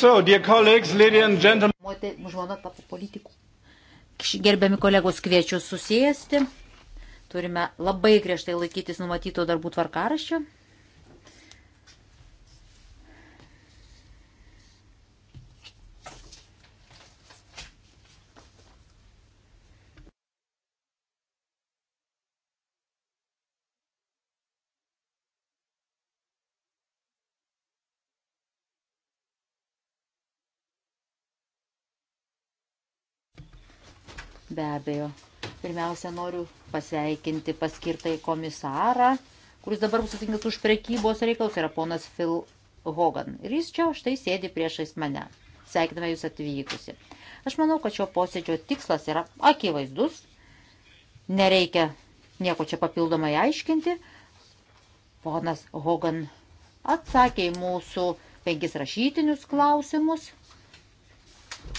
So, dear colleagues, ladies and gentlemen. Gerbiami kolegos, kviečiu susijęsti. Turime labai griežtai laikytis numatyto darbų tvarkaraščio. Be abejo. Pirmiausia, noriu pasveikinti paskirtai komisarą, kuris dabar bus atsakingas už prekybos reikalus, tai yra ponas Phil Hogan. Ir jis čia štai sėdi priešais mane. Sveikiname jūs atvykusi. Aš manau, kad šio posėdžio tikslas yra akivaizdus. Nereikia nieko čia papildomai aiškinti. Ponas Hogan atsakė į mūsų penkis rašytinius klausimus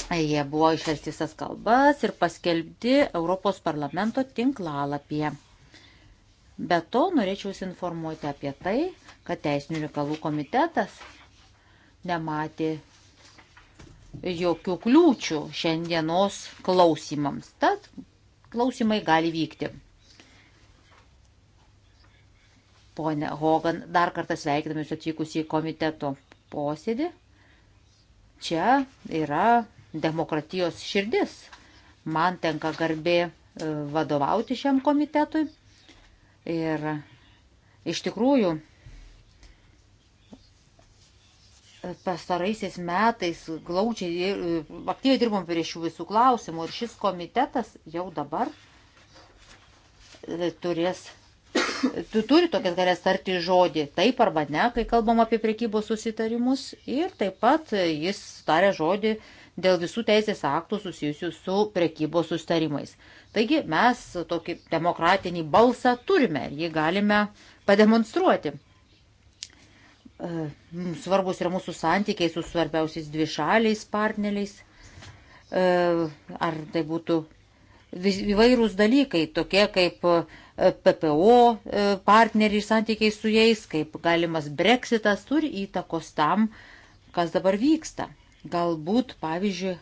Jie buvo išversti visas kalbas ir paskelbti Europos parlamento tinklalapyje. Be to, norėčiau jūs informuoti apie tai, kad Teisinių reikalų komitetas nematė jokių kliūčių šiandienos klausimams. Tad klausimai gali vykti. Pone Hogan, dar kartą sveikiname jūs atvykus į komiteto posėdį. Čia yra demokratijos širdis. Man tenka garbė e, vadovauti šiam komitetui. Ir iš tikrųjų pastaraisiais metais glaudžiai e, aktyviai dirbom prie šių visų klausimų ir šis komitetas jau dabar e, turės, tu turi tokias galės tarti žodį taip arba ne, kai kalbam apie priekybos susitarimus ir taip pat jis tarė žodį uh, dėl visų teisės aktų susijusių su prekybos sustarimais. Taigi mes tokį demokratinį balsą turime ir jį galime pademonstruoti. E, svarbus yra mūsų santykiai su svarbiausiais dvišaliais partneriais. E, ar tai būtų įvairūs dalykai, tokie kaip e, PPO partneriai santykiai su jais, kaip galimas breksitas turi įtakos tam, kas dabar vyksta. Galbūt, pavyzdžiui,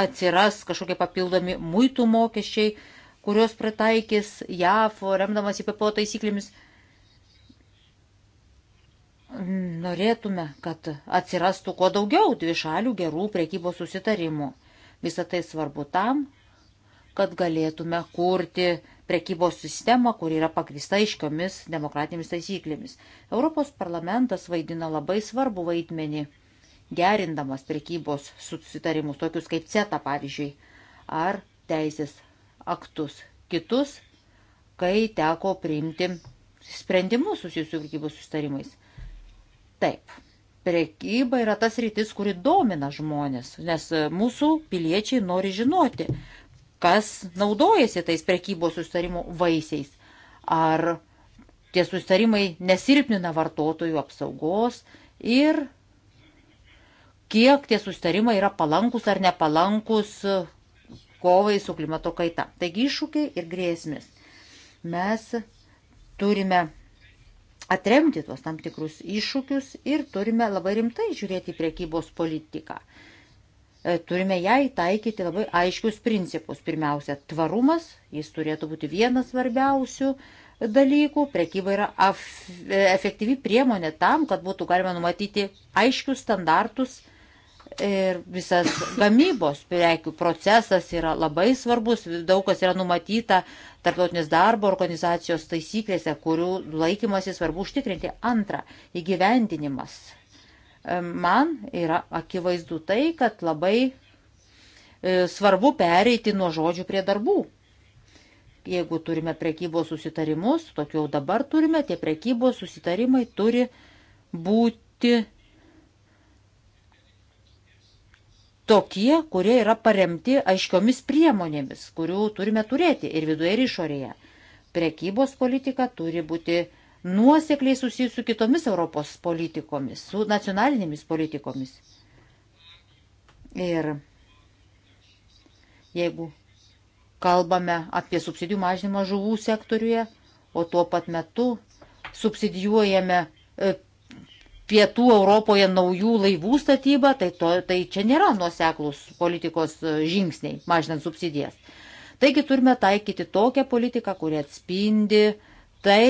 atsiras kažkokie papildomi muitų mokesčiai, kurios pritaikys JAF, remdamas į PPO taisyklėmis. Norėtume, kad atsirastų kuo daugiau dvišalių gerų priekybos susitarimų. Visą tai svarbu tam, kad galėtume kurti prekybos sistemą, kur yra pagrįsta iškiomis demokratinėmis taisyklėmis. Europos parlamentas vaidina labai svarbu vaidmenį gerindamas prekybos susitarimus, tokius kaip CETA pavyzdžiui, ar teisės aktus kitus, kai teko priimti sprendimus susijusių prekybos susitarimais. Taip, prekyba yra tas rytis, kuri domina žmonės, nes mūsų piliečiai nori žinoti, kas naudojasi tais prekybos susitarimų vaisiais. Ar tie susitarimai nesilpnina vartotojų apsaugos ir kiek tie sustarimai yra palankus ar nepalankus kovai su klimato kaita. Taigi iššūkiai ir grėsmės. Mes turime atremti tuos tam tikrus iššūkius ir turime labai rimtai žiūrėti priekybos politiką. E, turime jai taikyti labai aiškius principus. Pirmiausia, tvarumas, jis turėtų būti vienas svarbiausių dalykų. Prekyba yra e, efektyvi priemonė tam, kad būtų galima numatyti aiškius standartus Ir visas gamybos prekių procesas yra labai svarbus, daug kas yra numatyta tarptautinės darbo organizacijos taisyklėse, kurių laikymasi svarbu užtikrinti. Antra, įgyvendinimas. Man yra akivaizdu tai, kad labai e, svarbu pereiti nuo žodžių prie darbų. Jeigu turime prekybos susitarimus, tokiu dabar turime, tie prekybos susitarimai turi būti tokie, kurie yra paremti aiškiomis priemonėmis, kurių turime turėti ir viduje, ir išorėje. Prekybos politika turi būti nuosekliai susijusi su kitomis Europos politikomis, su nacionalinėmis politikomis. Ir jeigu kalbame apie subsidijų mažinimą žuvų sektoriuje, o tuo pat metu subsidijuojame e, pietų Europoje naujų laivų statybą, tai, to, tai čia nėra nuoseklus politikos e, žingsniai, mažinant subsidijas. Taigi turime taikyti tokią politiką, kuri atspindi tai,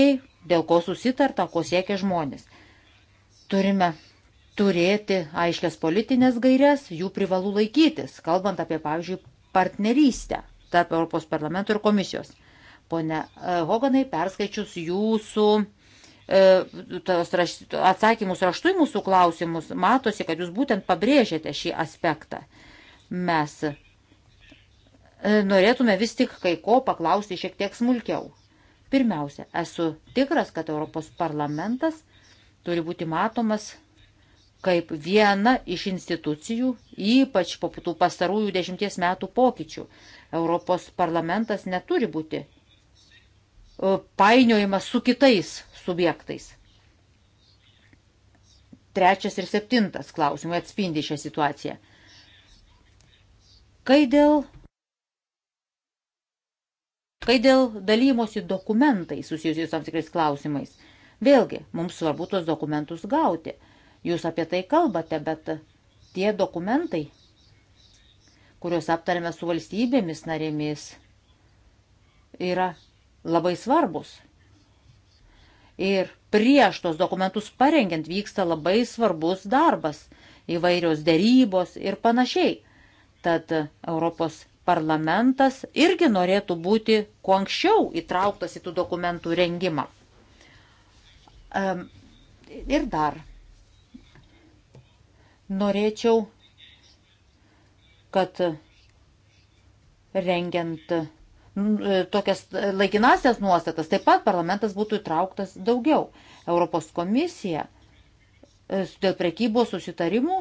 dėl ko susitarta, ko siekia žmonės. Turime turėti aiškias politinės gairias, jų privalu laikytis, kalbant apie, pavyzdžiui, partnerystę tarp Europos parlamento ir komisijos. Pone e, Hoganai, perskaičius jūsų uh, E, tos raš, atsakymus raštu į mūsų klausimus, matosi, kad jūs būtent pabrėžėte šį aspektą. Mes e, norėtume vis tik kai ko paklausti šiek tiek smulkiau. Pirmiausia, esu tikras, kad Europos parlamentas turi būti matomas kaip viena iš institucijų, ypač po tų pastarųjų dešimties metų pokyčių. Europos parlamentas neturi būti e, painiojimas su kitais subjektais. Trečias ir septintas klausimai atspindi šią situaciją. Kai dėl, kai dėl dalymosi dokumentai susijusiais tam tikrais klausimais, vėlgi mums svarbu tos dokumentus gauti. Jūs apie tai kalbate, bet tie dokumentai, kuriuos aptarėme su valstybėmis narėmis, yra labai svarbus. Ir prieš tos dokumentus parengiant vyksta labai svarbus darbas, įvairios dėrybos ir panašiai. Tad Europos parlamentas irgi norėtų būti kuo anksčiau įtrauktas į tų dokumentų rengimą. Ir dar norėčiau, kad rengiant E, tokias laikinasias nuostatas, taip pat parlamentas būtų įtrauktas daugiau. Europos komisija e, dėl prekybos susitarimų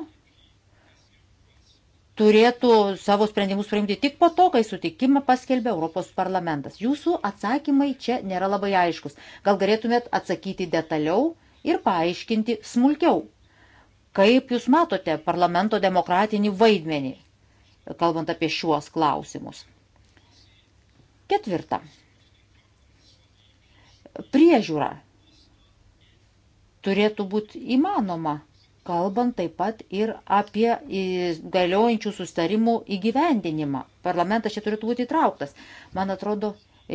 turėtų savo sprendimus priimti tik po to, kai sutikimą paskelbė Europos parlamentas. Jūsų atsakymai čia nėra labai aiškus. Gal galėtumėt atsakyti detaliau ir paaiškinti smulkiau, kaip jūs matote parlamento demokratinį vaidmenį, kalbant apie šiuos klausimus. Ketvirta. Priežiūra turėtų būti įmanoma, kalbant taip pat ir apie galiojančių sustarimų įgyvendinimą. Parlamentas čia turėtų būti įtrauktas. Man atrodo,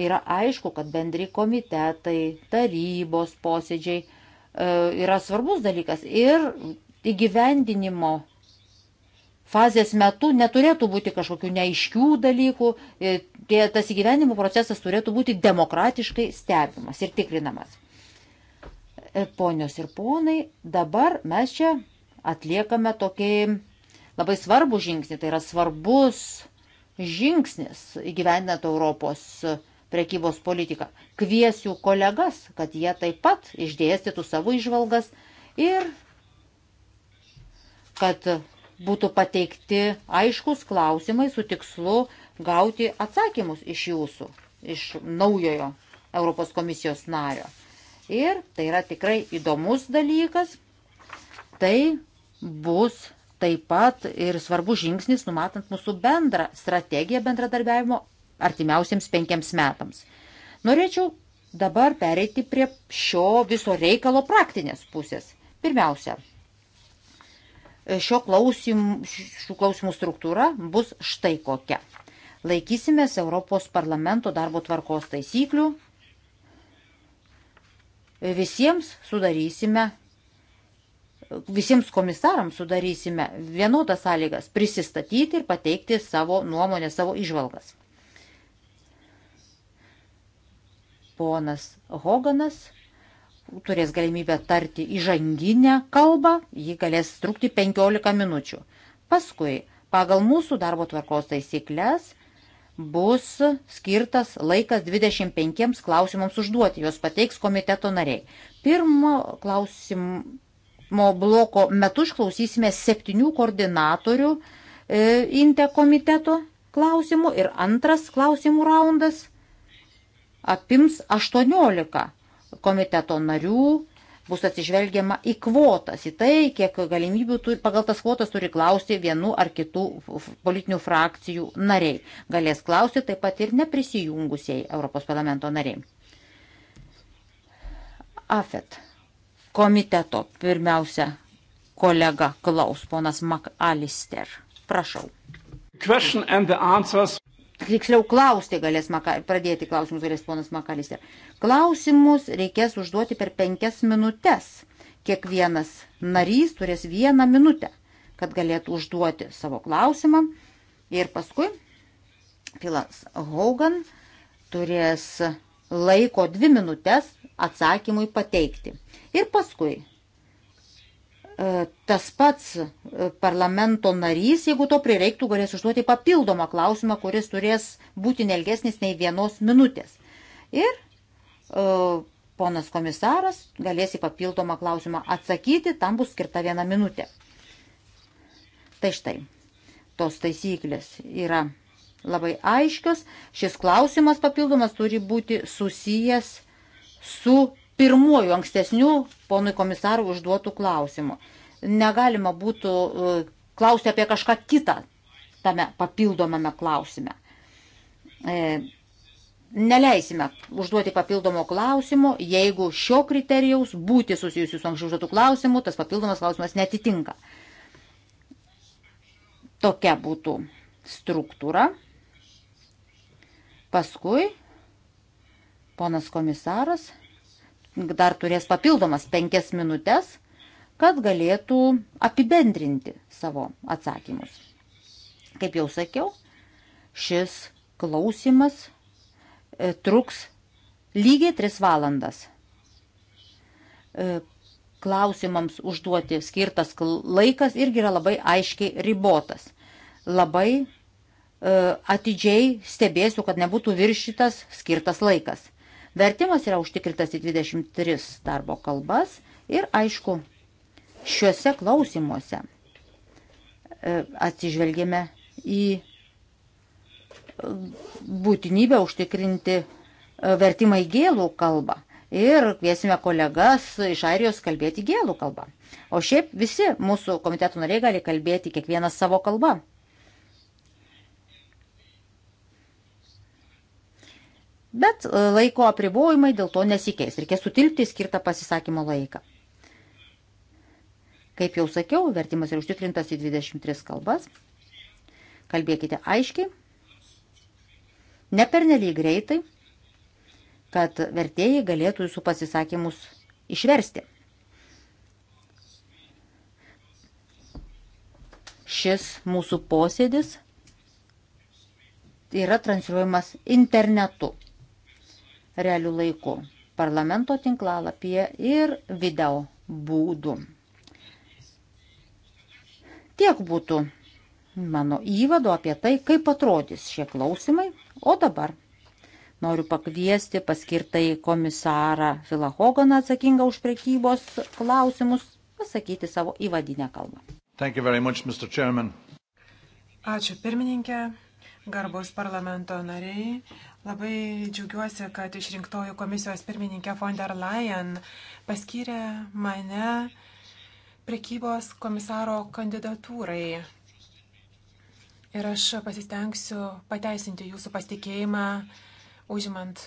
yra aišku, kad bendri komitetai, tarybos posėdžiai e, yra svarbus dalykas ir įgyvendinimo fazės metu neturėtų būti kažkokių neaiškių dalykų, e, tie, tas įgyvenimo procesas turėtų būti demokratiškai stebimas ir tikrinamas. E, ponios ir ponai, dabar mes čia atliekame tokį labai svarbų žingsnį, tai yra svarbus žingsnis įgyvendinant Europos prekybos politiką. Kviesiu kolegas, kad jie taip pat išdėstytų savo išvalgas ir kad būtų pateikti aiškus klausimai su tikslu gauti atsakymus iš jūsų, iš naujojo Europos komisijos nario. Ir tai yra tikrai įdomus dalykas. Tai bus taip pat ir svarbus žingsnis, numatant mūsų bendrą strategiją bendradarbiavimo artimiausiams penkiems metams. Norėčiau dabar pereiti prie šio viso reikalo praktinės pusės. Pirmiausia, šio klausimų, šių klausimų struktūra bus štai kokia. Laikysimės Europos parlamento darbo tvarkos taisyklių. Visiems sudarysime, visiems komisarams sudarysime vienodas sąlygas prisistatyti ir pateikti savo nuomonę, savo išvalgas. Ponas Hoganas turės galimybę tarti įžanginę kalbą, ji galės trukti 15 minučių. Paskui, pagal mūsų darbo tvarkos taisyklės, bus skirtas laikas 25 klausimams užduoti, juos pateiks komiteto nariai. Pirmo klausimo bloko metu išklausysime septynių koordinatorių e, inte komiteto klausimų ir antras klausimų raundas apims 18 komiteto narių bus atsižvelgiama į kvotas, į tai, kiek galimybių turi, pagal tas kvotas turi klausti vienu ar kitų politinių frakcijų nariai. Galės klausti taip pat ir neprisijungusiai Europos parlamento nariai. AFET komiteto pirmiausia kolega klaus, ponas McAllister. Prašau tiksliau klausti galės, maka, pradėti klausimus galės ponas Makalister. Klausimus reikės užduoti per penkias minutės. Kiekvienas narys turės vieną minutę, kad galėtų užduoti savo klausimą. Ir paskui Filas Hogan turės laiko dvi minutės atsakymui pateikti. Ir paskui E, tas pats e, parlamento narys, jeigu to prireiktų, galės užduoti papildomą klausimą, kuris turės būti nelgesnis nei vienos minutės. Ir uh, ponas komisaras galės į papildomą klausimą atsakyti, tam bus skirta viena minutė. Tai štai, tos taisyklės yra labai aiškios. Šis klausimas papildomas turi būti susijęs su pirmuoju ankstesniu ponui komisarui užduotų klausimų. Negalima būtų e, klausti apie kažką kitą tame papildomame klausime. E, neleisime užduoti papildomo klausimo, jeigu šio kriterijaus būti susijusius su anksčiau užduotų klausimų, tas papildomas klausimas netitinka. Tokia būtų struktūra. Paskui ponas komisaras dar turės papildomas penkias minutės, kad galėtų apibendrinti savo atsakymus. Kaip jau sakiau, šis klausimas e, truks lygiai 3 valandas. E, klausimams užduoti skirtas laikas irgi yra labai aiškiai ribotas. Labai e, atidžiai stebėsiu, kad nebūtų viršytas skirtas laikas. Vertimas yra užtikrintas į 23 darbo kalbas ir aišku, šiuose klausimuose e, atsižvelgėme į e, būtinybę užtikrinti e, vertimą į gėlų kalbą ir kviesime kolegas iš Airijos kalbėti gėlų kalbą. O šiaip visi mūsų komiteto nariai gali kalbėti kiekvieną savo kalbą. Bet e, laiko apribojimai dėl to nesikeis. Reikės sutilpti skirtą pasisakymo laiką. Kaip jau sakiau, vertimas yra užtikrintas į 23 kalbas. Kalbėkite aiškiai, ne pernelyg greitai, kad vertėjai galėtų jūsų pasisakymus išversti. Šis mūsų posėdis yra transliuojamas internetu realių laikų parlamento tinklalapyje ir video būdų. Tiek būtų mano įvado apie tai, kaip atrodys šie klausimai, o dabar noriu pakviesti paskirtai komisarą Filą Hoganą atsakingą už prekybos klausimus pasakyti savo įvadinę kalbą. Much, Ačiū pirmininkė garbus parlamento nariai. Labai džiaugiuosi, kad išrinktoji komisijos pirmininkė von der Leyen paskyrė mane prekybos komisaro kandidatūrai. Ir aš pasistengsiu pateisinti jūsų pasitikėjimą, užimant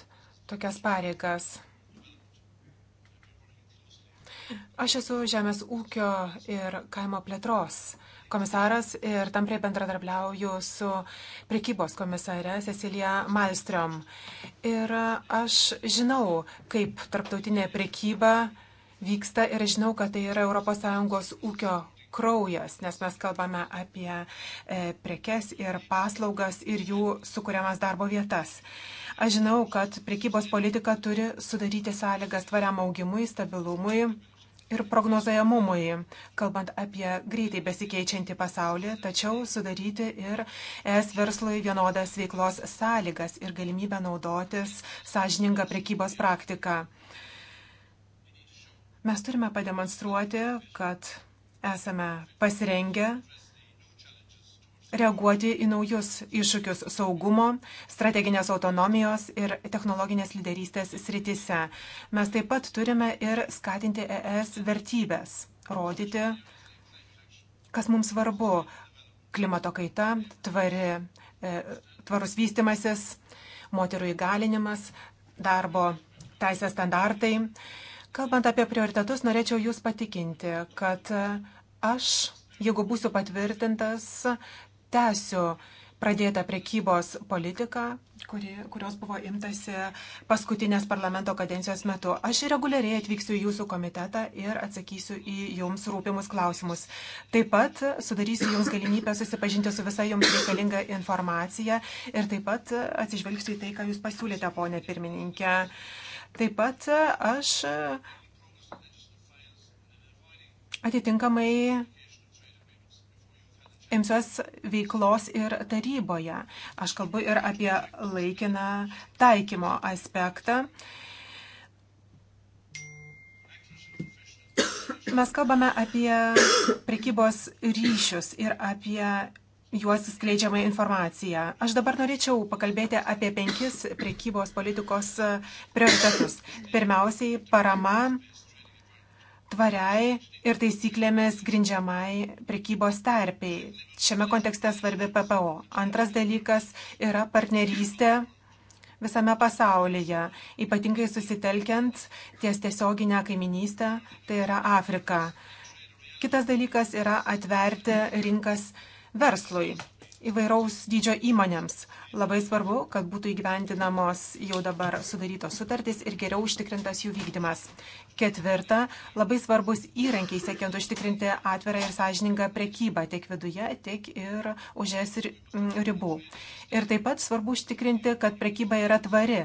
tokias pareigas. Aš esu žemės ūkio ir kaimo plėtros komisaras ir tampriai bendradarbiauju su prekybos komisare Cecilija Malstrom. Ir aš žinau, kaip tarptautinė prekyba vyksta ir žinau, kad tai yra ES ūkio kraujas, nes mes kalbame apie e, prekes ir paslaugas ir jų sukūriamas darbo vietas. Aš žinau, kad prekybos politika turi sudaryti sąlygas tvariam augimui, stabilumui ir prognozuojamumui, kalbant apie greitai besikeičiantį pasaulį, tačiau sudaryti ir es verslui vienodas veiklos sąlygas ir galimybę naudotis sąžiningą prekybos praktiką. Mes turime pademonstruoti, kad esame pasirengę reaguoti į naujus iššūkius saugumo, strateginės autonomijos ir technologinės lyderystės sritise. Mes taip pat turime ir skatinti ES vertybės, rodyti, kas mums svarbu - klimato kaita, tvari, e, tvarus vystimasis, moterų įgalinimas, darbo teisės standartai. Kalbant apie prioritetus, norėčiau Jūs patikinti, kad aš jeigu būsiu patvirtintas, tęsiu pradėtą prekybos politiką, kuri, kurios buvo imtasi paskutinės parlamento kadencijos metu. Aš reguliariai atvyksiu į jūsų komitetą ir atsakysiu į jums rūpimus klausimus. Taip pat sudarysiu jums galimybę susipažinti su visa jums reikalinga informacija ir taip pat atsižvelgsiu į tai, ką jūs pasiūlėte, ponė pirmininkė. Taip pat aš atitinkamai imsiuos veiklos ir taryboje. Aš kalbu ir apie laikiną taikymo aspektą. Mes kalbame apie prekybos ryšius ir apie juos skleidžiamą informaciją. Aš dabar norėčiau pakalbėti apie penkis prekybos politikos prioritetus. Pirmiausiai, parama tvariai ir taisyklėmis grindžiamai prekybos terpiai. Šiame kontekste svarbi PPO. Antras dalykas yra partnerystė visame pasaulyje, ypatingai susitelkiant ties tiesioginę kaiminystę, tai yra Afrika. Kitas dalykas yra atverti rinkas verslui įvairaus dydžio įmonėms. Labai svarbu, kad būtų įgyvendinamos jau dabar sudarytos sutartys ir geriau užtikrintas jų vykdymas. Ketvirta, labai svarbus įrankiai siekiant užtikrinti atvirą ir sąžiningą prekybą tiek viduje, tiek ir už es ribų. Ir taip pat svarbu užtikrinti, kad prekyba yra tvari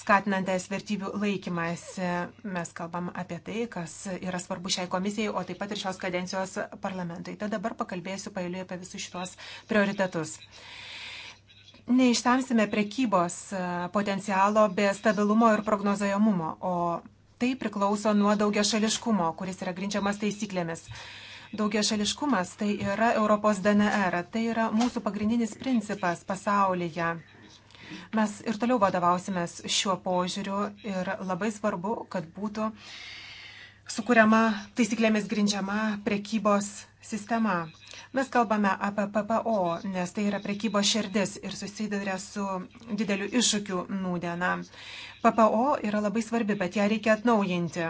skatinant es vertybių laikymąsi. Mes kalbam apie tai, kas yra svarbu šiai komisijai, o taip pat ir šios kadencijos parlamentui. Tad dabar pakalbėsiu pailiui apie visus šitos prioritetus. Neištemsime prekybos e, potencialo be stabilumo ir prognozojamumo, o tai priklauso nuo daugia šališkumo, kuris yra grindžiamas taisyklėmis. Daugia šališkumas tai yra Europos DNR, tai yra mūsų pagrindinis principas pasaulyje Mes ir toliau vadovausimės šiuo požiūriu ir labai svarbu, kad būtų sukūriama taisyklėmis grindžiama prekybos sistema. Mes kalbame apie PPO, nes tai yra prekybos širdis ir susiduria su dideliu iššūkiu nūdieną. PPO yra labai svarbi, bet ją reikia atnaujinti,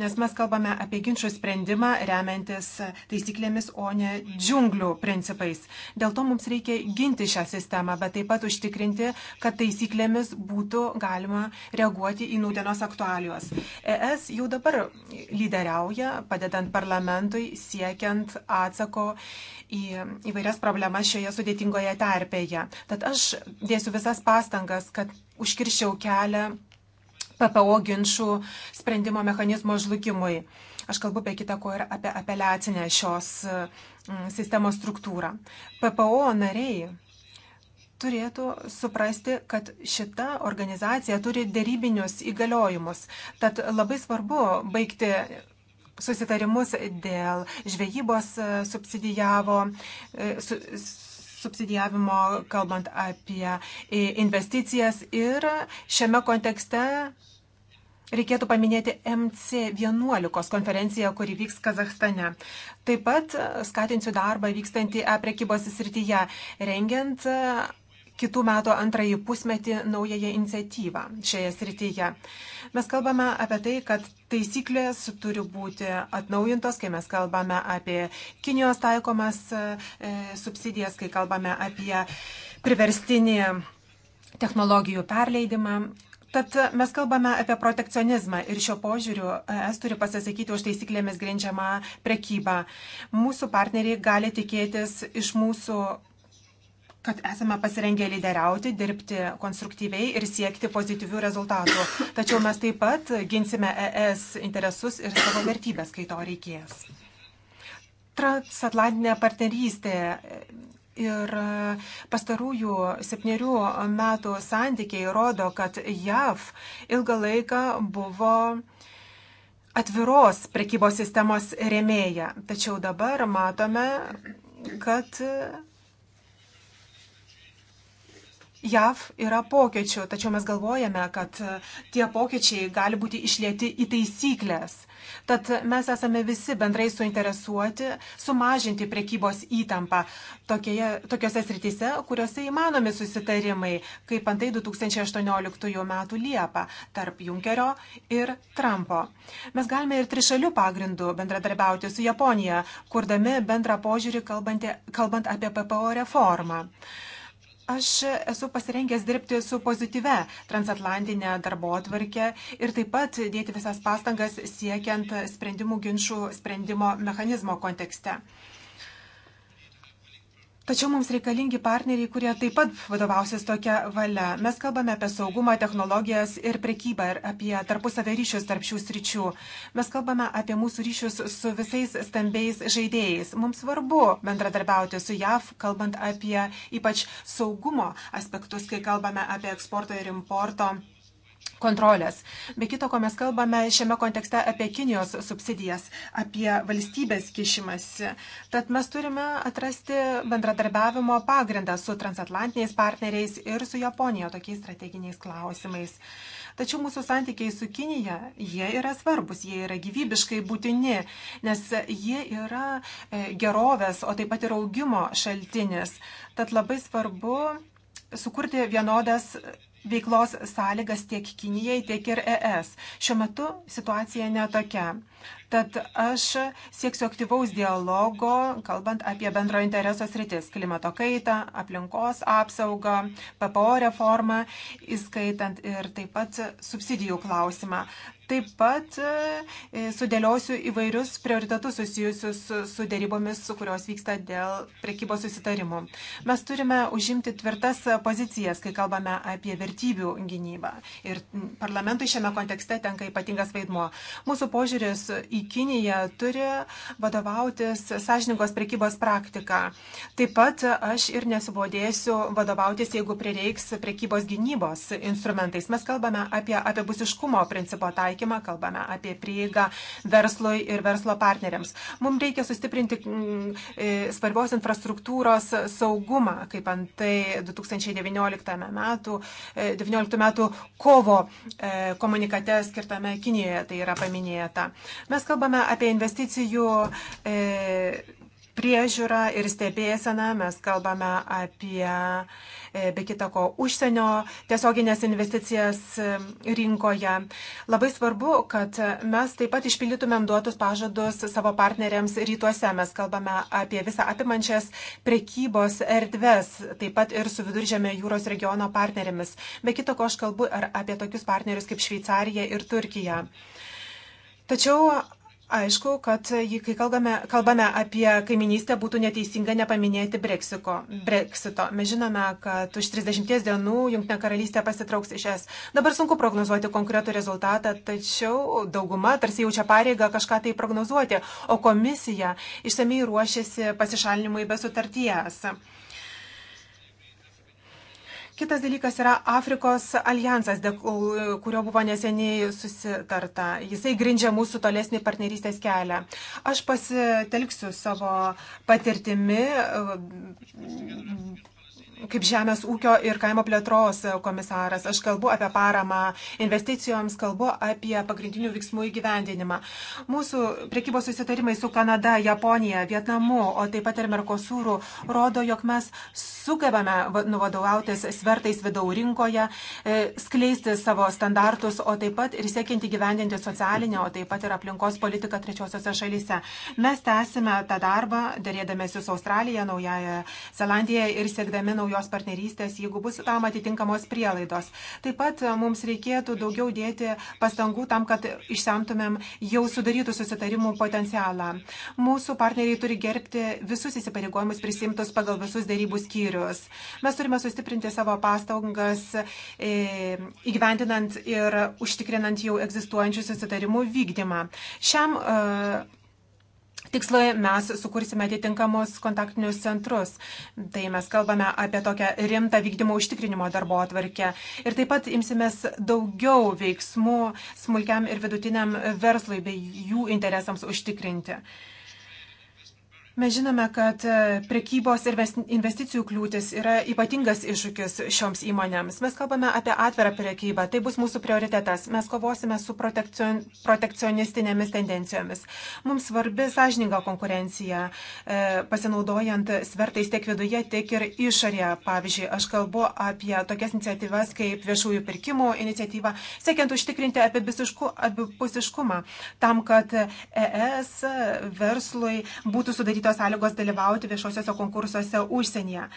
nes mes kalbame apie ginčių sprendimą remiantis taisyklėmis, o ne džiunglių principais. Dėl to mums reikia ginti šią sistemą, bet taip pat užtikrinti, kad taisyklėmis būtų galima reaguoti į nūdienos aktualijos. E ES jau dabar lyderiauja, padedant parlamentui, siekiant atsako į įvairias problemas šioje sudėtingoje terpėje. Tad aš dėsiu visas pastangas, kad užkirščiau kelią PPO ginčių sprendimo mechanizmo žlugimui. Aš kalbu be kita ko ir apie apeliacinę šios mm, sistemos struktūrą. PPO nariai turėtų suprasti, kad šita organizacija turi dėrybinius įgaliojimus. Tad labai svarbu baigti susitarimus dėl žvejybos e, subsidijavo, e, su, subsidijavimo, kalbant apie investicijas. Ir šiame kontekste reikėtų paminėti MC11 konferenciją, kuri vyks Kazahstane. Taip pat skatinsiu darbą vykstantį prekybos srityje, rengiant kitų metų antrąjį pusmetį naująją iniciatyvą šioje srityje. Mes kalbame apie tai, kad taisyklės turi būti atnaujintos, kai mes kalbame apie Kinijos taikomas e, subsidijas, kai kalbame apie priverstinį technologijų perleidimą. Tad mes kalbame apie protekcionizmą ir šio požiūriu es turi pasisakyti už taisyklėmis grindžiamą prekybą. Mūsų partneriai gali tikėtis iš mūsų kad esame pasirengę lyderiauti, dirbti konstruktyviai ir siekti pozityvių rezultatų. Tačiau mes taip pat ginsime ES interesus ir savo vertybės, kai to reikės. Transatlantinė partnerystė Ir pastarųjų septynerių metų santykiai rodo, kad JAV ilgą laiką buvo atviros prekybos sistemos rėmėja. Tačiau dabar matome, kad JAV yra pokyčių, tačiau mes galvojame, kad e, tie pokyčiai gali būti išlėti į taisyklės. Tad mes esame visi bendrai suinteresuoti sumažinti prekybos įtampą tokioje, tokiose sritise, kuriuose įmanomi susitarimai, kaip antai 2018 m. Liepą tarp Junkerio ir Trumpo. Mes galime ir trišalių pagrindų bendradarbiauti su Japonija, kurdami bendrą požiūrį kalbant apie PPO reformą. Aš esu pasirengęs dirbti su pozityve transatlantinė darbo atvarkė ir taip pat dėti visas pastangas siekiant sprendimų ginčių sprendimo mechanizmo kontekste. Tačiau mums reikalingi partneriai, kurie taip pat vadovausis tokia valia. Mes kalbame apie saugumą, technologijas ir prekybą ir apie tarpusavę ryšius tarp šių sričių. Mes kalbame apie mūsų ryšius su visais stambiais žaidėjais. Mums svarbu bendradarbiauti su JAV, kalbant apie ypač saugumo aspektus, kai kalbame apie eksporto ir importo kontrolės. Be kito, ko mes kalbame šiame kontekste apie Kinijos subsidijas, apie valstybės kišimasi. Tad mes turime atrasti bendradarbiavimo pagrindą su transatlantiniais partneriais ir su Japonija tokiais strateginiais klausimais. Tačiau mūsų santykiai su Kinija, jie yra svarbus, jie yra gyvybiškai būtini, nes jie yra e, gerovės, o taip pat ir augimo šaltinis. Tad labai svarbu sukurti vienodas veiklos sąlygas tiek Kinijai, tiek ir ES. Šiuo metu situacija netokia. Tad aš sieksiu aktyvaus dialogo, kalbant apie bendro intereso sritis - klimato kaitą, aplinkos apsaugą, PPO reformą, įskaitant ir taip pat subsidijų klausimą. Taip pat e, sudėliosiu įvairius prioritetus susijusius su dėrybomis, kurios vyksta dėl prekybos susitarimų. Mes turime užimti tvirtas pozicijas, kai kalbame apie vertybių gynybą. Ir parlamentui šiame kontekste tenka ypatingas vaidmuo. Mūsų požiūris į Kiniją turi vadovautis sąžininkos prekybos praktika. Taip pat aš ir nesubodėsiu vadovautis, jeigu prireiks prekybos gynybos instrumentais. Mes kalbame apie apibusiškumo principo taikymą taikymą, kalbame apie prieigą verslui ir verslo partneriams. Mums reikia sustiprinti mm, e, svarbios infrastruktūros saugumą, kaip antai 2019 metų, 19 e, metų kovo e, komunikate skirtame Kinijoje tai yra paminėta. Mes kalbame apie investicijų priežiūrą ir stebėseną, mes kalbame apie, e, be kitako, užsienio tiesioginės investicijas e, rinkoje. Labai svarbu, kad mes taip pat išpildytumėm duotus pažadus savo partneriams rytuose. Mes kalbame apie visą apimančias prekybos erdves, taip pat ir su viduržėme jūros regiono partnerėmis. Be kitako, aš kalbu ir apie tokius partnerius kaip Šveicarija ir Turkija. Tačiau Aišku, kad kai kalbame, kalbame apie kaiminystę, būtų neteisinga nepaminėti Brexiko, Brexito. Mes žinome, kad už 30 dienų Junktinė karalystė pasitrauks iš es. Dabar sunku prognozuoti konkretų rezultatą, tačiau dauguma tarsi jaučia pareigą kažką tai prognozuoti, o komisija išsamei ruošiasi pasišalinimui be sutarties. Kitas dalykas yra Afrikos alijansas, kurio buvo neseniai susitarta. Jisai grindžia mūsų tolesnį partnerystės kelią. Aš pasitelksiu savo patirtimi kaip Žemės ūkio ir kaimo plėtros komisaras. Aš kalbu apie paramą investicijoms, kalbu apie pagrindinių veiksmų įgyvendinimą. Mūsų prekybos susitarimai su Kanada, Japonija, Vietnamu, o taip pat ir Merkosūru rodo, jog mes sugebame nuvadovautis svertais vidau rinkoje, e, skleisti savo standartus, o taip pat ir siekinti gyvendinti socialinę, o taip pat ir aplinkos politiką trečiosiose šalyse. Mes tęsime tą darbą, dėrėdamėsi su Australija, Naujaja Zelandija ir siekdami naujų naujos partnerystės, jeigu bus tam atitinkamos prielaidos. Taip pat e, mums reikėtų daugiau dėti pastangų tam, kad išsemtumėm jau sudarytų susitarimų potencialą. Mūsų partneriai turi gerbti visus įsipareigojimus prisimtus pagal visus dėrybų skyrius. Mes turime sustiprinti savo pastangas e, įgyvendinant ir užtikrinant jau egzistuojančių susitarimų vykdymą. Šiam uh, tikslui mes sukursime atitinkamus kontaktinius centrus. Tai mes kalbame apie tokią rimtą vykdymo užtikrinimo darbo atvarkę. Ir taip pat imsimės daugiau veiksmų smulkiam ir vidutiniam verslui bei jų interesams užtikrinti. Mes žinome, kad e, prekybos ir investicijų kliūtis yra ypatingas iššūkis šioms įmonėms. Mes kalbame apie atvirą prekybą. Tai bus mūsų prioritetas. Mes kovosime su protekcion, protekcionistinėmis tendencijomis. Mums svarbi sąžininga konkurencija, e, pasinaudojant svertais tiek viduje, tiek ir išorėje. Pavyzdžiui, aš kalbu apie tokias iniciatyvas kaip viešųjų pirkimų iniciatyva, siekiant užtikrinti abipusiškumą, tam, kad ES verslui būtų sudaryta sudarytos sąlygos dalyvauti viešuosiuose konkursuose užsienyje.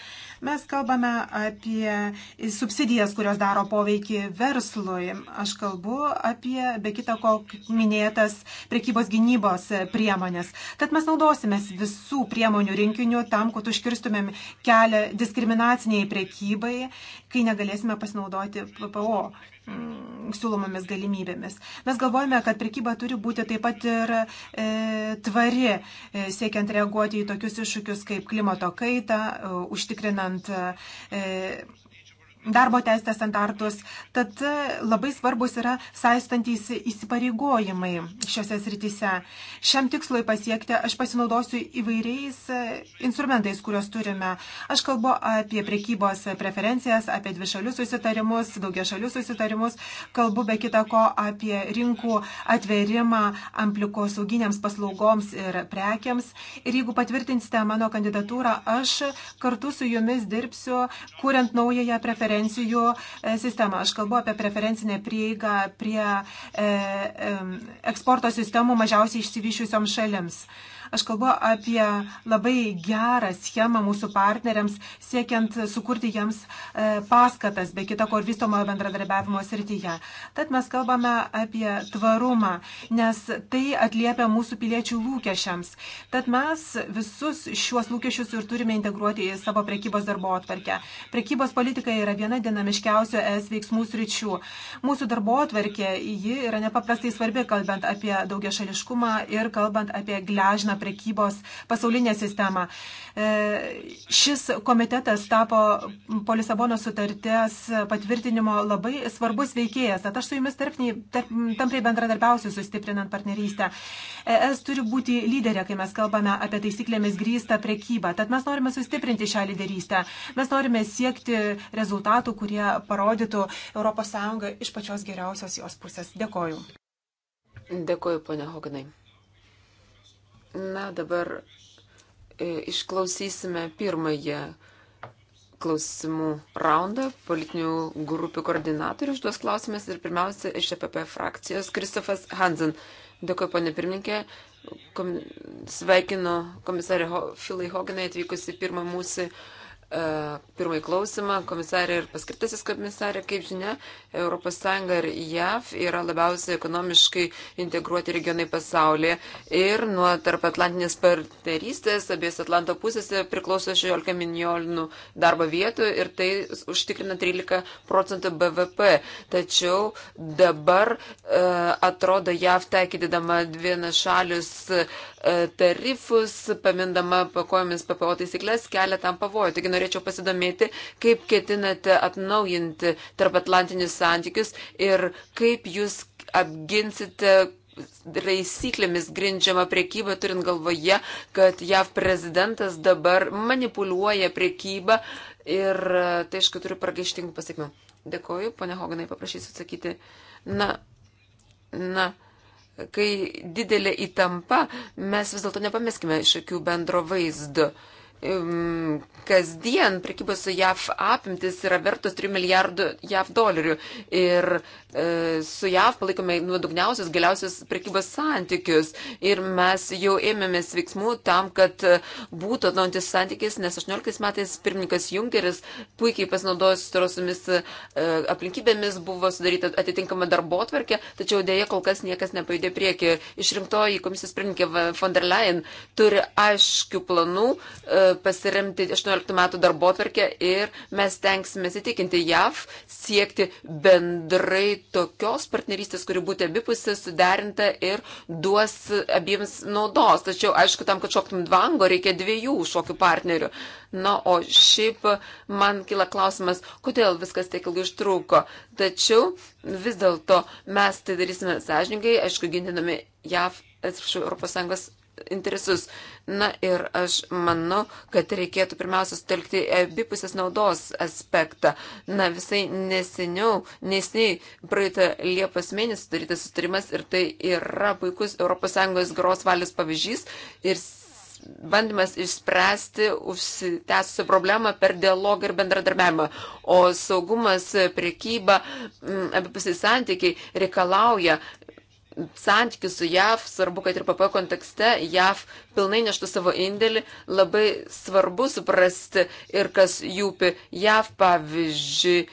Mes kalbame apie subsidijas, kurios daro poveikį verslui. Aš kalbu apie, be kita ko, minėtas prekybos gynybos priemonės. Tad mes naudosimės visų priemonių rinkinių tam, kad užkirstumėm kelią diskriminaciniai prekybai kai negalėsime pasinaudoti PPO mm, siūlomomis galimybėmis. Mes galvojame, kad prekyba turi būti taip pat ir e, tvari, e, siekiant reaguoti į tokius iššūkius kaip klimato kaita, e, užtikrinant e, darbo teisės standartus, tad e, labai svarbus yra saistantys įsipareigojimai šiuose srityse. Šiam tikslui pasiekti aš pasinaudosiu įvairiais e, instrumentais, kuriuos turime. Aš kalbu apie prekybos preferencijas, apie dvišalius susitarimus, daugiašalius susitarimus, kalbu be kita ko apie rinkų atverimą amplikos sauginiams paslaugoms ir prekiams. Ir jeigu patvirtinsite mano kandidatūrą, aš kartu su jumis dirbsiu, kuriant naująją preferenciją preferencijų e, sistemą. Aš kalbu apie preferencinę prieigą prie e, e, eksporto sistemų mažiausiai išsivyšiusiom šalims. Aš kalbu apie labai gerą schemą mūsų partneriams, siekiant sukurti jiems e, paskatas, be kita ko ir vystomojo bendradarbiavimo srityje. Tad mes kalbame apie tvarumą, nes tai atliepia mūsų piliečių lūkesčiams. Tad mes visus šiuos lūkesčius ir turime integruoti į savo prekybos darbo atvarkę. Prekybos politika yra viena dinamiškiausių es veiksmų sričių. Mūsų darbo atvarkė ji yra nepaprastai svarbi, kalbant apie daugia šališkumą ir kalbant apie gležną prekybos pasaulinę sistemą. E, šis komitetas tapo po Lisabono sutarties patvirtinimo labai svarbus veikėjas. Tad aš su jumis tarpniai, tarp, tampriai bendradarbiausiu sustiprinant partnerystę. ES turi būti lyderė, kai mes kalbame apie taisyklėmis grįstą prekybą. Tad mes norime sustiprinti šią lyderystę. Mes norime siekti rezultatų, kurie parodytų ES iš pačios geriausios jos pusės. Dėkoju. Dėkoju, ponia Hognai. Na, dabar e, išklausysime pirmąją klausimų raundą. Politinių grupių koordinatorių užduos klausimas ir pirmiausia iš EPP frakcijos Kristofas Hansen. Dėkuoju, ponė pirmininkė. Kom... Sveikinu komisarį Ho... Filai Hoganai atvykusi pirmą mūsų E, pirmąjį klausimą komisarė ir paskirtasis komisarė. Kaip žinia, ES ir JAV yra labiausiai ekonomiškai integruoti regionai pasaulyje ir nuo tarp Atlantinės partnerystės abies Atlanto pusėse priklauso 16 milijonų darbo vietų ir tai užtikrina 13 procentų BVP. Tačiau dabar e, atrodo JAV taikydama vienašalius e, tarifus, pamindama pakojomis PPO taisyklės, kelia tam pavojų. Taigi, norėčiau pasidomėti, kaip ketinate atnaujinti tarp Atlantinius santykius ir kaip jūs apginsite taisyklėmis grindžiama priekyba, turint galvoje, kad JAV prezidentas dabar manipuliuoja priekybą ir tai, aišku, turi pragaištingų pasiekmių. Dėkoju, ponia Hoganai, paprašysiu atsakyti. Na, na, kai didelė įtampa, mes vis dėlto nepameskime iš akių bendro vaizdo. Uh, kasdien prekybos su JAV apimtis yra vertos 3 milijardų JAV dolerių. Ir e, su JAV palaikome nuodugniausius, giliausius prekybos santykius. Ir mes jau ėmėmės veiksmų tam, kad e, būtų atnaujintis santykis, nes 18 metais pirmininkas Junkeris puikiai pasinaudojus turosomis e, aplinkybėmis buvo sudaryta atitinkama darbo atverkė, tačiau dėja kol kas niekas nepajudė prieki. Išrinktoji komisijos pirmininkė von der Leyen turi aiškių planų. E, pasiremti 18 metų darbo atverkę ir mes tenksime įtikinti JAV siekti bendrai tokios partnerystės, kuri būtų abipusė, suderinta ir duos abiems naudos. Tačiau, aišku, tam, kad šoktum dvango, reikia dviejų šokių partnerių. Na, o šiaip man kila klausimas, kodėl viskas tiek ilgai užtruko. Tačiau vis dėlto mes tai darysime sąžininkai, aišku, gintinami JAV, atsiprašau, ES interesus. Na ir aš manau, kad reikėtų pirmiausia sutelkti abipusės naudos aspektą. Na visai neseniau, neseniai praeitą Liepos mėnesį sudarytas sustarimas ir tai yra puikus ES gros valios pavyzdys ir bandymas išspręsti užsitęsusią problemą per dialogą ir bendradarbiavimą. O saugumas, priekyba, mm, abipusiai santykiai reikalauja, santykių su JAV, svarbu, kad ir PP kontekste JAV pilnai neštų savo indėlį, labai svarbu suprasti ir kas jūpi JAV, pavyzdžiui,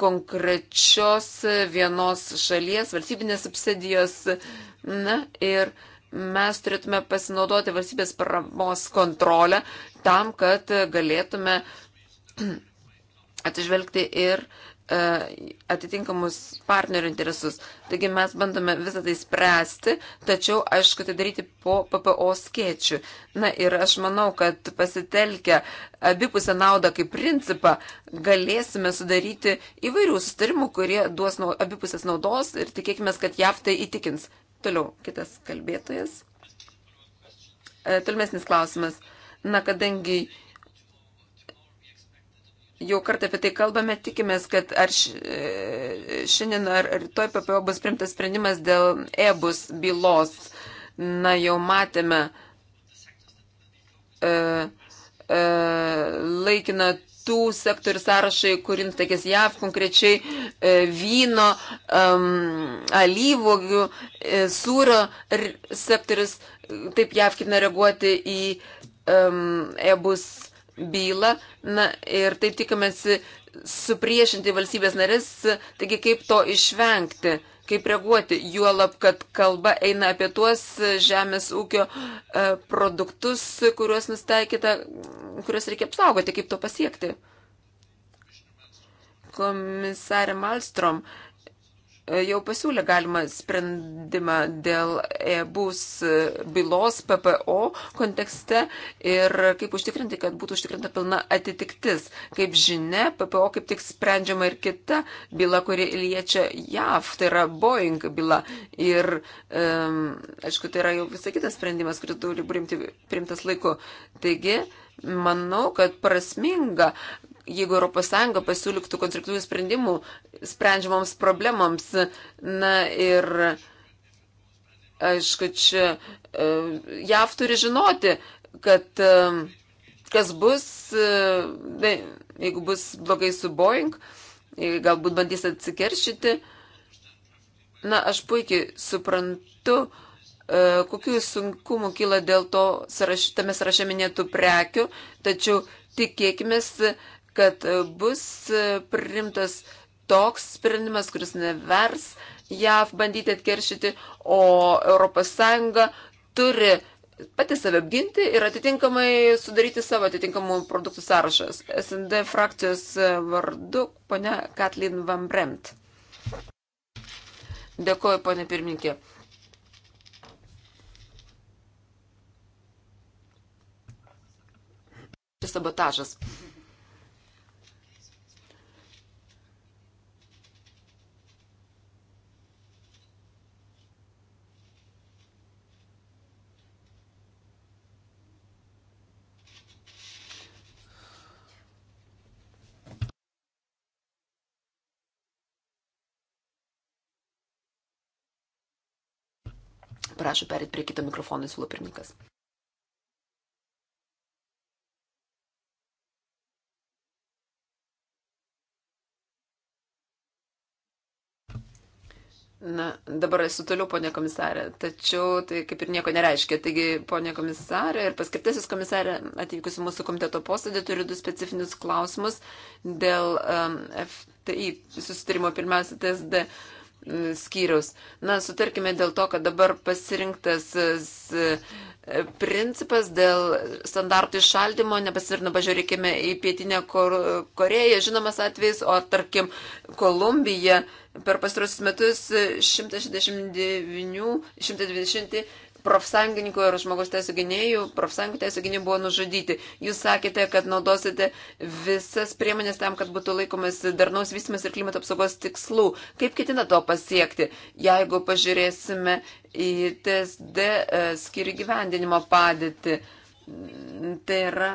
konkrečios vienos šalies valstybinės subsidijos. Na ir mes turėtume pasinaudoti valstybės paramos kontrolę tam, kad galėtume atsižvelgti ir uh, E, atitinkamus partnerių interesus. Taigi mes bandome visą tai spręsti, tačiau, aišku, tai daryti po PPO skėčių. Na ir aš manau, kad pasitelkę abipusę naudą kaip principą galėsime sudaryti įvairių sustarimų, kurie duos abipusės naudos ir tikėkime, kad JAV tai įtikins. Toliau, kitas kalbėtojas. E, tolimesnis klausimas. Na, kadangi jau kartą apie tai kalbame, tikimės, kad ar e, šiandien ar rytoj PPO bus primtas sprendimas dėl EBUS bylos. Na, jau matėme e, e, laikiną tų sektorių sąrašai, kur jums takės JAV, konkrečiai e, vyno, um, alyvogių, e, sūrio sektorius, taip JAV ketina reaguoti į um, EBUS bylą. Na ir taip tikimasi supriešinti valstybės narės, taigi kaip to išvengti, kaip reaguoti, juolab, kad kalba eina apie tuos žemės ūkio e, produktus, kuriuos nustaikyta, kuriuos reikia apsaugoti, kaip to pasiekti. Komisarė Malstrom, uh, E, jau pasiūlė galimą sprendimą dėl bus bylos PPO kontekste ir kaip užtikrinti, kad būtų užtikrinta pilna atitiktis. Kaip žinia, PPO kaip tik sprendžiama ir kita byla, kuri liečia JAV, tai yra Boeing byla. Ir, um, aišku, tai yra jau visai kitas sprendimas, kuris turi priimti, priimtas laiku. Taigi, manau, kad prasminga, jeigu ES pasiūlyktų konstruktyvių sprendimų sprendžiamoms problemams. Na ir aišku, čia e, JAV turi žinoti, kad e, kas bus, ne, jeigu bus blogai su Boeing, e, galbūt bandys atsikeršyti. Na, aš puikiai suprantu, kokių sunkumų kyla dėl to sąraš, tame sąraše minėtų prekių, tačiau tikėkime, kad e, bus e, primtas toks sprendimas, kuris nevers JAV bandyti atkeršyti, o ES turi pati save apginti ir atitinkamai sudaryti savo atitinkamų produktų sąrašas. SND frakcijos e, vardu ponia Katlin Van Bremt. Dėkuoju, ponia pirmininkė. Sabotažas. Prašau perėti prie kito mikrofono, siūlo pirmininkas. Na, dabar esu toliau, ponė komisarė, tačiau tai kaip ir nieko nereiškia. Taigi, ponė komisarė ir paskirtasis komisarė atvykus į mūsų komiteto posėdį turi du specifinius klausimus dėl um, FTI susitarimo pirmiausia TSD. Uh, skyriaus. Na, sutarkime dėl to, kad dabar pasirinktas e, principas dėl standartų išaldymo, nepasirino, pažiūrėkime į Pietinę Koreją, žinomas atvejs, o tarkim Kolumbiją per pastarosius metus 169, 120 profsąjungininkų ir žmogaus teisų gynėjų, profsąjungų teisų gynėjų buvo nužudyti. Jūs sakėte, kad naudosite visas priemonės tam, kad būtų laikomas darnaus vystimas ir klimato apsaugos tikslų. Kaip ketina to pasiekti, jeigu pažiūrėsime į TSD e, skirių gyvendinimo padėtį? Tai yra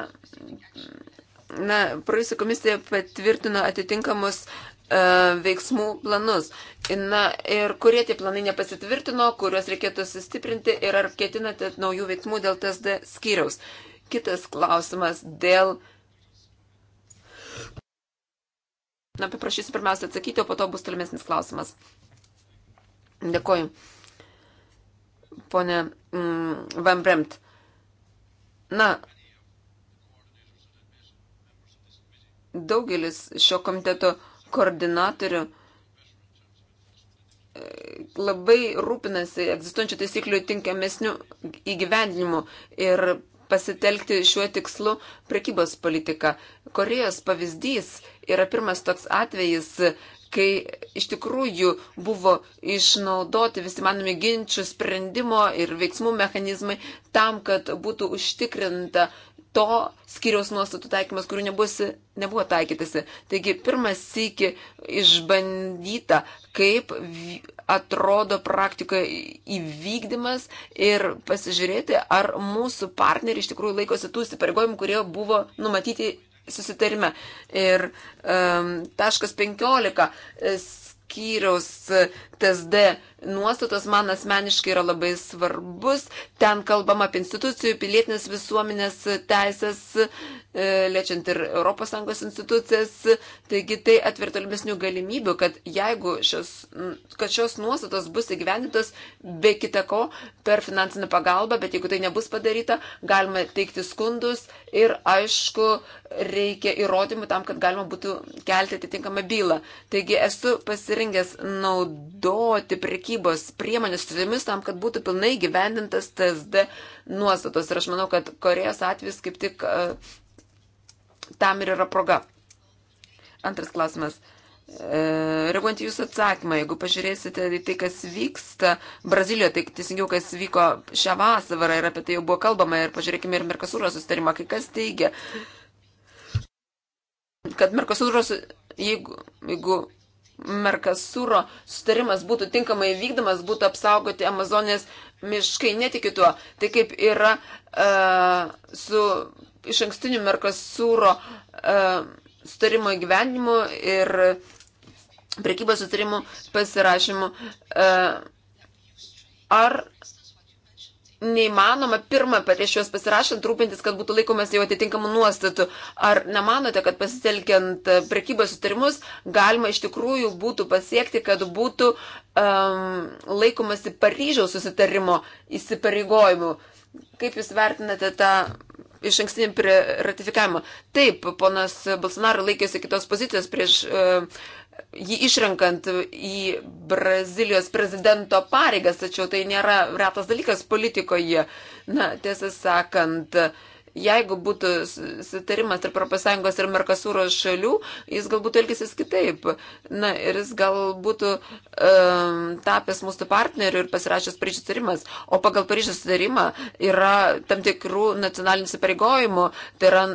na, praėjusią komisiją patvirtino atitinkamus E, veiksmų planus. Na ir kurie tie planai nepasitvirtino, kuriuos reikėtų sustiprinti ir ar ketinate naujų veiksmų dėl TSD skyriaus. Kitas klausimas dėl. Na, paprašysiu pirmiausia atsakyti, o po to bus tolimesnis klausimas. Dėkoju. Pone mm, Van Bremt. Na, daugelis šio komiteto uh, koordinatorių labai rūpinasi egzistuojančių taisyklių tinkamesnių įgyvendinimu ir pasitelkti šiuo tikslu prekybos politiką. Korejos pavyzdys yra pirmas toks atvejis, kai iš tikrųjų buvo išnaudoti visi manomi ginčių sprendimo ir veiksmų mechanizmai tam, kad būtų užtikrinta to skiriaus nuostatų taikymas, kurių nebus, nebuvo taikytasi. Taigi pirmas sėki išbandyta, kaip atrodo praktikoje įvykdymas ir pasižiūrėti, ar mūsų partneriai iš tikrųjų laikosi tų įsipareigojimų, kurie buvo numatyti susitarime. Ir um, taškas 15 e, skyriaus D nuostatos man asmeniškai yra labai svarbus. Ten kalbam apie institucijų, pilietinės visuomenės teisės, e, lėčiant ir ES institucijas. Taigi tai atvirtolimesnių galimybių, kad jeigu šios, kad šios nuostatos bus įgyvenintos be kitako per finansinę pagalbą, bet jeigu tai nebus padaryta, galima teikti skundus ir aišku, reikia įrodymų tam, kad galima būtų kelti atitinkamą bylą. Taigi esu pasirinkęs naudoti naudoti prekybos priemonės su jomis tam, kad būtų pilnai gyvendintas TSD nuostatos. Ir aš manau, kad Korejos atvejs kaip tik e, tam ir yra proga. Antras klausimas. E, reaguojant į jūsų atsakymą, jeigu pažiūrėsite į tai, kas vyksta Brazilijoje, tai teisingiau, kas vyko šią vasarą ir apie tai jau buvo kalbama ir pažiūrėkime ir Merkasūros sustarimą, kai kas teigia, kad Merkasūros, jeigu, jeigu Merkasūro sutarimas būtų tinkamai vykdomas, būtų apsaugoti Amazonės miškai, netikiu tuo. Tai kaip yra uh, su iš ankstiniu Merkasūro uh, sutarimo įgyvenimu ir prekybos sutarimu pasirašymu. Uh, ar neįmanoma pirmą prieš juos pasirašant rūpintis, kad būtų laikomas jau atitinkamų nuostatų. Ar nemanote, kad pasitelkiant prekybos sutarimus galima iš tikrųjų būtų pasiekti, kad būtų um, laikomasi Paryžiaus susitarimo įsipareigojimų? Kaip Jūs vertinate tą iš ankstinį ratifikavimą? Taip, ponas Bolsonaro laikėsi kitos pozicijos prieš uh, jį išrenkant į Brazilijos prezidento pareigas, tačiau tai nėra retas dalykas politikoje. Na, tiesą sakant, jeigu būtų sutarimas tarp ES ir Merkasūro šalių, jis galbūt elgėsis kitaip. Na, ir jis gal būtų um, tapęs mūsų partneriu ir pasirašęs Paryžiaus sutarimas. O pagal Paryžiaus sutarimą yra tam tikrų nacionalinių įsipareigojimų. Tai yra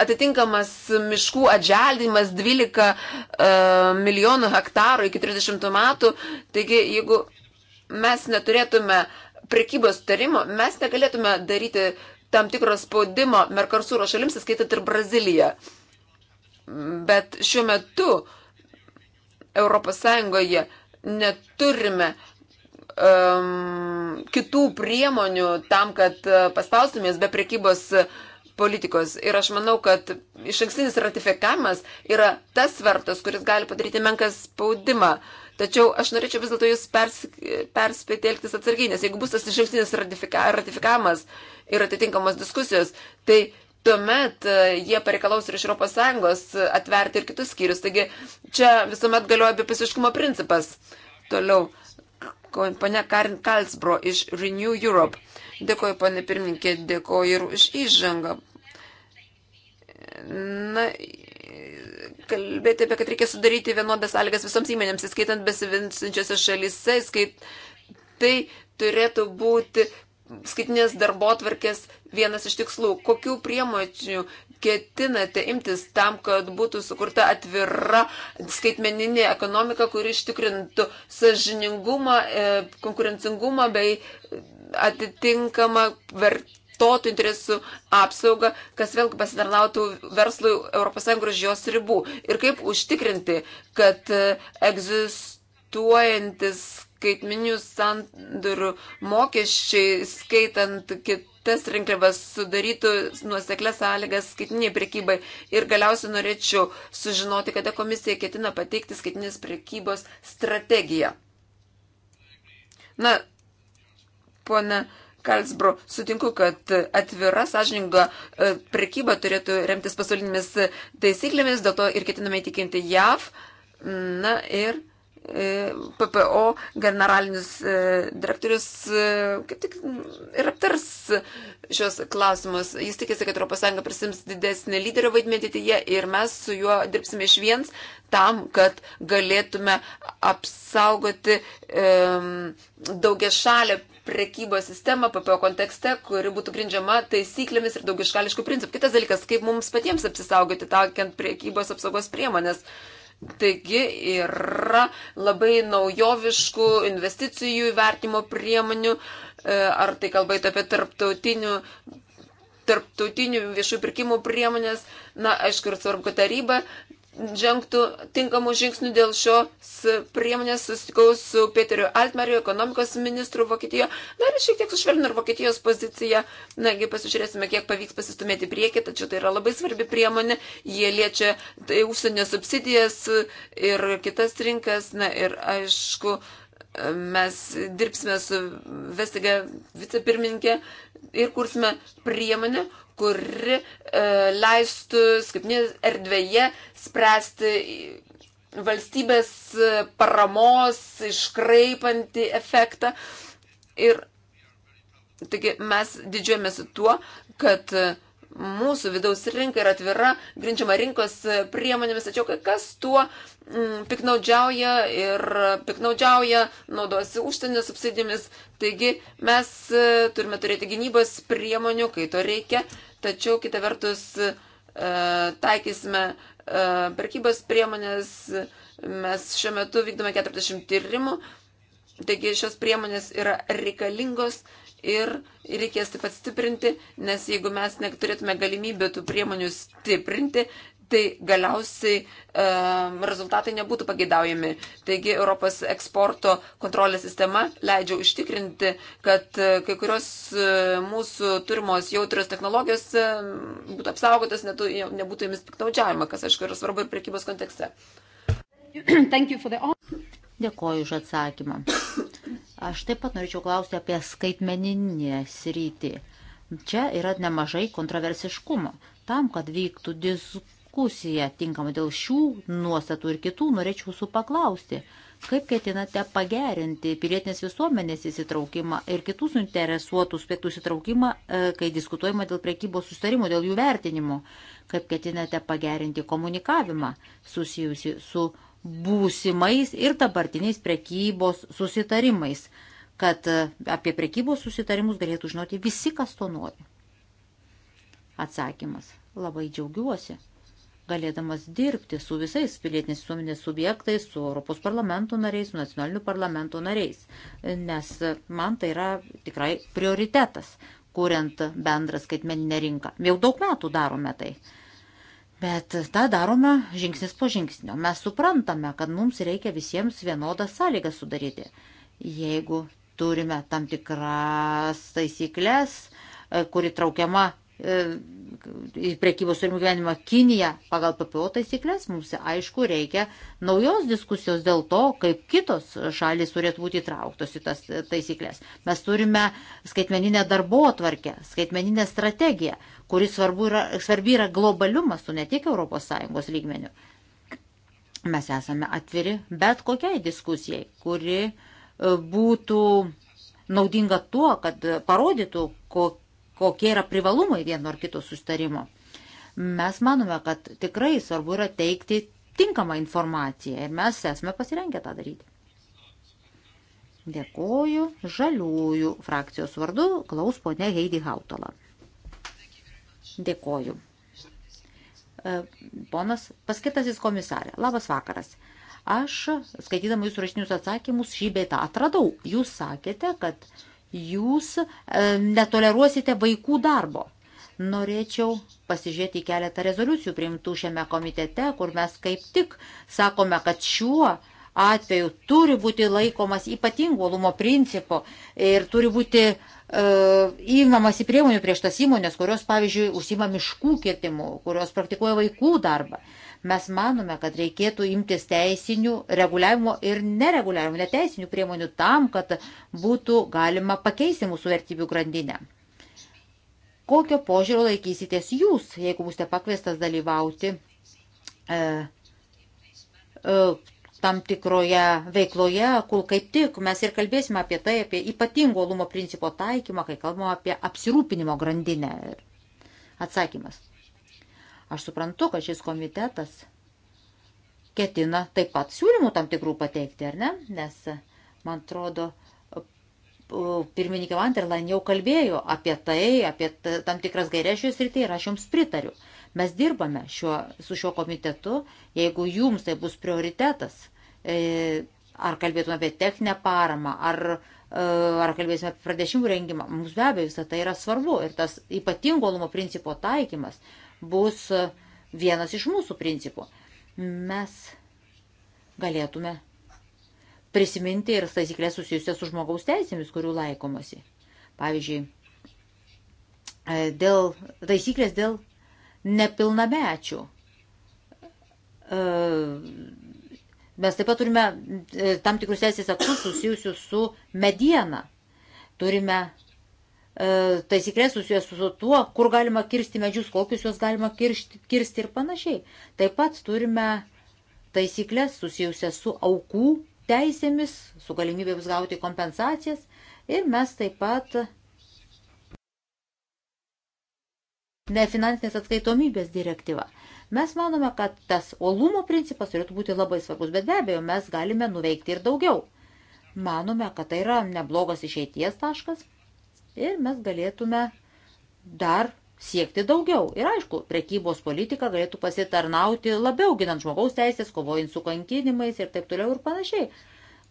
atitinkamas miškų atželdimas 12 uh, e, milijonų hektarų iki 30 metų. Taigi, jeigu mes neturėtume prekybos tarimo, mes negalėtume daryti tam tikro spaudimo Merkarsūro šalims, skaitant ir Braziliją. Bet šiuo metu ES neturime um, kitų priemonių tam, kad e, paspaustumės be prekybos uh, politikos. Ir aš manau, kad iš ankstinis ratifikavimas yra tas svertas, kuris gali padaryti menkas spaudimą. Tačiau aš norėčiau vis dėlto jūs pers, perspėti elgtis atsargiai, nes jeigu bus tas iš ankstinis ratifika, ratifikavimas ir atitinkamos diskusijos, tai tuomet e, jie pareikalaus ir iš ES atverti ir kitus skyrius. Taigi čia visuomet galioja abipasiškumo principas. Toliau, ponia Karin Kalsbro iš Renew Europe. Uh, Dėkoju, ponė pirmininkė, dėkoju ir už įžangą. Na, kalbėti apie, tai, kad reikia sudaryti vienodas sąlygas visoms įmonėms, įskaitant besivinsančiose šalyse, įskait... tai turėtų būti skaitinės darbo atvarkės vienas iš tikslų. Kokių priemočių ketinate imtis tam, kad būtų sukurta atvira skaitmeninė ekonomika, kuri ištikrintų sažiningumą, e, konkurencingumą bei atitinkamą vartotojų interesų apsaugą, kas vėlgi pasitarnautų verslui ES už jos ribų. Ir kaip užtikrinti, kad e, egzistuojantis skaitminių sandorių mokesčiai, skaitant kitas rinkliavas, sudarytų nuoseklės sąlygas skaitminiai prekybai. Ir galiausiai norėčiau sužinoti, kada komisija ketina pateikti skaitminės prekybos strategiją. Na, Pone Kalsbro, sutinku, kad atvira, sąžininga e, prekyba turėtų remtis pasaulinėmis taisyklėmis, dėl to ir ketiname įtikinti JAV. Na ir e, PPO generalinis e, direktorius kaip tik ir aptars šios klausimus. Jis tikisi, kad ES prisims didesnį lyderio vaidmenį ateityje ir mes su juo dirbsime iš viens tam, kad galėtume apsaugoti um, daugia šalę prekybos sistemą PPO kontekste, kuri būtų grindžiama taisyklėmis ir daugiškališkų principų. Kitas dalykas, kaip mums patiems apsisaugoti, taukiant prekybos apsaugos priemonės. Taigi yra labai naujoviškų investicijų įvertimo priemonių, e, ar tai kalbait apie tarptautinių, tarptautinių viešų pirkimų priemonės, na, aišku, ir svarbu, kad taryba žengtų tinkamų žingsnių dėl šios priemonės, susitikau su Peteriu Altmeriu, ekonomikos ministru Vokietijoje. Na ir šiek tiek sušvelninu ir Vokietijos poziciją. Nagi pasižiūrėsime, kiek pavyks pasistumėti prieki, tačiau tai yra labai svarbi priemonė. Jie liečia tai užsienio subsidijas ir kitas rinkas. Na ir aišku, mes dirbsime su Vestige vicepirmininkė ir kursime priemonę, kuri e, leistų skaipinės erdvėje spręsti valstybės paramos iškraipantį efektą. Ir taigi mes didžiuojamės tuo, kad mūsų vidaus rinka yra atvira, grindžiama rinkos priemonėmis, tačiau kai kas tuo mm, piknaudžiauja ir piknaudžiauja, naudosi užsienio subsidijomis, taigi mes e, turime turėti gynybos priemonių, kai to reikia, tačiau kita vertus e, taikysime e, prekybos priemonės, mes šiuo metu vykdome 40 tyrimų, taigi šios priemonės yra reikalingos ir reikės taip pat stiprinti, nes jeigu mes neturėtume galimybę tų priemonių stiprinti, tai galiausiai um, rezultatai nebūtų pageidaujami. Taigi Europos eksporto kontrolės sistema leidžia užtikrinti, kad e, kai kurios e, mūsų turimos jautrios technologijos e, būtų apsaugotas, netu, nebūtų jomis piknaudžiavima, kas aišku yra svarbu ir prekybos kontekste. Dėkoju už atsakymą. Aš taip pat norėčiau klausti apie skaitmeninę sritį. Čia yra nemažai kontroversiškumo. Tam, kad vyktų diskusija diskusiją tinkamą dėl šių nuostatų ir kitų, norėčiau jūsų paklausti, kaip ketinate pagerinti pilietinės visuomenės įsitraukimą ir kitų suinteresuotų aspektų įsitraukimą, e, kai diskutuojama dėl prekybos sustarimų, dėl jų vertinimo, kaip ketinate pagerinti komunikavimą susijusi su būsimais ir dabartiniais prekybos susitarimais, kad e, apie prekybos susitarimus galėtų žinoti visi, kas to nori. Atsakymas. Labai džiaugiuosi, galėdamas dirbti su visais pilietinės visuomenės subjektais, su Europos parlamento nariais, su nacionaliniu parlamento nariais, nes man tai yra tikrai prioritetas, kuriant bendrą skaitmeninę rinką. Jau daug metų darome tai. Bet tą darome žingsnis po žingsnio. Mes suprantame, kad mums reikia visiems vienodą sąlygą sudaryti. Jeigu turime tam tikras taisyklės, kuri traukiama E, į prekybos turimų gyvenimą Kiniją pagal PPO taisyklės, mums aišku reikia naujos diskusijos dėl to, kaip kitos šalis turėtų būti įtrauktos į tas taisyklės. Mes turime skaitmeninę darbo atvarkę, skaitmeninę strategiją, kuri yra, svarbi yra globaliu mastu, ne tik ES lygmeniu. Mes esame atviri bet kokiai diskusijai, kuri e, būtų naudinga tuo, kad parodytų, kokia kokie yra privalumai vieno ar kito sustarimo. Mes manome, kad tikrai svarbu yra teikti tinkamą informaciją ir mes esame pasirengę tą daryti. Dėkoju žaliųjų frakcijos vardu, klaus ponė Heidi Hautala. Dėkoju. E, ponas paskirtasis komisarė, labas vakaras. Aš, skaitydama jūsų rašinius atsakymus, šį beitą atradau. Jūs sakėte, kad jūs e, netoleruosite vaikų darbo. Norėčiau pasižiūrėti keletą rezoliucijų priimtų šiame komitete, kur mes kaip tik sakome, kad šiuo atveju turi būti laikomas ypatingo lumo principo ir turi būti e, įmamasi priemonių prieš tas įmonės, kurios, pavyzdžiui, užsima miškų kirtimų, kurios praktikuoja vaikų darbą. Mes manome, kad reikėtų imtis teisinių reguliavimo ir nereguliavimo, neteisinių priemonių tam, kad būtų galima pakeisti mūsų vertybių grandinę. Kokio požiūrio laikysitės jūs, jeigu būsite pakviestas dalyvauti e, e, tam tikroje veikloje, kur kaip tik mes ir kalbėsime apie tai, apie ypatingo olumo principo taikymą, kai kalbame apie apsirūpinimo grandinę. Atsakymas. Aš suprantu, kad šis komitetas ketina taip pat siūlymų tam tikrų pateikti, ar ne? Nes, man atrodo, pirmininkė Vanderlan jau kalbėjo apie tai, apie tam tikras gairias šioje srityje ir aš jums pritariu. Mes dirbame šiuo, su šiuo komitetu, jeigu jums tai bus prioritetas, e, ar kalbėtume apie techninę paramą, ar, e, ar kalbėsime apie pradėšimų rengimą, mums be abejo visą tai yra svarbu ir tas ypatingo lumo principo taikymas bus vienas iš mūsų principų. Mes galėtume prisiminti ir taisyklės susijusias su žmogaus teisėmis, kurių laikomasi. Pavyzdžiui, e, dėl, taisyklės dėl nepilnamečių. E, mes taip pat turime e, tam tikrus teisės aktus susijusius su mediena. Turime E, taisyklės susijęs su tuo, kur galima kirsti medžius, kokius juos galima kirsti, kirsti ir panašiai. Taip pat turime taisyklės susijusias su aukų teisėmis, su galimybėmis gauti kompensacijas ir mes taip pat nefinansinės atskaitomybės direktyva. Mes manome, kad tas olumo principas turėtų būti labai svarbus, bet be abejo mes galime nuveikti ir daugiau. Manome, kad tai yra neblogas išeities taškas ir mes galėtume dar siekti daugiau. Ir aišku, prekybos politika galėtų pasitarnauti labiau ginant žmogaus teisės, kovojant su kankinimais ir taip toliau ir panašiai.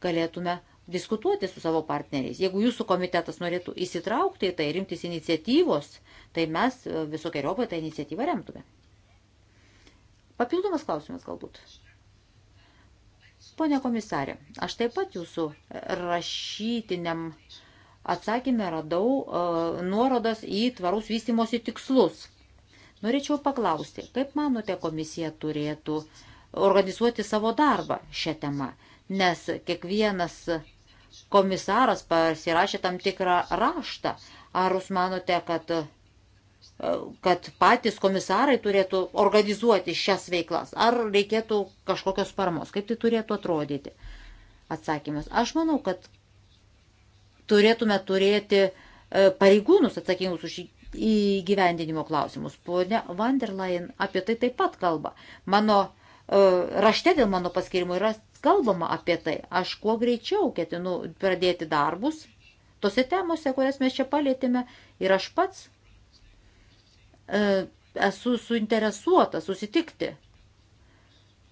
Galėtume diskutuoti su savo partneriais. Jeigu jūsų komitetas norėtų įsitraukti į tai, rimtis iniciatyvos, tai mes e, visokiojopai tą iniciatyvą remtume. Papildomas klausimas galbūt. Pone komisarė, aš taip pat jūsų rašytiniam uh, atsakymę radau uh, nuorodas į tvarus vystimosi tikslus. Norėčiau paklausti, kaip manote komisija turėtų organizuoti savo darbą šią temą, nes kiekvienas komisaras pasirašė tam tikrą raštą. Ar jūs manote, kad, e, kad patys komisarai turėtų organizuoti šias veiklas, ar reikėtų kažkokios paramos, kaip tai turėtų atrodyti? Atsakymas. Aš manau, kad turėtume turėti e, pareigūnus atsakingus už įgyvendinimo klausimus. Pone van der Leyen apie tai taip pat kalba. Mano e, rašte dėl mano paskirimo yra kalbama apie tai. Aš kuo greičiau ketinu pradėti darbus tose temose, kurias mes čia palėtėme ir aš pats e, esu suinteresuotas susitikti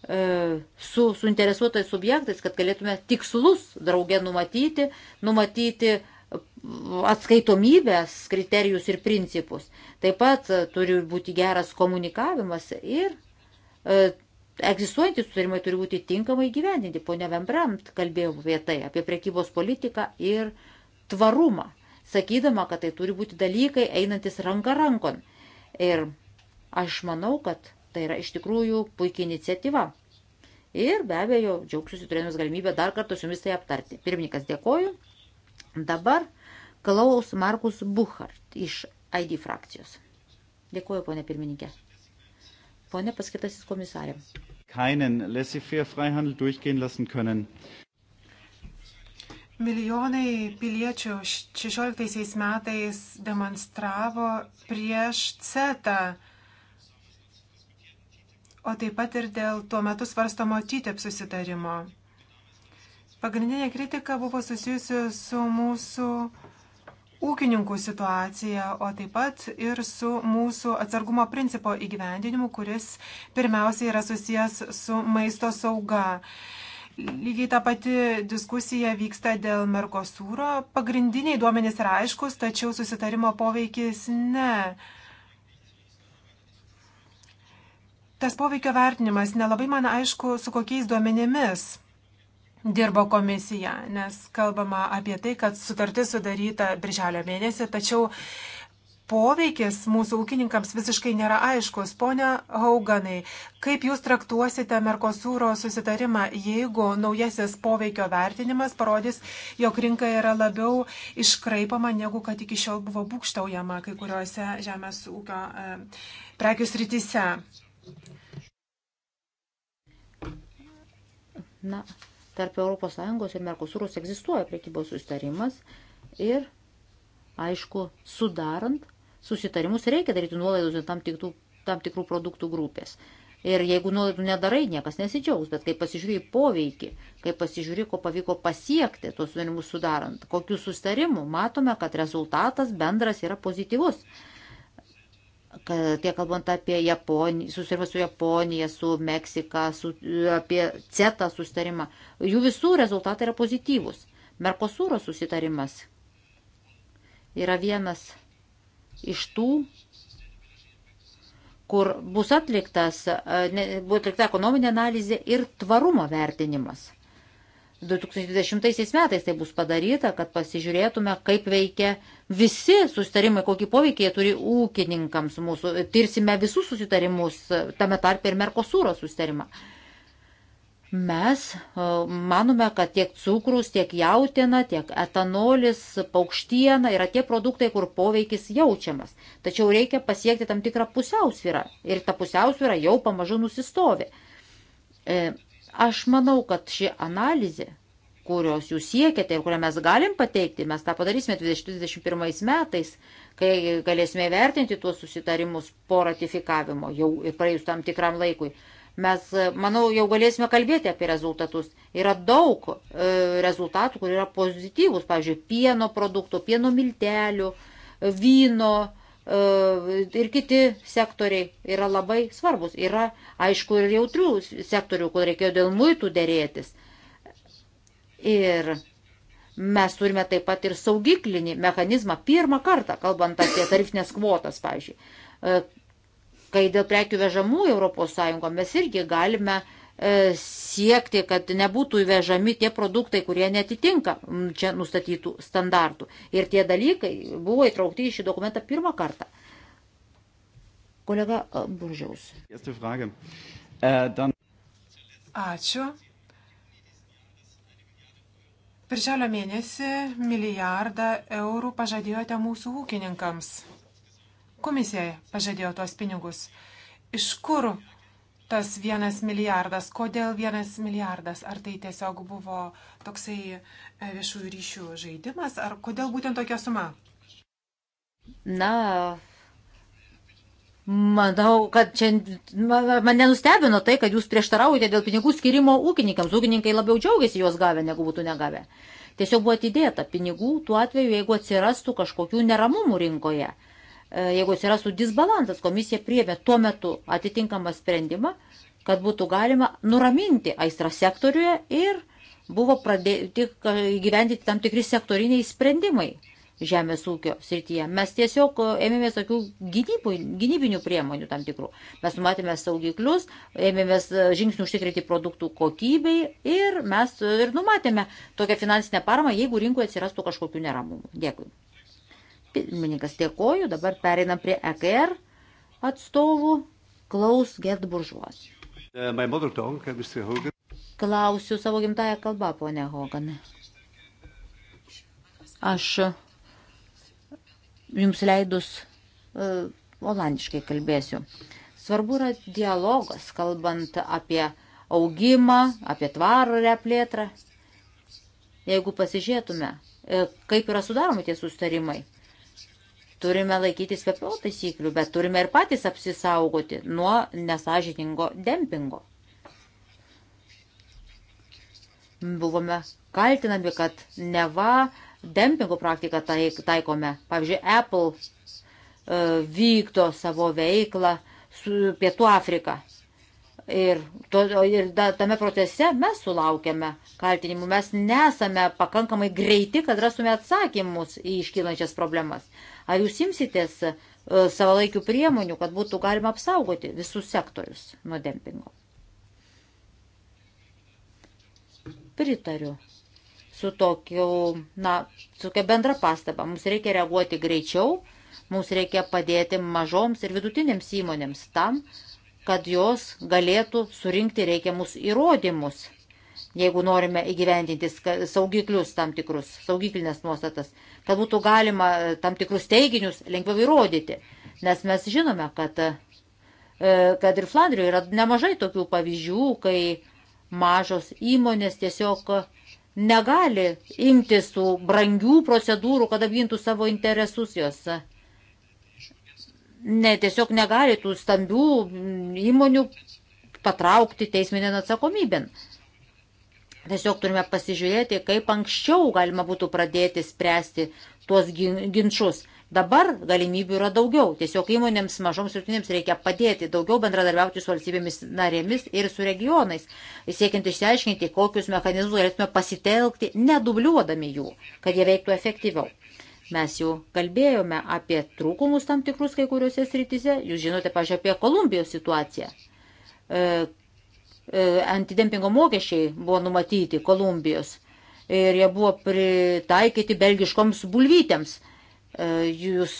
E, su suinteresuotais subjektais, kad galėtume tikslus draugė numatyti, numatyti atskaitomybės kriterijus ir principus. Taip pat e, turi būti geras komunikavimas ir e, egzistuojantys sutarimai turi būti tinkamai gyvendinti. Pone Vembramt kalbėjau apie tai, apie prekybos politiką ir tvarumą, sakydama, kad tai turi būti dalykai einantis ranka rankon. Ir aš manau, kad Tai yra iš tikrųjų puikia iniciatyva. Ir be abejo, džiaugsiuosi turėdamas galimybę dar kartą su jumis tai aptarti. Pirmininkas dėkoju. Dabar klaus Markus Buchart iš ID frakcijos. Dėkoju, ponė pirmininkė. Pone paskirtasis komisarė. Keinen laissez-faire Freihandel durchgehen lassen können. Milijonai piliečių 16 metais demonstravo prieš CETA o taip pat ir dėl tuo metu svarstomo TTIP e susitarimo. Pagrindinė kritika buvo susijusi su mūsų ūkininkų situacija, o taip pat ir su mūsų atsargumo principo įgyvendinimu, kuris pirmiausiai yra susijęs su maisto sauga. Lygiai ta pati diskusija vyksta dėl Merkosūro. Pagrindiniai duomenys yra aiškus, tačiau susitarimo poveikis ne. tas poveikio vertinimas nelabai man aišku, su kokiais duomenimis dirbo komisija, nes kalbama apie tai, kad sutartis sudaryta birželio mėnesį, tačiau poveikis mūsų ūkininkams visiškai nėra aiškus. Pone Hauganai, kaip jūs traktuosite Merkosūro susitarimą, jeigu naujasis poveikio vertinimas parodys, jog rinka yra labiau iškraipama, negu kad iki šiol buvo būkštaujama kai kuriuose žemės ūkio e, prekių srityse? Na, tarp ES ir Merkosuros egzistuoja priekybos sustarimas ir, aišku, sudarant susitarimus reikia daryti nuolaidos tam, tiktų, tam tikrų produktų grupės. Ir jeigu nuolaidų nedarai, niekas nesidžiaugs, bet kai pasižiūrėjai poveikį, kai pasižiūrėjai, ko pavyko pasiekti tuos sutarimus sudarant, kokius sustarimų, matome, kad rezultatas bendras yra pozityvus tiek kalbant apie Japoniją, susitarimą su Japonija, su Meksika, su, apie CETA susitarimą, jų visų rezultatai yra pozityvūs. Merkosūro susitarimas yra vienas iš tų, kur bus atliktas, buvo atlikta ekonominė analizė ir tvarumo vertinimas. 2020 metais tai bus padaryta, kad pasižiūrėtume, kaip veikia visi susitarimai, kokį poveikį jie turi ūkininkams mūsų. Tirsime visus susitarimus, tame tarp ir Merkosūro susitarimą. Mes e, manome, kad tiek cukrus, tiek jautina, tiek etanolis, paukštiena yra tie produktai, kur poveikis jaučiamas. Tačiau reikia pasiekti tam tikrą pusiausvyrą. Ir ta pusiausvyra jau pamažu nusistovi. E, Aš manau, kad ši analizė, kurios jūs siekiate ir kurią mes galim pateikti, mes tą padarysime 2021 metais, kai galėsime vertinti tuos susitarimus po ratifikavimo, jau ir praėjus tam tikram laikui mes, manau, jau galėsime kalbėti apie rezultatus. Yra daug e, rezultatų, kurie yra pozityvūs, pavyzdžiui, pieno produktų, pieno miltelių, vyno, E, ir kiti sektoriai yra labai svarbus. Yra, aišku, ir jautrių sektorių, kur reikėjo dėl muitų dėrėtis. Ir mes turime taip pat ir saugiklinį mechanizmą pirmą kartą, kalbant apie tarifinės kvotas, pavyzdžiui. E, kai dėl prekių vežamų ES mes irgi galime uh, E, siekti, kad nebūtų įvežami tie produktai, kurie netitinka čia nustatytų standartų. Ir tie dalykai buvo įtraukti į šį dokumentą pirmą kartą. Kolega e, Buržiaus. Äh, Ačiū. Birželio mėnesį milijardą eurų pažadėjote mūsų ūkininkams. Komisija pažadėjo tuos pinigus. Iš kur tas vienas milijardas. Kodėl vienas milijardas? Ar tai tiesiog buvo toksai e, viešųjų ryšių žaidimas, ar kodėl būtent tokia suma? Na, manau, kad čia mane nustebino tai, kad jūs prieštaraujate dėl pinigų skirimo ūkininkams. Ūkininkai labiau džiaugiasi juos gavę, negu būtų negavę. Tiesiog buvo atidėta pinigų tuo atveju, jeigu atsirastų kažkokių neramumų rinkoje. E, jeigu atsirastų disbalansas, komisija priemė tuo metu atitinkamą sprendimą, kad būtų galima nuraminti aistrą sektoriuje ir buvo pradėti gyventi tam tikri sektoriniai sprendimai žemės ūkio srityje. Mes tiesiog e, ėmėmės tokių gynybų, gynybinių priemonių tam tikrų. Mes numatėme saugiklius, ėmėmės e, žingsnių užtikrinti produktų kokybei ir mes ir numatėme tokią finansinę paramą, jeigu rinkoje atsirastų kažkokių neramumų. Dėkui. Pirmininkas dėkoju, dabar pereinam prie EKR atstovų Klaus Gertburžuos. Äh, äh, Klausiu savo gimtają kalbą, ponė Hoganai. Aš jums leidus uh, olandiškai kalbėsiu. Svarbu yra dialogas, kalbant apie augimą, apie tvarę plėtrą. Jeigu pasižiūrėtume, kaip yra sudaromi tie sustarimai, Turime laikytis PPO taisyklių, bet turime ir patys apsisaugoti nuo nesažiningo dempingo. Buvome kaltinami, kad neva dempingo praktiką tai, taikome. Pavyzdžiui, Apple e, vykdo savo veiklą su Pietų Afrika. Ir, to, ir da, tame procese mes sulaukėme kaltinimų, mes nesame pakankamai greiti, kad rastume atsakymus į iškylančias problemas. Ar jūs imsitės e, savalaikių priemonių, kad būtų galima apsaugoti visus sektorius nuo dempingo? Pritariu su tokiu, na, su tokia bendra pastaba. Mums reikia reaguoti greičiau, mums reikia padėti mažoms ir vidutinėms įmonėms tam, kad jos galėtų surinkti reikiamus įrodymus jeigu norime įgyvendinti saugiklius tam tikrus, saugiklinės nuostatas, kad būtų galima e, tam tikrus teiginius lengviau įrodyti. Nes mes žinome, kad, e, kad ir Flandrijoje yra nemažai tokių pavyzdžių, kai mažos įmonės tiesiog negali imtis tų brangių procedūrų, kad apgintų savo interesus jos. E, ne, tiesiog negali tų stambių įmonių patraukti teisminėn atsakomybėn. Uh, Tiesiog turime pasižiūrėti, kaip anksčiau galima būtų pradėti spręsti tuos ginčius. Dabar galimybių yra daugiau. Tiesiog įmonėms mažoms rytinėms reikia padėti daugiau bendradarbiauti su valstybėmis narėmis ir su regionais, siekiant išsiaiškinti, kokius mechanizmus galėtume pasitelkti, nedubliuodami jų, kad jie veiktų efektyviau. Mes jau kalbėjome apie trūkumus tam tikrus kai kuriuose srityse. Jūs žinote, pažiūrėjau, apie Kolumbijos situaciją e, E, antidempingo mokesčiai buvo numatyti Kolumbijos ir jie buvo pritaikyti belgiškoms bulvytėms. E, jūs,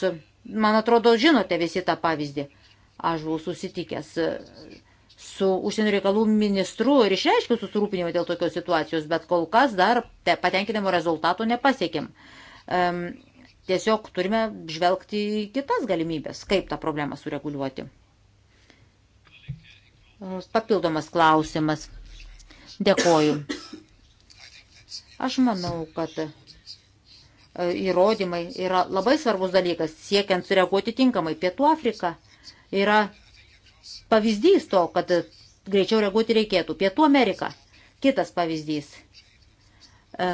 man atrodo, žinote visi tą pavyzdį. Aš buvau susitikęs e, su užsienio reikalų ministru ir išreiškiau susirūpinimą dėl tokios situacijos, bet kol kas dar patenkinamo rezultato nepasiekėm. Tiesiog turime žvelgti kitas galimybės, kaip tą problemą sureguliuoti papildomas klausimas. Dėkoju. Aš manau, kad e, įrodymai yra labai svarbus dalykas, siekiant sureaguoti tinkamai. Pietų Afrika yra pavyzdys to, kad greičiau reaguoti reikėtų. Pietų Amerika kitas pavyzdys. E, e,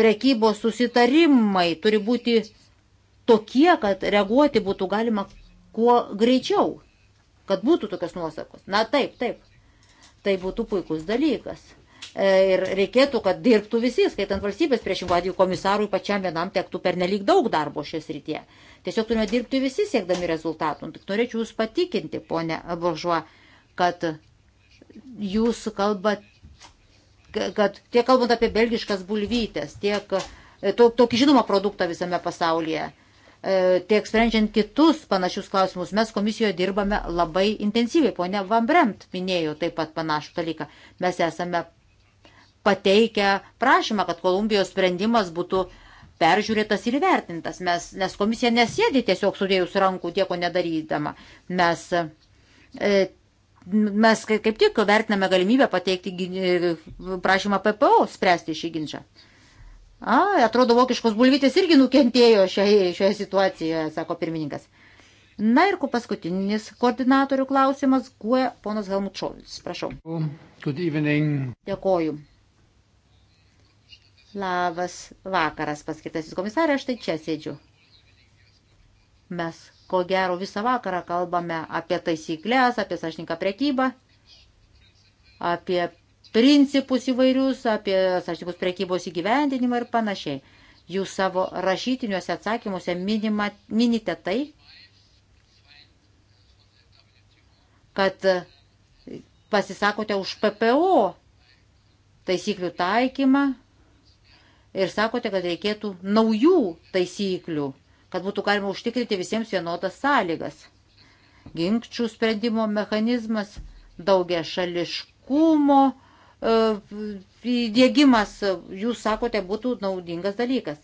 prekybos susitarimai turi būti tokie, kad reaguoti būtų galima kuo greičiau, kad būtų tokios nuosakos. Na taip, taip. Tai būtų puikus dalykas. E, ir reikėtų, kad dirbtų visi, skaitant valstybės priešingų atveju komisarui pačiam vienam tektų pernelyg daug darbo šios rytie. Tiesiog turime dirbti visi siekdami rezultatų. Tik norėčiau Jūs patikinti, ponė Božuo, kad Jūs kalbate, kad tiek kalbant apie belgiškas bulvytės, tiek e, tokį žinomą produktą visame pasaulyje, E, tiek sprendžiant kitus panašius klausimus. Mes komisijoje dirbame labai intensyviai. Pone Vambremt minėjo taip pat panašų dalyką. Mes esame pateikę prašymą, kad Kolumbijos sprendimas būtų peržiūrėtas ir įvertintas, mes, nes komisija nesėdi tiesiog sudėjus rankų, nieko nedarydama. Mes, e, mes kaip tik vertiname galimybę pateikti prašymą PPO spręsti šį ginčą. A, atrodo, vokiškos bulvytės irgi nukentėjo šioje, šioje situacijoje, sako pirmininkas. Na ir paskutinis koordinatorių klausimas, kuo ponas Helmut Šovis, prašau. Good evening. Dėkoju. Labas vakaras, paskirtasis komisarė, aš tai čia sėdžiu. Mes, ko gero, visą vakarą kalbame apie taisyklės, apie sąžininką prekybą, apie principus įvairius, apie sąžininkos prekybos įgyvendinimą ir panašiai. Jūs savo rašytiniuose atsakymuose minima, minite tai, kad pasisakote už PPO taisyklių taikymą ir sakote, kad reikėtų naujų taisyklių, kad būtų galima užtikrinti visiems vienodas sąlygas. Ginkčių sprendimo mechanizmas, daugia šališkumo, E, įdėgymas, jūs sakote, būtų naudingas dalykas.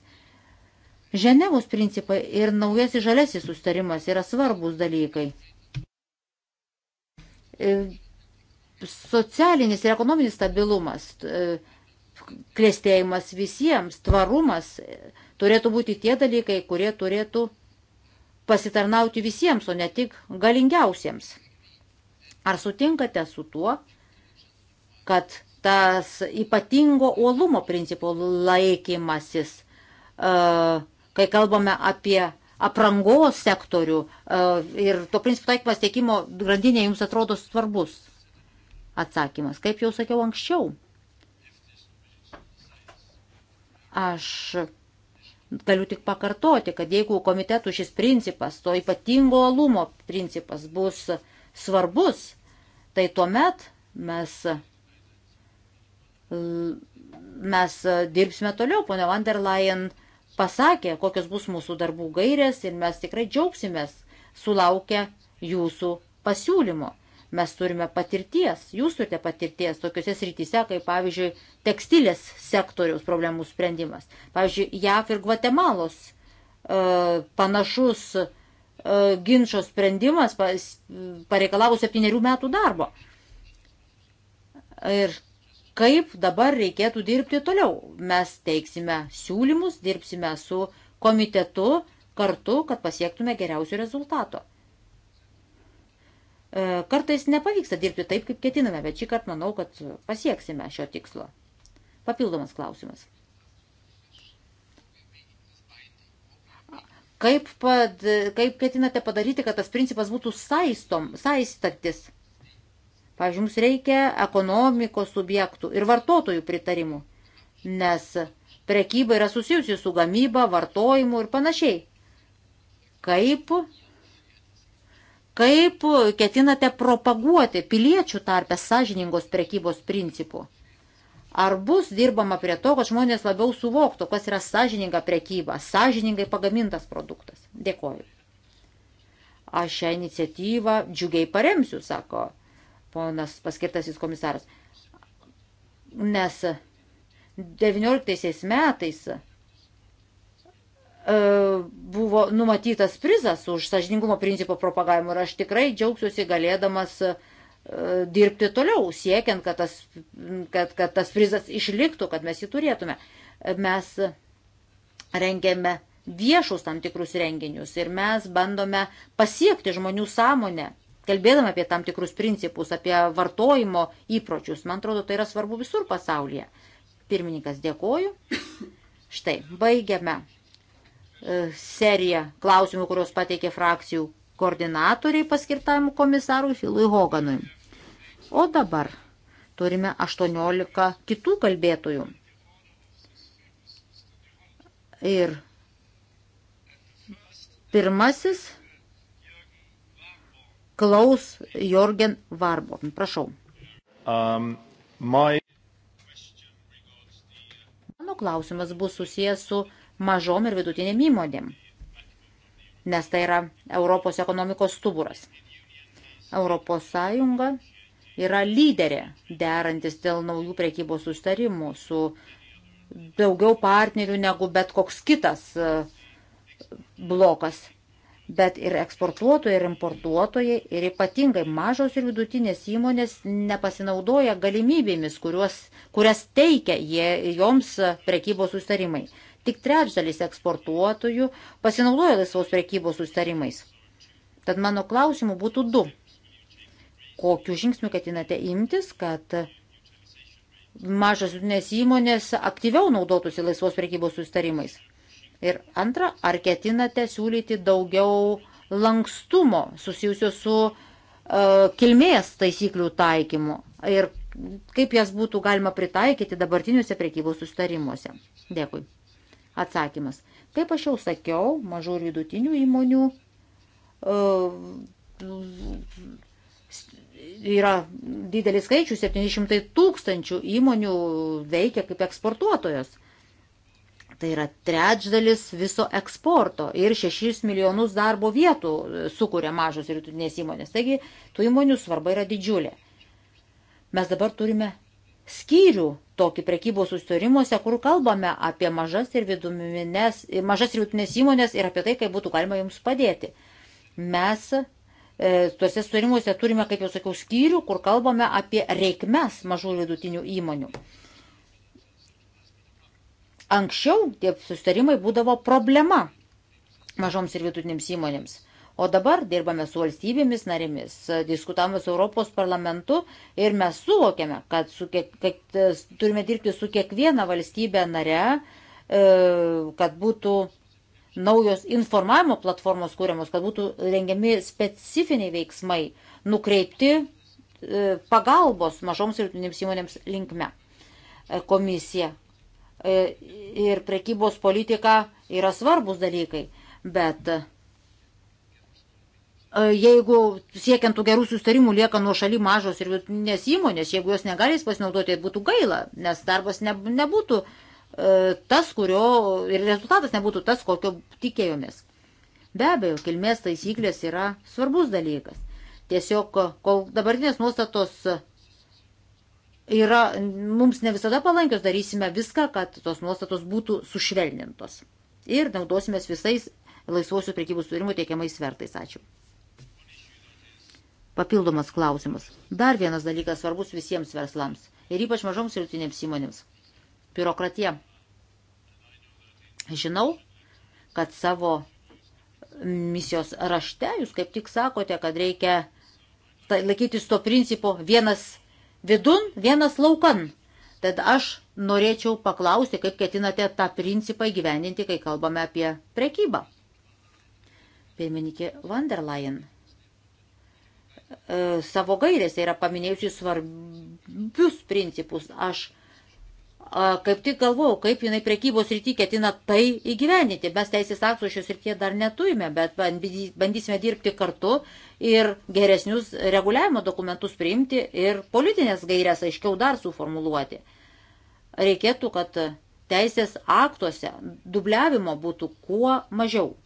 Ženevos principai ir naujasis žalesis sustarimas yra svarbus dalykai. E, socialinis ir ekonominis stabilumas, e, klėstėjimas visiems, tvarumas turėtų būti tie dalykai, kurie turėtų pasitarnauti visiems, o ne tik galingiausiems. Ar sutinkate su tuo, kad tas ypatingo uolumo principų laikymasis, e, kai kalbame apie aprangos sektorių e, ir to principų taikymas tiekimo grandinė jums atrodo svarbus? Atsakymas, kaip jau sakiau anksčiau. Aš galiu tik pakartoti, kad jeigu komitetų šis principas, to ypatingo alumo principas bus svarbus, tai tuomet mes mes e, dirbsime toliau. Pone van der Leyen pasakė, kokios bus mūsų darbų gairės ir mes tikrai džiaugsimės sulaukę jūsų pasiūlymo. Mes turime patirties, jūs turite patirties tokiuose srityse, kaip pavyzdžiui, tekstilės sektoriaus problemų sprendimas. Pavyzdžiui, JAF ir Gvatemalos e, panašus e, ginčio sprendimas pareikalavo septyniarių metų darbo. Ir kaip dabar reikėtų dirbti toliau. Mes teiksime siūlymus, dirbsime su komitetu kartu, kad pasiektume geriausių rezultato. E, kartais nepavyksta dirbti taip, kaip ketiname, bet šį kartą manau, kad pasieksime šio tikslo. Papildomas klausimas. Kaip, pad, kaip ketinate padaryti, kad tas principas būtų saistom, saistatis? Pavyzdžiui, mums reikia ekonomikos subjektų ir vartotojų pritarimų, nes prekyba yra susijusi su gamyba, vartojimu ir panašiai. Kaip, kaip ketinate propaguoti piliečių tarpę sąžiningos prekybos principų? Ar bus dirbama prie to, kad žmonės labiau suvoktų, kas yra sąžininga prekyba, sąžiningai pagamintas produktas? Dėkoju. Aš šią iniciatyvą džiugiai paremsiu, sako ponas paskirtasis komisaras. Nes 19 metais e, buvo numatytas prizas už sažiningumo principo propagavimą ir aš tikrai džiaugsiuosi galėdamas e, dirbti toliau, siekiant, kad tas, kad, kad tas prizas išliktų, kad mes jį turėtume. Mes rengiame viešus tam tikrus renginius ir mes bandome pasiekti žmonių sąmonę kalbėdami apie tam tikrus principus, apie vartojimo įpročius. Man atrodo, tai yra svarbu visur pasaulyje. Pirmininkas, dėkoju. Štai, baigiame e, seriją klausimų, kurios pateikė frakcijų koordinatoriai paskirtam komisarui Filui Hoganui. O dabar turime 18 kitų kalbėtojų. Ir pirmasis Klaus Jorgen Varbon. Prašau. Um, my... Mano klausimas bus susijęs su mažom ir vidutinėm įmonėm, nes tai yra Europos ekonomikos stuburas. Europos Sąjunga yra lyderė derantis dėl naujų prekybos sustarimų su daugiau partnerių negu bet koks kitas e, blokas bet ir eksportuotojai, ir importuotojai, ir ypatingai mažos ir vidutinės įmonės nepasinaudoja galimybėmis, kuriuos, kurias teikia jie, joms prekybos sustarimai. Tik trečdalis eksportuotojų pasinaudoja laisvos prekybos sustarimais. Tad mano klausimų būtų du. Kokiu žingsniu ketinate imtis, kad mažos vidutinės įmonės aktyviau naudotųsi laisvos prekybos sustarimais? Ir antra, ar ketinate siūlyti daugiau lankstumo susijusio su uh, kilmės taisyklių taikymu ir kaip jas būtų galima pritaikyti dabartiniuose prekybos sustarimuose. Dėkui. Atsakymas. Kaip aš jau sakiau, mažų ir vidutinių įmonių uh, yra didelis skaičius, 700 tūkstančių įmonių veikia kaip eksportuotojos. Tai yra trečdalis viso eksporto ir 6 milijonus darbo vietų e, sukuria mažos ir vidutinės įmonės. Taigi tų įmonių svarba yra didžiulė. Mes dabar turime skyrių tokį prekybos sustarimuose, kur kalbame apie mažas ir, viduminės, e, mažas ir vidutinės įmonės ir apie tai, kaip būtų galima jums padėti. Mes e, tuose sustarimuose turime, kaip jau sakiau, skyrių, kur kalbame apie reikmes mažų ir vidutinių įmonių. Anksčiau tie sustarimai būdavo problema mažoms ir vidutinėms įmonėms. O dabar dirbame su valstybėmis narėmis, diskutavome su Europos parlamentu ir mes suvokėme, kad, su kiek, kad e, turime dirbti su kiekviena valstybė nare, e, kad būtų naujos informavimo platformos kūriamos, kad būtų rengiami specifiniai veiksmai nukreipti e, pagalbos mažoms ir vidutinėms įmonėms linkme. Komisija E, ir prekybos politika yra svarbus dalykai, bet e, jeigu siekiant tų gerų sustarimų lieka nuo šaly mažos ir vidutinės įmonės, jeigu jos negalės pasinaudoti, tai būtų gaila, nes darbas ne, nebūtų e, tas, kurio ir rezultatas nebūtų tas, kokio tikėjomės. Be abejo, kilmės taisyklės yra svarbus dalykas. Tiesiog, kol dabartinės nuostatos yra mums ne visada palankios, darysime viską, kad tos nuostatos būtų sušvelnintos. Ir naudosime visais laisvosios priekybos turimų teikiamais svertais. Ačiū. Papildomas klausimas. Dar vienas dalykas svarbus visiems verslams ir ypač mažoms ir rutinėms įmonėms. Biurokratija. Žinau, kad savo misijos rašte jūs kaip tik sakote, kad reikia laikytis to principo vienas vidun, vienas laukan. Tad aš norėčiau paklausti, kaip ketinate tą principą įgyvendinti, kai kalbame apie prekybą. Pirmininkė van der Leyen e, savo gairėse yra paminėjusi svarbius principus. Aš kaip tik galvojau, kaip jinai prekybos rytį ketina tai įgyveninti. Mes teisės aktų šios rytie dar neturime, bet bandysime dirbti kartu ir geresnius reguliavimo dokumentus priimti ir politinės gairias aiškiau dar suformuluoti. Reikėtų, kad teisės aktuose dubliavimo būtų kuo mažiau.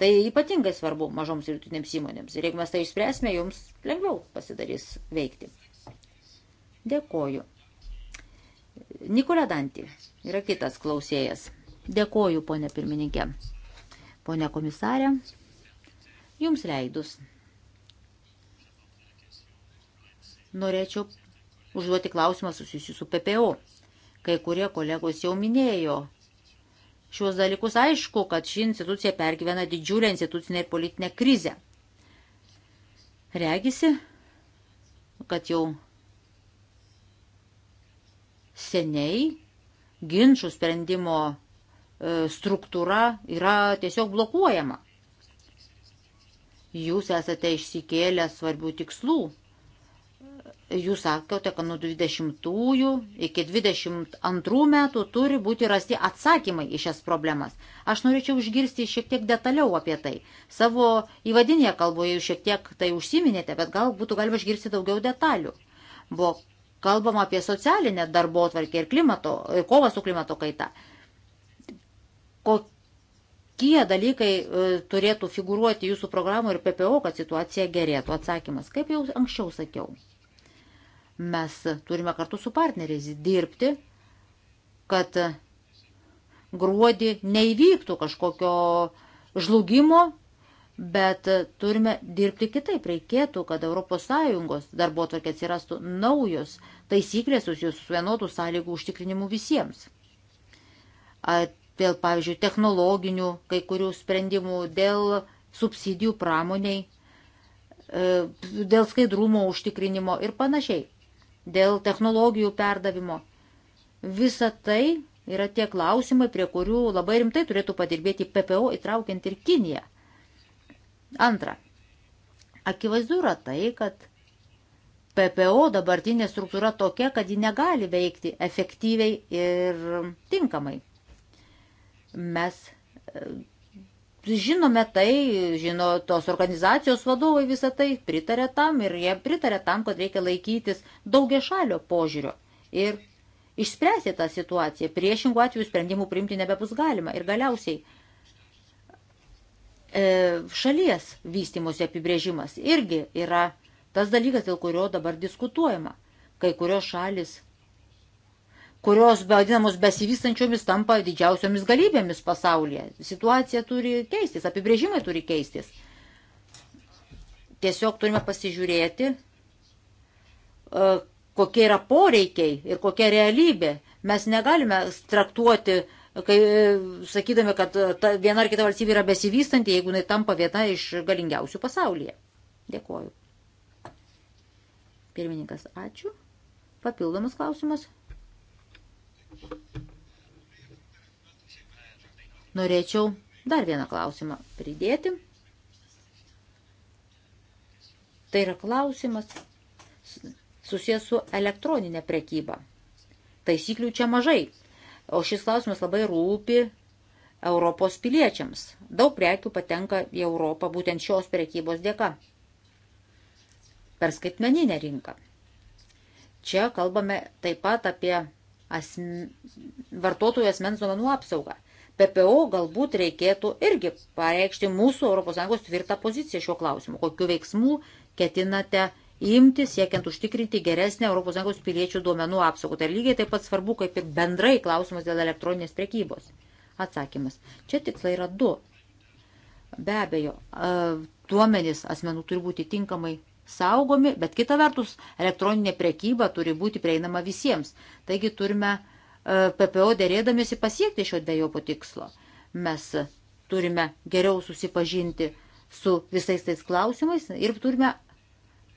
Tai ypatingai svarbu mažoms ir vidutinėms įmonėms. Ir jeigu mes tai išspręsime, jums lengviau pasidarys veikti. Dėkoju. Nikola Dantį yra kitas klausėjas. Dėkoju, ponė pirmininkė. Pone komisarė, jums leidus. Norėčiau užduoti klausimą susijusiu su PPO. Kai kurie kolegos jau minėjo šiuos dalykus. Aišku, kad ši institucija pergyvena didžiulę institucinę ir politinę krizę. Regisi, kad jau seniai ginčių sprendimo e, struktūra yra tiesiog blokuojama. Jūs esate išsikėlę svarbių tikslų. Jūs sakote, kad nuo 20-ųjų iki 22 metų turi būti rasti atsakymai į šias problemas. Aš norėčiau išgirsti šiek tiek detaliau apie tai. Savo įvadinėje kalboje jūs šiek tiek tai užsiminėte, bet gal būtų galima išgirsti daugiau detalių. Buvo kalbama apie socialinę darbo tvarkę ir, klimato, ir kovą su klimato kaita. Kokie dalykai e, turėtų figuruoti jūsų programų ir PPO, kad situacija gerėtų? Atsakymas, kaip jau anksčiau sakiau. Mes turime kartu su partneriais dirbti, kad gruodį neįvyktų kažkokio žlugimo bet e, turime dirbti kitaip. Reikėtų, kad ES darbo tokia atsirastų naujos taisyklės susijusios su vienodų sąlygų užtikrinimu visiems. Dėl, pavyzdžiui, technologinių kai kurių sprendimų, dėl subsidijų pramoniai, e, dėl skaidrumo užtikrinimo ir panašiai, dėl technologijų perdavimo. Visa tai yra tie klausimai, prie kurių labai rimtai turėtų padirbėti PPO įtraukiant ir Kiniją Antra, akivaizdu yra tai, kad PPO dabartinė struktūra tokia, kad ji negali veikti efektyviai ir tinkamai. Mes e, žinome tai, žino tos organizacijos vadovai visą tai, pritarė tam ir jie pritarė tam, kad reikia laikytis daugia šalio požiūrio ir išspręsti tą situaciją. Priešingų atveju sprendimų priimti nebebus galima. Ir galiausiai E, šalies vystimosi apibrėžimas irgi yra tas dalykas, dėl kurio dabar diskutuojama. Kai kurios šalis, kurios vadinamos besivystančiomis, tampa didžiausiomis galybėmis pasaulyje. Situacija turi keistis, apibrėžimai turi keistis. Tiesiog turime pasižiūrėti, e, kokie yra poreikiai ir kokia realybė. Mes negalime traktuoti kai e, sakydami, kad e, ta, viena ar kita valstybė yra besivystanti, jeigu jinai tampa viena iš galingiausių pasaulyje. Dėkoju. Pirmininkas, ačiū. Papildomas klausimas. Norėčiau dar vieną klausimą pridėti. Tai yra klausimas susijęs su elektroninė prekyba. Taisyklių čia mažai o šis klausimas labai rūpi Europos piliečiams. Daug prekių patenka į Europą būtent šios prekybos dėka per skaitmeninę rinką. Čia kalbame taip pat apie asm... vartotojų asmens duomenų apsaugą. PPO galbūt reikėtų irgi pareikšti mūsų ES tvirtą poziciją šiuo klausimu. Kokiu veiksmu ketinate imti, siekiant užtikrinti geresnę ES piliečių duomenų apsaugą. Tai lygiai taip pat svarbu, kaip ir bendrai klausimas dėl elektroninės prekybos. Atsakymas. Čia tikslai yra du. Be abejo, e, duomenys asmenų turi būti tinkamai saugomi, bet kita vertus elektroninė prekyba turi būti prieinama visiems. Taigi turime e, PPO dėrėdamėsi pasiekti šio dviejopo tikslo. Mes turime geriau susipažinti su visais tais klausimais ir turime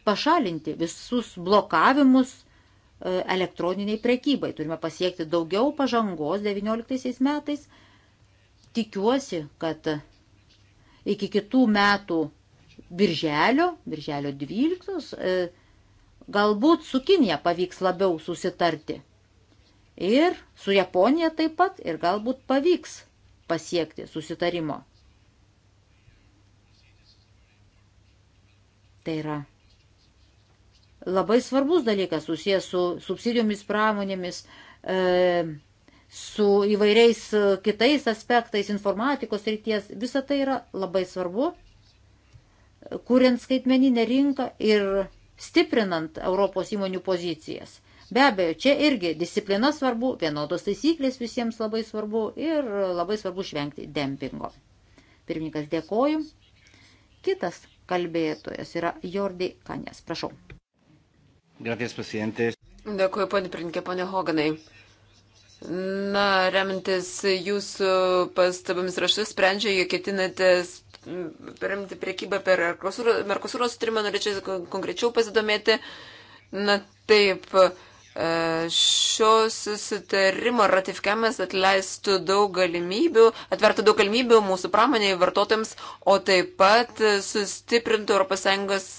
pašalinti visus blokavimus e, elektroniniai prekybai. Turime pasiekti daugiau pažangos 19 metais. Tikiuosi, kad iki kitų metų birželio, birželio 12, e, galbūt su Kinija pavyks labiau susitarti. Ir su Japonija taip pat ir galbūt pavyks pasiekti susitarimo. Tai yra labai svarbus dalykas susijęs su subsidijomis pramonėmis, e, su įvairiais e, kitais aspektais informatikos ryties. Visa tai yra labai svarbu, kuriant skaitmeninę rinką ir stiprinant Europos įmonių pozicijas. Be abejo, čia irgi disciplina svarbu, vienodos taisyklės visiems labai svarbu ir labai svarbu išvengti dempingo. Pirmininkas dėkoju. Kitas kalbėtojas yra Jordi Kanės. Prašau. Gracias, presidente. Dėkuoju, ponė Prinkė, ponė Hoganai. Na, remintis jūsų pastabomis raštus, sprendžia, jie ketinate perimti priekybą per Merkosūros sutrimą, norėčiau konkrečiau pasidomėti. Na, taip. Uh, E, šio susitarimo ratifikavimas atleistų daug galimybių, atvertų daug galimybių mūsų pramoniai vartotojams, o taip pat sustiprintų ES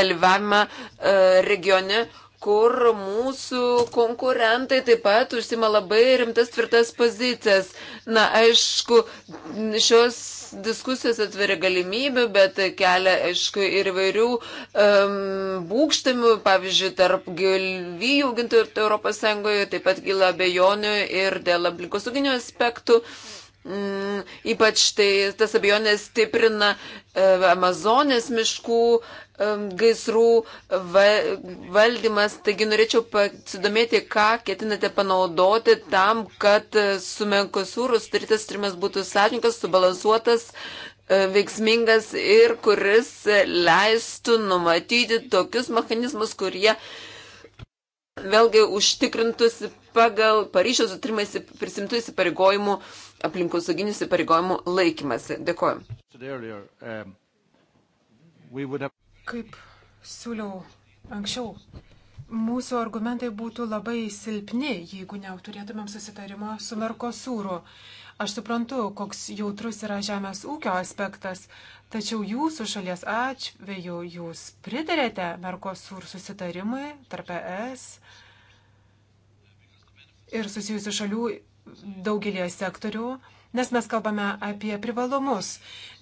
dalyvavimą e, regione, kur mūsų konkurentai taip pat užsima labai rimtas tvirtas pozicijas. Na, aišku, šios diskusijos atveria galimybių, bet kelia, aišku, ir vairių um, būkštamių, pavyzdžiui, tarp gyvijų augintojų ir Europos Sąjungoje taip pat gila abejonių ir dėl aplinkosuginių aspektų. Um, Mm, ypač tai tas abejonės stiprina e, Amazonės miškų e, gaisrų va, valdymas. Taigi norėčiau pasidomėti, ką ketinate panaudoti tam, kad e, su Menkosūrų sutaritas trimas būtų sąžininkas, subalansuotas, e, veiksmingas ir kuris leistų numatyti tokius mechanizmus, kurie vėlgi užtikrintųsi pagal Paryžiaus sutrimą prisimtų įsipareigojimų uh, aplinkosauginių įsipareigojimų laikymasi. Dėkuoju. Kaip siūliau anksčiau, mūsų argumentai būtų labai silpni, jeigu neturėtumėm susitarimo su Merkosūru. Aš suprantu, koks jautrus yra žemės ūkio aspektas, tačiau jūsų šalies atveju jūs pritarėte Merkosūr susitarimui tarp ES ir susijusių šalių daugelį sektorių, nes mes kalbame apie privalumus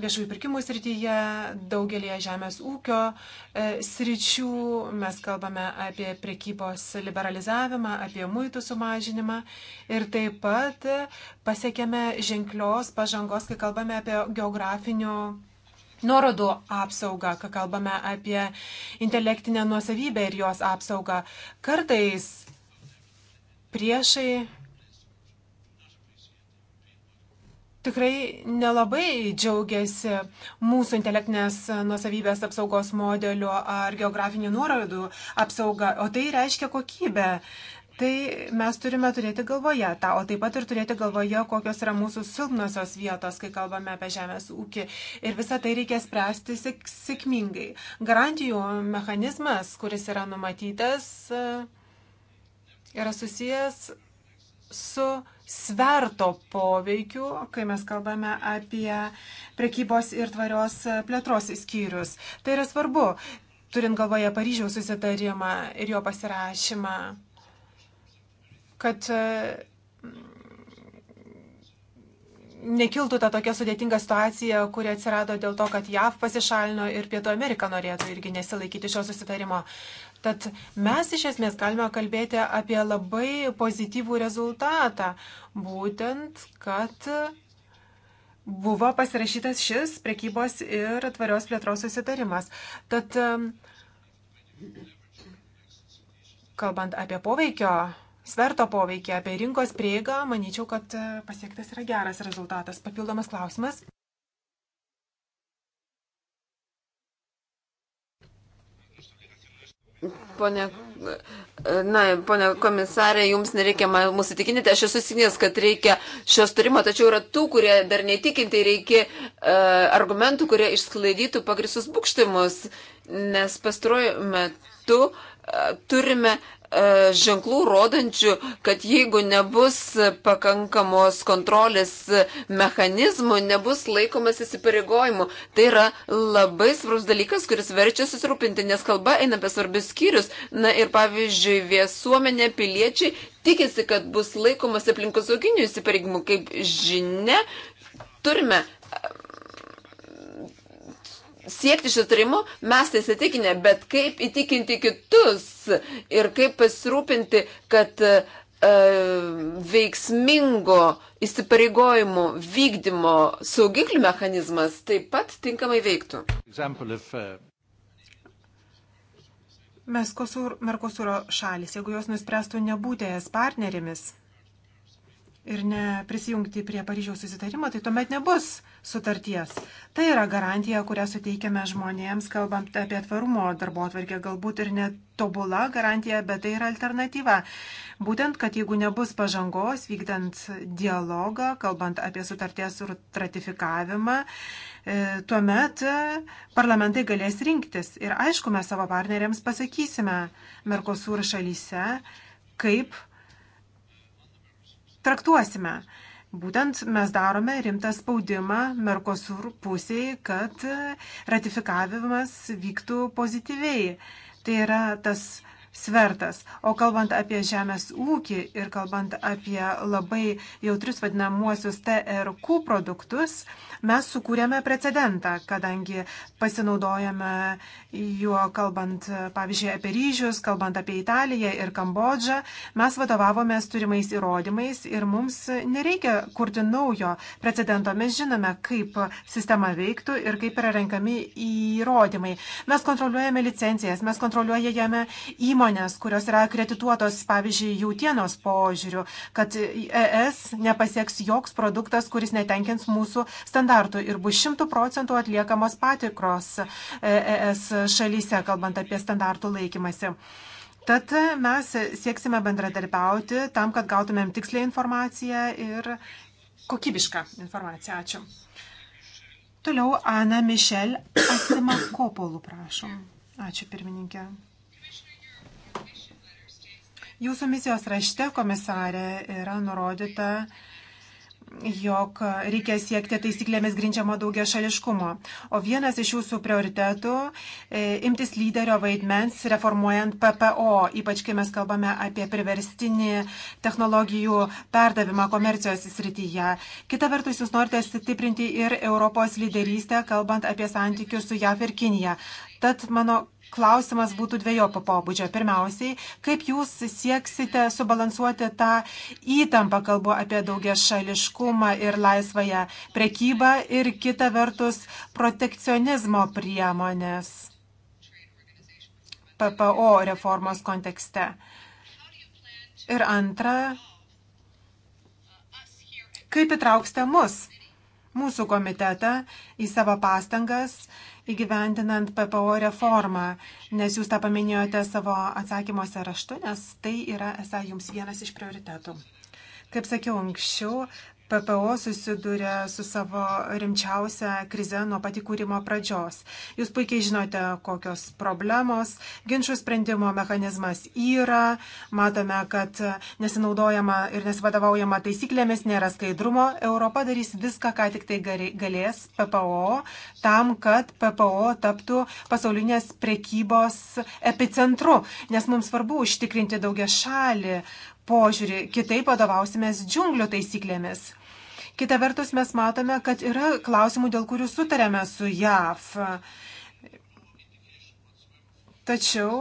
viešųjų pirkimų srityje, daugelį žemės ūkio e, sričių, mes kalbame apie prekybos liberalizavimą, apie muitų sumažinimą ir taip pat pasiekėme ženklios pažangos, kai kalbame apie geografinių nuorodų apsaugą, kai kalbame apie intelektinę nuosavybę ir jos apsaugą. Kartais priešai tikrai nelabai džiaugiasi mūsų intelektinės nuosavybės apsaugos modeliu ar geografinių nuorodų apsauga, o tai reiškia kokybę. Tai mes turime turėti galvoje tą, o taip pat ir turėti galvoje, kokios yra mūsų silpnosios vietos, kai kalbame apie žemės ūkį. Ir visą tai reikia spręsti sėk sėkmingai. Garantijų mechanizmas, kuris yra numatytas, e, yra susijęs su sverto poveikiu, kai mes kalbame apie prekybos ir tvarios plėtros skyrius. Tai yra svarbu, turint galvoje Paryžiaus susitarimą ir jo pasirašymą, kad mm, nekiltų ta tokia sudėtinga situacija, kuri atsirado dėl to, kad JAV pasišalino ir Pietų Amerika norėtų irgi nesilaikyti šio susitarimo. Tad mes iš esmės galime kalbėti apie labai pozityvų rezultatą, būtent, kad buvo pasirašytas šis prekybos ir tvarios plėtros susitarimas. Tad, kalbant apie poveikio, sverto poveikį, apie rinkos prieigą, manyčiau, kad e, pasiektas yra geras rezultatas. Papildomas klausimas. Pone, na, pone komisarė, jums nereikia mūsų tikinti, aš esu įsitikinęs, kad reikia šios turimo, tačiau yra tų, kurie dar netikinti, reikia uh, argumentų, kurie išsklaidytų pagrisus būkštimus, nes pastaruoju metu uh, turime uh, E, ženklų rodančių, kad jeigu nebus pakankamos kontrolės mechanizmų, nebus laikomas įsipareigojimų. Tai yra labai svarbus dalykas, kuris verčia susirūpinti, nes kalba eina apie svarbius skyrius. Na ir pavyzdžiui, visuomenė, piliečiai tikisi, kad bus laikomas aplinkosauginių įsipareigimų. Kaip žinia, turime siekti šitrimų, mes tai įsitikinę, bet kaip įtikinti kitus ir kaip pasirūpinti, kad e, veiksmingo įsipareigojimų vykdymo saugiklių mechanizmas taip pat tinkamai veiktų. Mes uh, Merkosūro šalis, jeigu jos nuspręstų nebūti es partnerėmis, ir neprisijungti prie Paryžiaus susitarimo, tai tuomet nebus sutarties. Tai yra garantija, kurią suteikiame žmonėms, kalbant apie tvarumo darbo atvarkę, galbūt ir netobula garantija, bet tai yra alternatyva. Būtent, kad jeigu nebus pažangos, vykdant dialogą, kalbant apie sutarties ratifikavimą, e, tuomet e, parlamentai galės rinktis. Ir aišku, mes savo partneriams pasakysime Merkosūr šalyse, kaip traktuosime. Būtent mes darome rimtą spaudimą Merkosur pusiai, kad ratifikavimas vyktų pozityviai. Tai yra tas svertas. O kalbant apie žemės ūkį ir kalbant apie labai jautrius vadinamuosius TRQ produktus, mes sukūrėme precedentą, kadangi pasinaudojame juo kalbant, pavyzdžiui, apie ryžius, kalbant apie Italiją ir Kambodžą, mes vadovavomės turimais įrodymais ir mums nereikia kurti naujo precedento. Mes žinome, kaip sistema veiktų ir kaip yra renkami įrodymai. Mes kontroliuojame licencijas, mes kontroliuojame įmonės įmonės, kurios yra kredituotos, pavyzdžiui, jautienos požiūrių, kad ES nepasieks joks produktas, kuris netenkins mūsų standartų ir bus šimtų procentų atliekamos patikros ES šalyse, kalbant apie standartų laikymasi. Tad mes sieksime bendradarbiauti tam, kad gautumėm tiksliai informaciją ir kokybišką informaciją. Ačiū. Toliau Ana Mišel Asimakopolų prašom. Ačiū pirmininkė. Jūsų misijos rašte, komisarė, yra nurodyta, jog reikia siekti taisyklėmis grindžiamo daugia šališkumo. O vienas iš jūsų prioritetų e, - imtis lyderio vaidmens reformuojant PPO, ypač kai mes kalbame apie priverstinį technologijų perdavimą komercijos srityje. Kita vertus, jūs norite stiprinti ir Europos lyderystę, kalbant apie santykius su JAV ir Kinija. Tad mano klausimas būtų dviejopo pobūdžio. Pirmiausiai, kaip jūs sieksite subalansuoti tą įtampą, kalbu apie daugia šališkumą ir laisvąją prekybą ir kita vertus protekcionizmo priemonės PPO reformos kontekste. Ir antra, kaip įtrauksite mus, mūsų komitetą, į savo pastangas įgyvendinant PPO reformą, nes jūs tą paminėjote savo atsakymuose raštu, nes tai yra esą jums vienas iš prioritetų. Kaip sakiau anksčiau, PPO susiduria su savo rimčiausia krize nuo pat įkūrimo pradžios. Jūs puikiai žinote, kokios problemos, ginčių sprendimo mechanizmas yra, matome, kad nesinaudojama ir nesivadovaujama taisyklėmis, nėra skaidrumo. Europa darys viską, ką tik tai galės PPO, tam, kad PPO taptų pasaulinės prekybos epicentru, nes mums svarbu užtikrinti daugia šalį požiūrį, kitaip vadovausimės džiunglių taisyklėmis. Kita vertus, mes matome, kad yra klausimų, dėl kurių sutarėme su JAV. Tačiau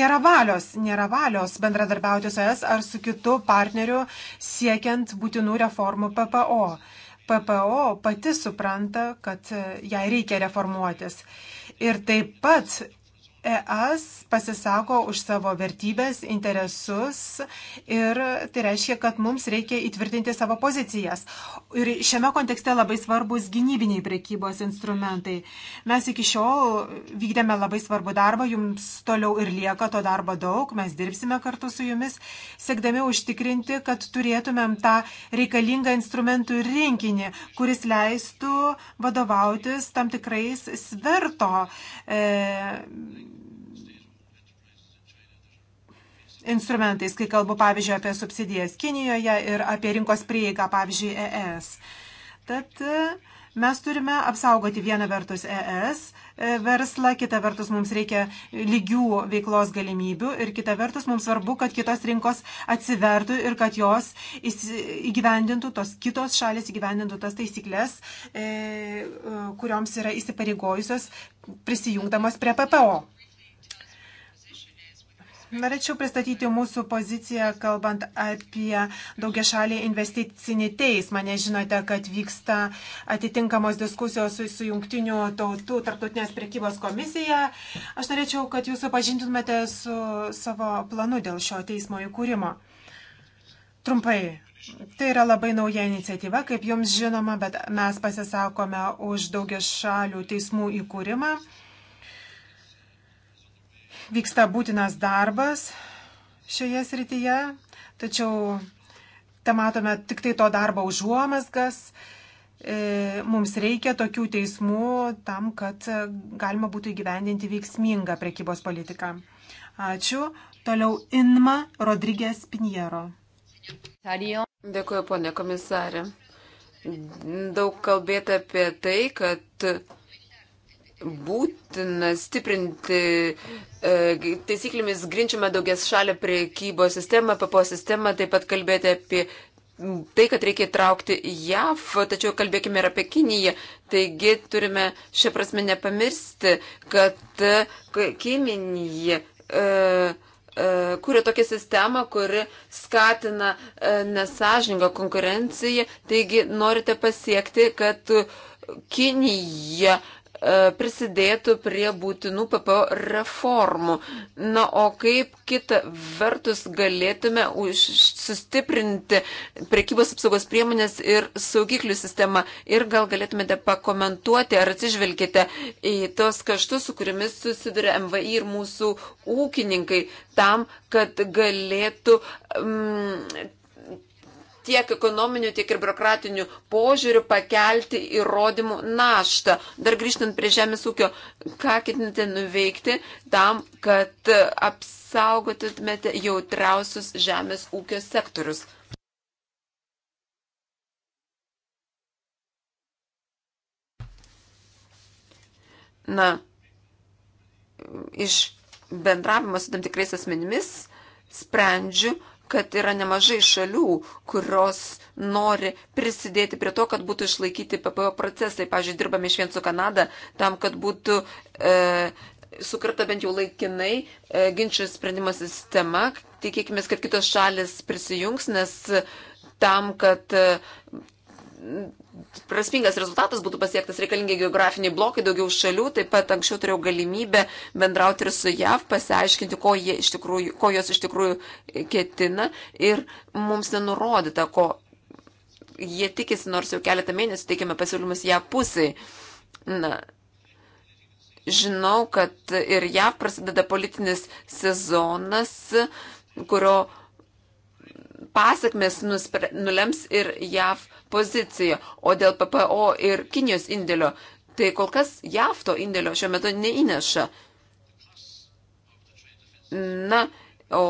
nėra valios, nėra valios bendradarbiauti su ES ar su kitu partneriu siekiant būtinų reformų PPO. PPO pati supranta, kad jai reikia reformuotis. Ir taip pat ES pasisako už savo vertybės, interesus ir tai reiškia, kad mums reikia įtvirtinti savo pozicijas. Ir šiame kontekste labai svarbus gynybiniai priekybos instrumentai. Mes iki šiol vykdėme labai svarbų darbą, jums toliau ir lieka to darbo daug, mes dirbsime kartu su jumis, siekdami užtikrinti, kad turėtumėm tą reikalingą instrumentų rinkinį, kuris leistų vadovautis tam tikrais sverto. E, instrumentais, kai kalbu, pavyzdžiui, apie subsidijas Kinijoje ir apie rinkos prieigą, pavyzdžiui, ES. Tad e, mes turime apsaugoti vieną vertus ES e, verslą, kita vertus mums reikia lygių veiklos galimybių ir kita vertus mums svarbu, kad kitos rinkos atsivertų ir kad jos įgyvendintų, tos kitos šalis įgyvendintų tas taisyklės, e, kurioms yra įsipareigojusios prisijungdamos prie PPO. Norėčiau pristatyti mūsų poziciją, kalbant apie daugiašalį investicinį teismą. Nežinote, kad vyksta atitinkamos diskusijos su, su jungtiniu tautų tarptautinės priekybos komisija. Aš norėčiau, kad jūs pažintumėte su savo planu dėl šio teismo įkūrimo. Trumpai. Tai yra labai nauja iniciatyva, kaip jums žinoma, bet mes pasisakome už daugiašalių teismų įkūrimą vyksta būtinas darbas šioje srityje, tačiau te matome tik tai to darbo užuomasgas. E, mums reikia tokių teismų tam, kad galima būtų įgyvendinti veiksmingą prekybos politiką. Ačiū. Toliau Inma Rodrygės Piniero. Dėkuoju, ponė komisarė. Daug kalbėta apie tai, kad būtina stiprinti e, taisyklėmis grinčiamą daugias šalę priekybos sistemą, PPO sistemą, taip pat kalbėti apie tai, kad reikia traukti JAV, tačiau kalbėkime ir apie Kiniją. Taigi turime šią prasme nepamirsti, kad e, Kinija e, e, kuria tokią sistemą, kuri skatina e, nesažininką konkurenciją. Taigi norite pasiekti, kad Kinija prisidėtų prie būtinų PPO reformų. Na, o kaip kitą vertus galėtume už, sustiprinti prekybos apsaugos priemonės ir saugiklių sistemą ir gal galėtumėte pakomentuoti ar atsižvelgite į tos kaštus, su kuriamis susiduria MVI ir mūsų ūkininkai tam, kad galėtų mm, tiek ekonominių, tiek ir biurokratinių požiūrių pakelti įrodymų naštą. Dar grįžtant prie žemės ūkio, ką ketinate nuveikti tam, kad apsaugotumėte jautriausius žemės ūkio sektorius? Na, iš bendravimo su tam tikrais asmenimis sprendžiu, kad yra nemažai šalių, kurios nori prisidėti prie to, kad būtų išlaikyti PPO procesai. Pavyzdžiui, dirbame iš vien su Kanada tam, kad būtų e, sukurta bent jau laikinai e, ginčių sprendimo sistema. Tikėkime, kad kitos šalis prisijungs, nes tam, kad e, prasmingas rezultatas būtų pasiektas reikalingi geografiniai blokai, daugiau šalių, taip pat anksčiau turėjau galimybę bendrauti ir su JAV, pasiaiškinti, ko, iš tikrųjų, ko jos iš tikrųjų e, ketina ir mums nenurodyta, ko jie tikisi, nors jau keletą mėnesių teikėme pasiūlymus ją pusiai. Na, žinau, kad ir JAV prasideda politinis sezonas, kurio pasakmes nulems ir JAV pozicijų. O dėl PPO ir Kinijos indėlio, tai kol kas JAV to indėlio šiuo metu neįneša. Na, o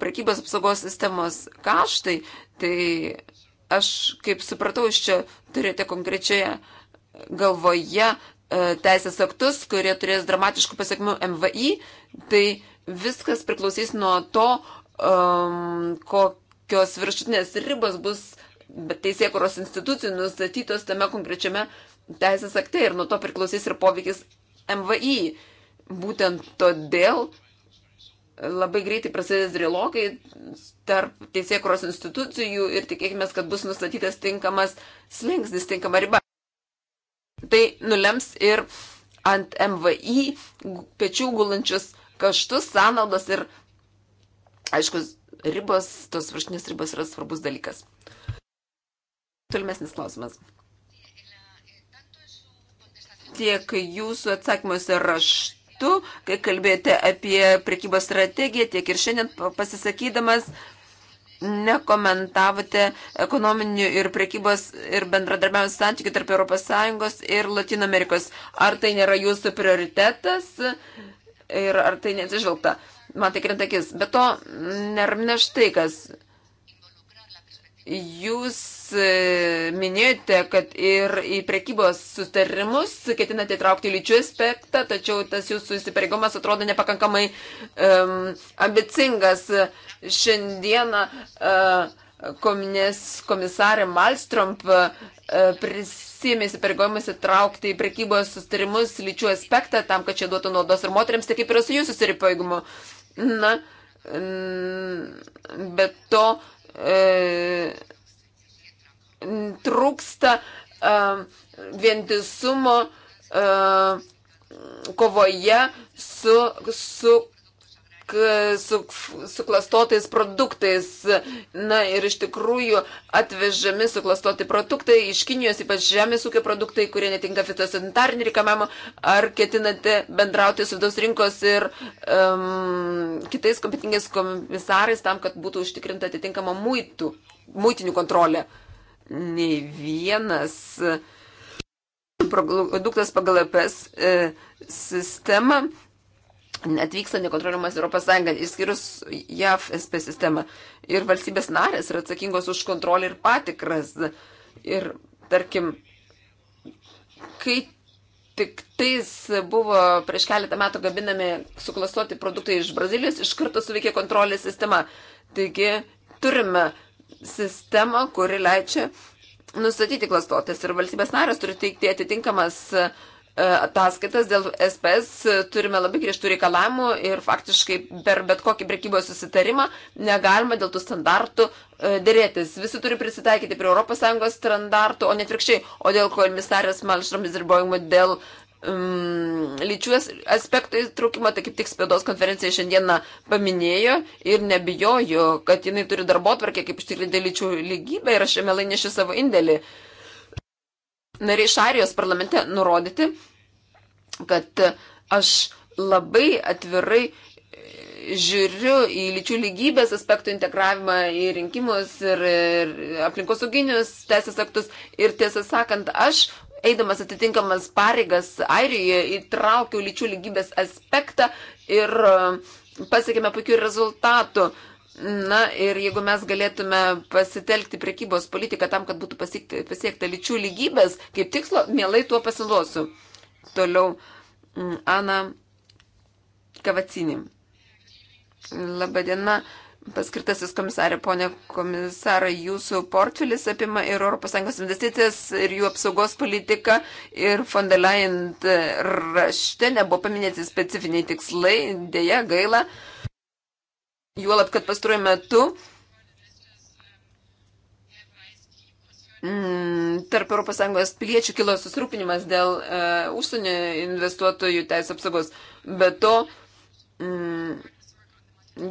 prekybos apsaugos sistemos kaštai, tai aš kaip supratau, iš čia turite konkrečioje galvoje e, teisės aktus, kurie turės dramatiškų pasiekmių MVI, tai viskas priklausys nuo to, um, kokios viršutinės ribos bus teisėkuros institucijų nustatytos tame konkrečiame teisės akte ir nuo to priklausys ir poveikis MVI. Būtent todėl labai greitai prasidės dialogai tarp teisėkuros institucijų ir tikėkime, kad bus nustatytas tinkamas slinksnis, tinkama riba. Tai nulems ir ant MVI pečių gulančius kaštus, sąnaudas ir, aišku, ribos, tos viršinės ribos yra svarbus dalykas. Tolimesnis klausimas. Tiek jūsų atsakymuose raštu, kai kalbėjote apie prekybos strategiją, tiek ir šiandien pasisakydamas nekomentavote ekonominių ir prekybos ir bendradarbiavimo santykių tarp ES ir Latino Amerikos. Ar tai nėra jūsų prioritetas ir ar tai neatsižvelgta? Man tai krenta akis. Be to, neramne štai kas. Jūs E, minėjote, kad ir į prekybos sutarimus ketinate įtraukti lyčių aspektą, tačiau tas jūsų įsipareigomas atrodo nepakankamai um, ambicingas. Šiandieną uh, komis, komisarė Malstromp uh, e, prisėmė įsipareigojimus įtraukti į prekybos sutarimus lyčių aspektą, tam, kad čia duotų naudos ir moteriams, tai kaip yra su jūsų įsipareigojimu. Na, bet to. Uh, trūksta uh, vientisumo uh, kovoje su, su su, suklastotais produktais. Na ir iš tikrųjų atvežami suklastoti produktai iš Kinijos, ypač žemės ūkio produktai, kurie netinka fitosanitarinį reikalavimą. Ar ketinate bendrauti su daus rinkos ir um, kitais kompetingais komisarais tam, kad būtų užtikrinta atitinkama muitų, muitinių kontrolė? Uh, nei vienas produktas pagal EPS e, sistemą neatvyksta nekontroliuojamas Europos Sąjunga, išskyrus JAV SP sistemą. Ir valstybės narės yra atsakingos už kontrolę ir patikras. Ir tarkim, kai tik tais buvo prieš keletą metų gabinami suklastoti produktai iš Brazilijos, iš karto suveikė kontrolės sistema. Taigi turime sistemą, kuri leidžia nustatyti klastotės ir valstybės narės turi teikti atitinkamas e, ataskaitas dėl SPS turime labai griežtų reikalavimų ir faktiškai per bet kokį prekybos susitarimą negalima dėl tų standartų e, dėrėtis. Visi turi prisitaikyti prie ES standartų, o ne atvirkščiai, o dėl komisarės Malšromis ir bojimo dėl um, lyčių aspektų įtraukimą, tai kaip tik spėdos konferencija šiandieną paminėjo ir nebijoju, kad jinai turi darbo tvarkę, kaip užtikrinti lyčių lygybę ir aš mielai nešiu savo indėlį. Nariai Šarijos parlamente nurodyti, kad aš labai atvirai žiūriu į lyčių lygybės aspektų integravimą į rinkimus ir, ir aplinkosauginius teisės aktus. Ir tiesą sakant, aš eidamas atitinkamas pareigas Airijoje įtraukiau lyčių lygybės aspektą ir e, pasiekėme puikių rezultatų. Na ir jeigu mes galėtume pasitelkti prekybos politiką tam, kad būtų pasiekta, pasiekta lyčių lygybės, kaip tikslo, mielai tuo pasiduosiu. Toliau mm, Ana Kavacinim. Labadiena. diena paskirtasis komisarė, ponė komisarai, jūsų portfelis apima ir ES investicijas, ir jų apsaugos politiką, ir von der Leyen rašte nebuvo paminėti specifiniai tikslai, dėja gaila. Juolab, kad pastaruoju metu mm, Tarp ES piliečių kilo susirūpinimas dėl uh, užsienio investuotojų teisų apsaugos. Be to, mm,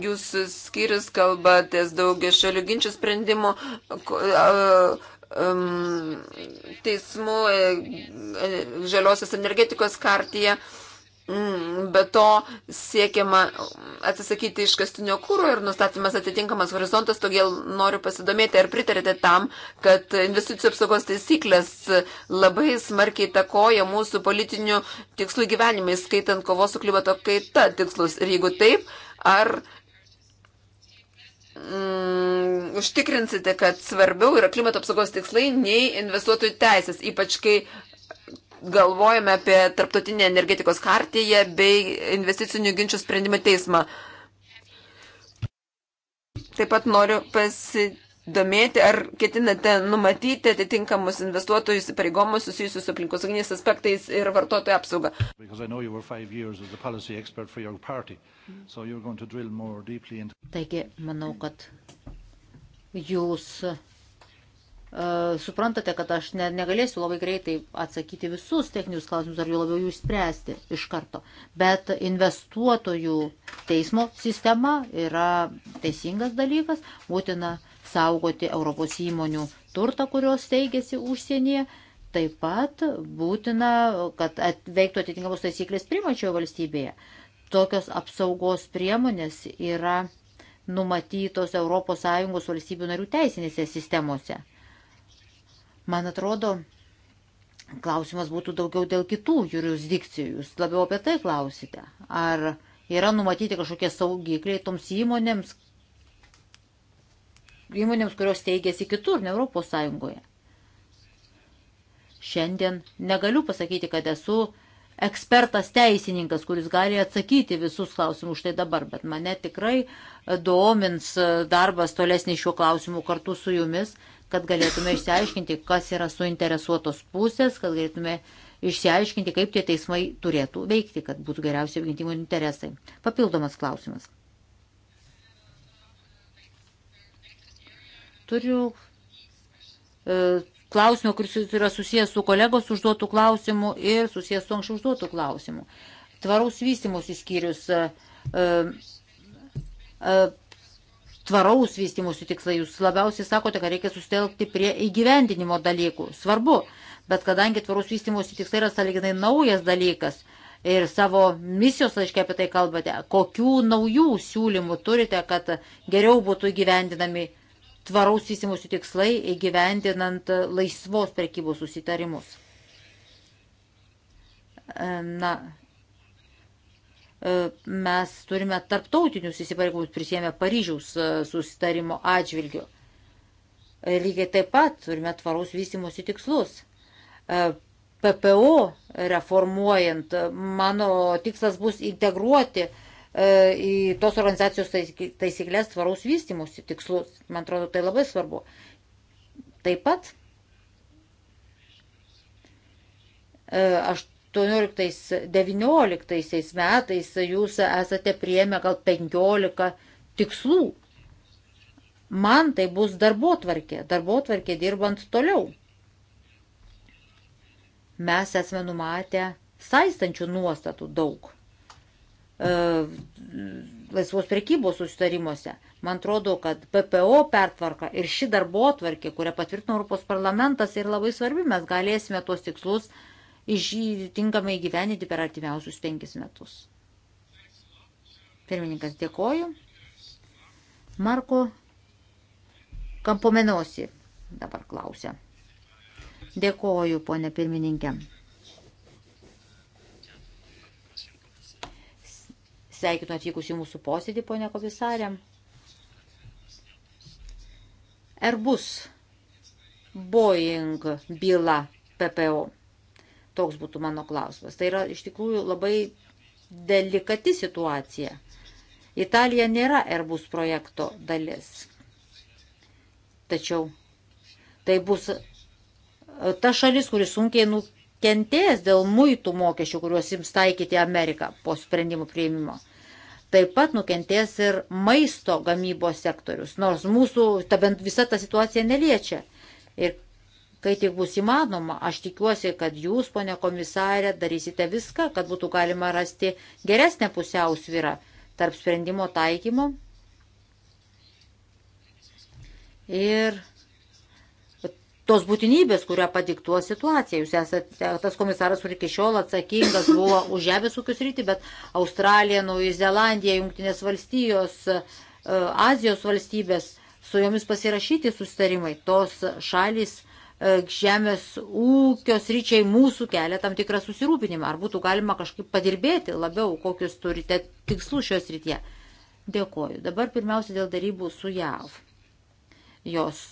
Jūs skyrius kalbatės daugia šalių ginčių sprendimų teismų e, e, žaliosios energetikos kartyje. Mm, be to siekiama atsisakyti iškastinio kūro ir nustatymas atitinkamas horizontas, todėl noriu pasidomėti, ar pritarėte tam, kad investicijų apsaugos taisyklės labai smarkiai takoja mūsų politinių tikslų gyvenimai, skaitant kovos su klimato kaita tikslus. Ir jeigu taip, ar uh, mm, užtikrinsite, kad svarbiau yra klimato apsaugos tikslai nei investuotojų teisės, ypač kai galvojame apie tarptautinę energetikos kartiją bei investicinių ginčių sprendimą teismą. Taip pat noriu pasitikti pasidomėti, ar ketinate numatyti atitinkamus investuotojų įsipareigomus susijusius su aplinkosauginiais aspektais ir vartotojų apsauga. So into... Taigi, manau, kad jūs uh, suprantate, kad aš ne, negalėsiu labai greitai atsakyti visus techninius klausimus ar jų labiau jų spręsti iš karto. Bet investuotojų teismo sistema yra teisingas dalykas, būtina saugoti Europos įmonių turtą, kurios teigiasi užsienyje. Taip pat būtina, kad veiktų atitinkamos taisyklės primačioje valstybėje. Tokios apsaugos priemonės yra numatytos ES valstybių narių teisinėse sistemose. Man atrodo, klausimas būtų daugiau dėl kitų jurisdikcijų. Jūs labiau apie tai klausite. Ar yra numatyti kažkokie saugikliai toms įmonėms, įmonėms, kurios teigėsi kitur, ne Europos Sąjungoje. Šiandien negaliu pasakyti, kad esu ekspertas teisininkas, kuris gali atsakyti visus klausimus štai dabar, bet mane tikrai domins darbas tolesnis šiuo klausimu kartu su jumis, kad galėtume išsiaiškinti, kas yra suinteresuotos pusės, kad galėtume išsiaiškinti, kaip tie teismai turėtų veikti, kad būtų geriausiai apginti interesai. Papildomas klausimas. Turiu e, klausimų, kuris yra susijęs su kolegos užduotų klausimų ir susijęs su anksčiau užduotų klausimų. Tvaraus vystimus įskyrius. E, e, e, tvaraus vystimusi tikslai, jūs labiausiai sakote, kad reikia sustelkti prie įgyvendinimo dalykų. Svarbu, bet kadangi tvarus vystimusi tikslai yra saliginai naujas dalykas ir savo misijos laiškė apie tai kalbate, kokių naujų siūlymų turite, kad geriau būtų įgyvendinami tvaraus vystimusių tikslai įgyvendinant laisvos prekybos susitarimus. Na, mes turime tarptautinius įsipareigojimus prisėmę Paryžiaus susitarimo atžvilgiu. Lygiai taip pat turime tvaraus vystimosi tikslus. PPO reformuojant, mano tikslas bus integruoti uh, E, į tos organizacijos taisyklės tvaraus vystimus tikslus. Man atrodo, tai labai svarbu. Taip pat 18-19 e, metais jūs esate prieėmę gal 15 tikslų. Man tai bus darbo tvarkė, darbo tvarkė dirbant toliau. Mes esame numatę saistančių nuostatų daug. E, laisvos prekybos susitarimuose. Man atrodo, kad PPO pertvarka ir ši darbo atvarkė, kurią patvirtino Europos parlamentas, yra labai svarbi. Mes galėsime tuos tikslus tinkamai gyveninti per artimiausius penkis metus. Pirmininkas dėkoju. Marko Kampomenosi dabar klausia. Dėkoju, ponė pirmininkė. Sveikinu atvykus į mūsų posėdį, ponė komisarė. Airbus Boeing byla PPO. Toks būtų mano klausimas. Tai yra iš tikrųjų labai delikati situacija. Italija nėra Airbus projekto dalis. Tačiau tai bus ta šalis, kuris sunkiai nukentės dėl muitų mokesčių, kuriuos jums taikyti Amerika po sprendimų prieimimo. Taip pat nukentės ir maisto gamybos sektorius, nors mūsų ta bent visa ta situacija neliečia. Ir kai tik bus įmanoma, aš tikiuosi, kad jūs, ponė komisarė, darysite viską, kad būtų galima rasti geresnę pusiausvyrą tarp sprendimo taikymo ir tos būtinybės, kurią padiktuo situacija. Jūs esate tas komisaras, kuris iki šiol atsakingas buvo už žemės ūkius rytį, bet Australija, Naujoji Zelandija, Junktinės valstijos, e, Azijos valstybės, su jomis pasirašyti sustarimai, tos šalis e, žemės ūkio sryčiai mūsų kelia tam tikrą susirūpinimą. Ar būtų galima kažkaip padirbėti labiau, kokius turite tikslus šios rytyje? Dėkoju. Dabar pirmiausia dėl darybų su JAV. Jos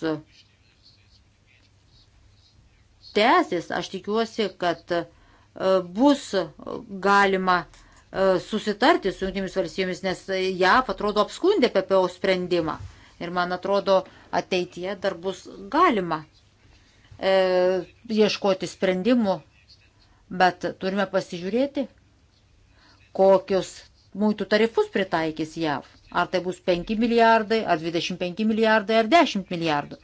tęsis, aš tikiuosi, kad e, bus galima e, susitarti su jungtimis valstybėmis, nes JAF atrodo apskundė PPO sprendimą. Ir man atrodo, ateityje dar bus galima e, ieškoti sprendimų, bet turime pasižiūrėti, kokius muitų tarifus pritaikys JAV. Ar tai bus 5 milijardai, ar 25 milijardai, ar 10 milijardų.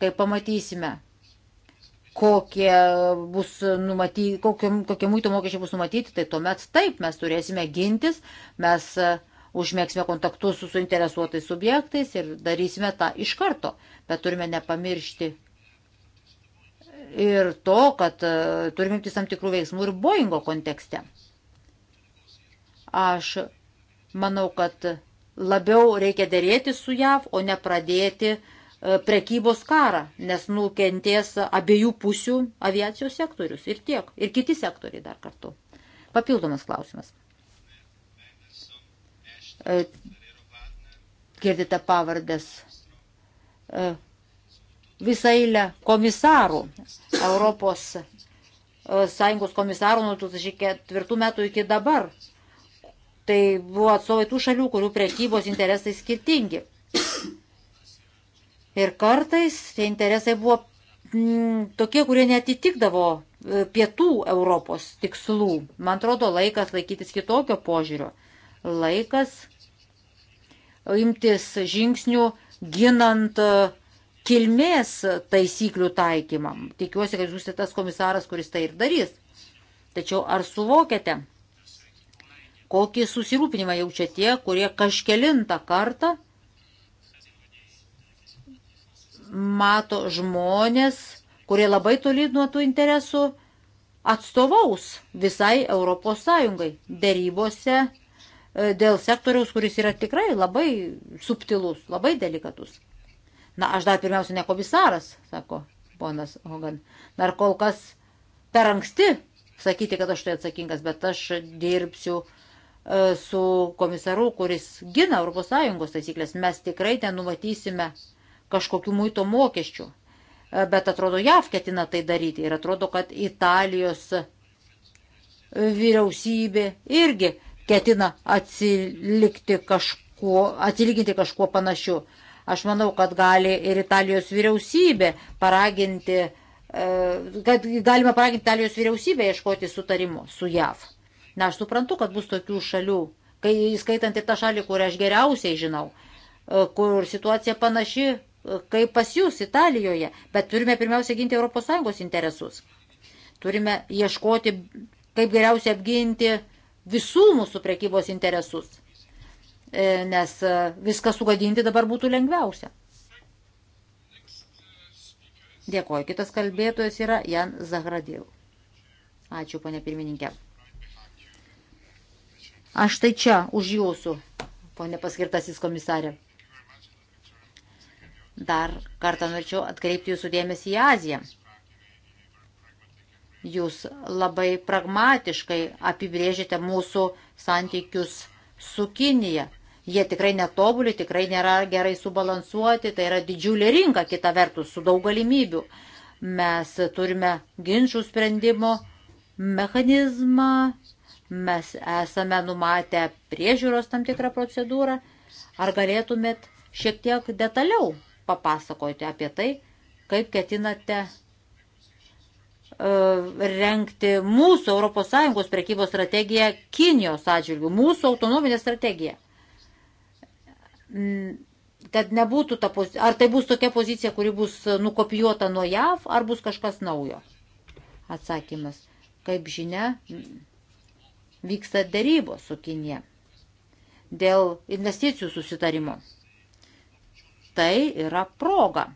Kai pamatysime, kokie, bus numatyti, kokie, kokie mūtų mokesčiai bus numatyti, tai tuomet taip mes turėsime gintis, mes e, užmėgsime kontaktus su suinteresuotais subjektais ir darysime tą iš karto. Bet turime nepamiršti ir to, kad e, turime imtis tam tikrų veiksmų ir Boeingo kontekste. Aš manau, kad labiau reikia dėrėti su JAV, o ne pradėti uh, E, prekybos karą, nes nukentės abiejų pusių aviacijos sektorius ir tiek, ir kiti sektoriai dar kartu. Papildomas klausimas. E, girdite pavardės e, visą eilę komisarų, Europos Sąjungos komisarų nuo 2004 metų iki dabar. Tai buvo atstovai tų šalių, kurių prekybos interesai skirtingi. Ir kartais tie interesai buvo m, mm, tokie, kurie netitikdavo e, pietų Europos tikslų. Man atrodo, laikas laikytis kitokio požiūrio. Laikas imtis žingsnių ginant e, kilmės taisyklių taikymą. Tikiuosi, kad jūs esate tas komisaras, kuris tai ir darys. Tačiau ar suvokiate, kokį susirūpinimą jaučia tie, kurie kažkelintą kartą mato žmonės, kurie labai toli nuo tų interesų atstovaus visai Europos Sąjungai dėrybose e, dėl sektoriaus, kuris yra tikrai labai subtilus, labai delikatus. Na, aš dar pirmiausia ne komisaras, sako ponas Hogan. Dar kol kas per anksti sakyti, kad aš tai atsakingas, bet aš dirbsiu e, su komisaru, kuris gina ES taisyklės. Mes tikrai ten numatysime kažkokių muito mokesčių. E, bet atrodo, JAV ketina tai daryti ir atrodo, kad Italijos vyriausybė irgi ketina atsilikti kažkuo, atsilyginti kažkuo panašiu. Aš manau, kad gali ir Italijos vyriausybė paraginti, e, kad galima paraginti Italijos vyriausybę ieškoti sutarimo su JAV. Na, aš suprantu, kad bus tokių šalių, kai įskaitant ir tą šalį, kurią aš geriausiai žinau, e, kur situacija panaši kaip pas jūs Italijoje, bet turime pirmiausia ginti ES interesus. Turime ieškoti, kaip geriausia apginti visų mūsų prekybos interesus, e, nes e, viską sugadinti dabar būtų lengviausia. Dėkuoju. Kitas kalbėtojas yra Jan Zagradil. Ačiū, ponė pirmininkė. Aš tai čia už jūsų, ponė paskirtasis komisarė. Dar kartą norėčiau atkreipti jūsų dėmesį į Aziją. Jūs labai pragmatiškai apibrėžėte mūsų santykius su Kinija. Jie tikrai netobuli, tikrai nėra gerai subalansuoti, tai yra didžiulė rinka, kita vertus, su daug galimybių. Mes turime ginčių sprendimo mechanizmą, mes esame numatę priežiūros tam tikrą procedūrą. Ar galėtumėt šiek tiek detaliau papasakoti apie tai, kaip ketinate e, renkti mūsų ES prekybos strategiją Kinijos atžvilgių, mūsų autonominę strategiją. Mm, kad nebūtų ta pozicija, ar tai bus tokia pozicija, kuri bus nukopijuota nuo JAV, ar bus kažkas naujo. Atsakymas. Kaip žinia, vyksta dėrybos su Kinė dėl investicijų susitarimo tai yra proga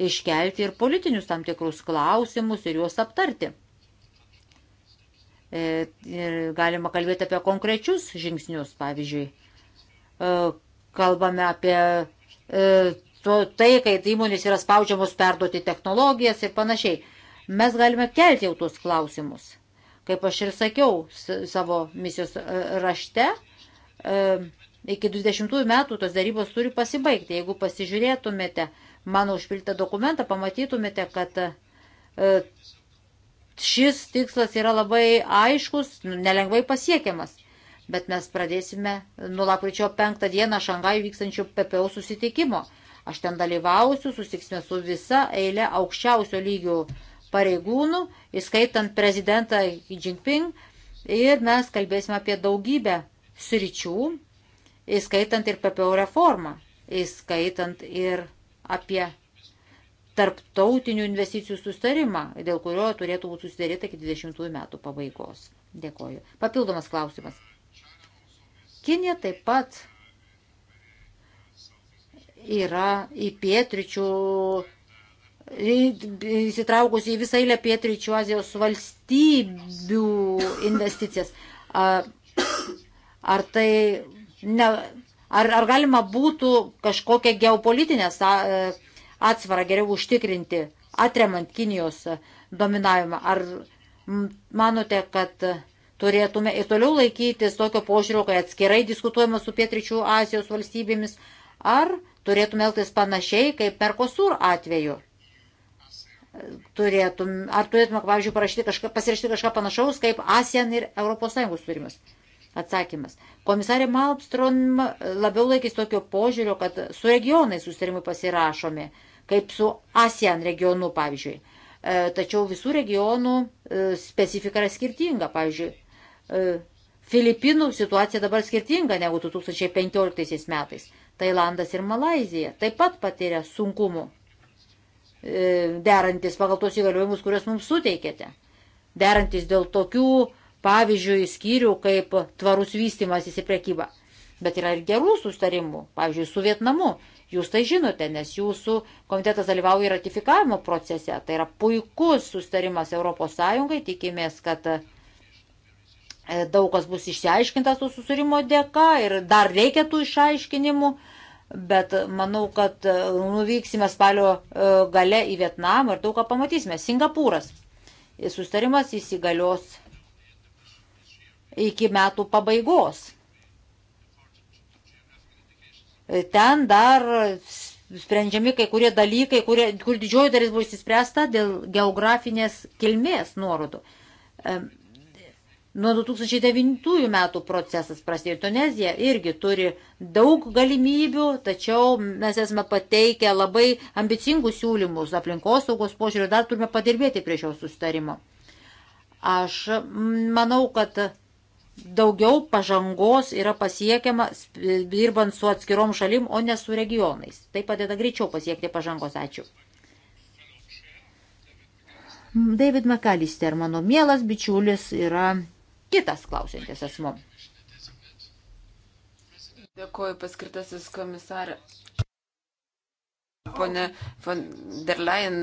iškelti ir politinius tam tikrus klausimus ir juos aptarti. E, ir galima kalbėti apie konkrečius žingsnius, pavyzdžiui, e, kalbame apie e, tai, kai įmonės yra spaudžiamos perduoti technologijas ir panašiai. Mes galime kelti jau tuos klausimus. Kaip aš ir sakiau savo misijos rašte, iki 20 metų tos darybos turi pasibaigti. Jeigu pasižiūrėtumėte mano užpiltą dokumentą, pamatytumėte, kad e, šis tikslas yra labai aiškus, nu, nelengvai pasiekiamas. Bet mes pradėsime nuo lapkričio 5 dieną Šangai vykstančio PPO susitikimo. Aš ten dalyvausiu, susitiksime su visa eilė aukščiausio lygių pareigūnų, įskaitant prezidentą Jinping, ir mes kalbėsime apie daugybę sričių, įskaitant ir PPO reformą, įskaitant ir apie tarptautinių investicijų sustarimą, dėl kurio turėtų būti susidaryta iki 20 metų pabaigos. Dėkoju. Papildomas klausimas. Kinė taip pat yra į pietričių, įsitraukusi į visą eilę pietričių Azijos valstybių investicijas. Ar tai ne, ar, ar galima būtų kažkokią geopolitinę e, atsvarą geriau užtikrinti, atremant Kinijos dominavimą? Ar manote, kad turėtume ir toliau laikytis tokio požiūrio, kai atskirai diskutuojama su pietričių Azijos valstybėmis, ar turėtume elgtis panašiai kaip Merkosur atveju? Turėtum, ar turėtume, pavyzdžiui, kažką, pasirašyti kažką panašaus kaip ASEAN ir ES turimus? Atsakymas. Komisarė Malmstrom labiau laikys tokio požiūrio, kad su regionais susitarimai pasirašomi, kaip su ASEAN regionu, pavyzdžiui. E, tačiau visų regionų e, specifika yra skirtinga. Pavyzdžiui, e, Filipinų situacija dabar skirtinga negu 2015 metais. Tailandas ir Malazija taip pat patiria sunkumų derantis pagal tos įgaliojimus, kuriuos mums suteikėte. Derantis dėl tokių pavyzdžiui, skyrių kaip tvarus vystimas į prekybą. Bet yra ir gerų sustarimų, pavyzdžiui, su Vietnamu. Jūs tai žinote, nes jūsų komitetas dalyvauja ratifikavimo procese. Tai yra puikus sustarimas ES, tikimės, kad e, daug kas bus išsiaiškintas to susirimo dėka ir dar reikia tų išaiškinimų, bet manau, kad e, nuvyksime spalio e, gale į Vietnamą ir daug ką pamatysime. Singapūras. Sustarimas įsigalios iki metų pabaigos. Ten dar sprendžiami kai kurie dalykai, kurie, kur didžioji dalis buvo įsispręsta dėl geografinės kilmės nuorodų. Nuo 2009 metų procesas prasidėjo. Tunezija irgi turi daug galimybių, tačiau mes esame pateikę labai ambicingus siūlymus aplinkosaugos požiūrį, dar turime padirbėti prie šio sustarimo. Aš manau, kad daugiau pažangos yra pasiekiama dirbant su atskirom šalim, o ne su regionais. Tai padeda greičiau pasiekti pažangos. Ačiū. David McAllister, mano mielas bičiulis, yra kitas klausiantis asmo. Dėkuoju paskirtasis komisarė. Pone von der Leyen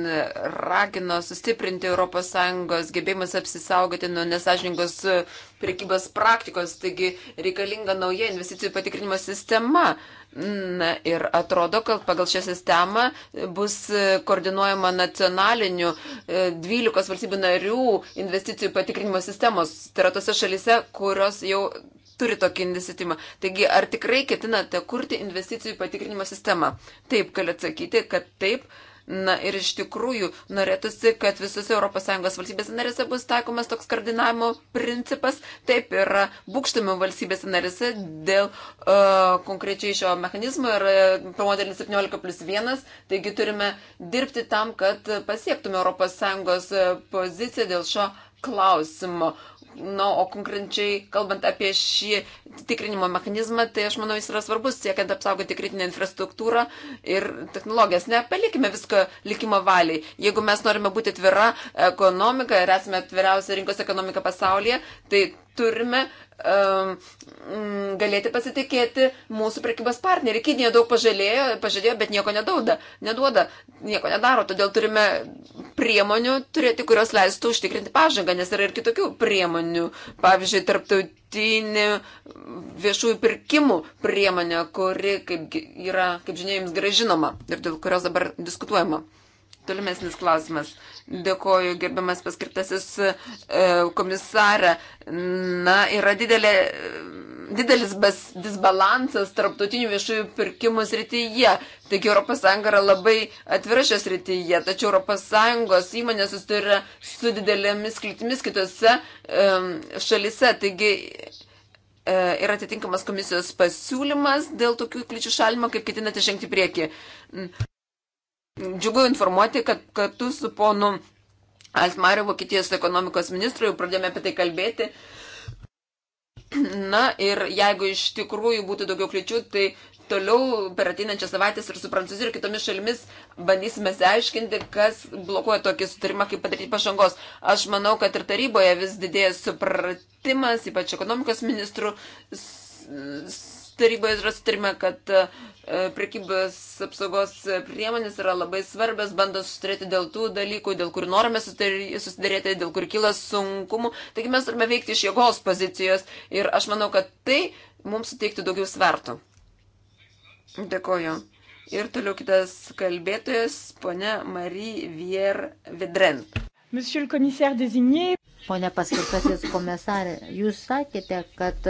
ragino sustiprinti ES gebėjimus apsisaugoti nuo nesažiningos priekybos praktikos, taigi reikalinga nauja investicijų patikrinimo sistema. Na, ir atrodo, kad pagal šią sistemą bus koordinuojama nacionalinių 12 e, valstybių narių investicijų patikrinimo sistemos. Tai yra tose šalise, kurios jau turi tokį investitimą. Taigi, ar tikrai ketinate kurti investicijų patikrinimo sistemą? Taip, galiu atsakyti, kad taip. Na ir iš tikrųjų norėtųsi, kad visose ES valstybės narėse bus taikomas toks koordinavimo principas. Taip yra būkštami valstybės narėse dėl uh, konkrečiai šio mechanizmo ir uh, modelis 17 plus 1. Taigi turime dirbti tam, kad pasiektume ES e, poziciją dėl šio klausimo. Na, o konkrečiai kalbant apie šį tikrinimo mechanizmą, tai aš manau, jis yra svarbus, siekiant apsaugoti kritinę infrastruktūrą ir technologijas. Nepalikime visko likimo valiai. Jeigu mes norime būti atvira ekonomika ir esame atviriausia rinkos ekonomika pasaulyje, tai turime Um, galėti pasitikėti mūsų prekybos partneriai. Kinija daug pažadėjo, pažadėjo bet nieko nedauda, neduoda, nieko nedaro. Todėl turime priemonių turėti, kurios leistų užtikrinti pažangą, nes yra ir kitokių priemonių. Pavyzdžiui, tarptautinių viešųjų pirkimų priemonė, kuri, kaip, yra, kaip žinia, jums gražinama ir dėl kurios dabar diskutuojama. Tolimesnis klausimas. Dėkoju, gerbiamas paskirtasis e, komisarą. Na, yra didelė, didelis bas, disbalansas tarptautinių viešųjų pirkimų srityje. Taigi ES yra labai atvira šios srityje, tačiau ES įmonės susiduria su didelėmis klitimis kitose um, e, šalise. Taigi ir e, atitinkamas komisijos pasiūlymas dėl tokių kličių šalimo, kaip ketinate žengti prieki. Džiugu informuoti, kad kartu su ponu Altmariu, Vokietijos ekonomikos ministru, jau pradėjome apie tai kalbėti. Na ir jeigu iš tikrųjų būtų daugiau kliučių, tai toliau per ateinančią savaitę ir su Prancūzija ir kitomis šalimis bandysime seaiškinti, kas blokuoja tokį sutarimą, kaip padaryti pažangos. Aš manau, kad ir taryboje vis didėja supratimas, ypač ekonomikos ministrų taryboje yra sutarime, kad e, prekybos apsaugos priemonės yra labai svarbios, bando susitarėti dėl tų dalykų, dėl kurių norime susidarėti, dėl kurių kyla sunkumų. Taigi mes turime veikti iš jėgos pozicijos ir aš manau, kad tai mums suteiktų daugiau svertų. Dėkoju. Ir toliau kitas kalbėtojas, ponia Marie Vier Vedren. Monsieur le commissaire désigné. Pone paskirtasis komisarė, jūs sakėte, kad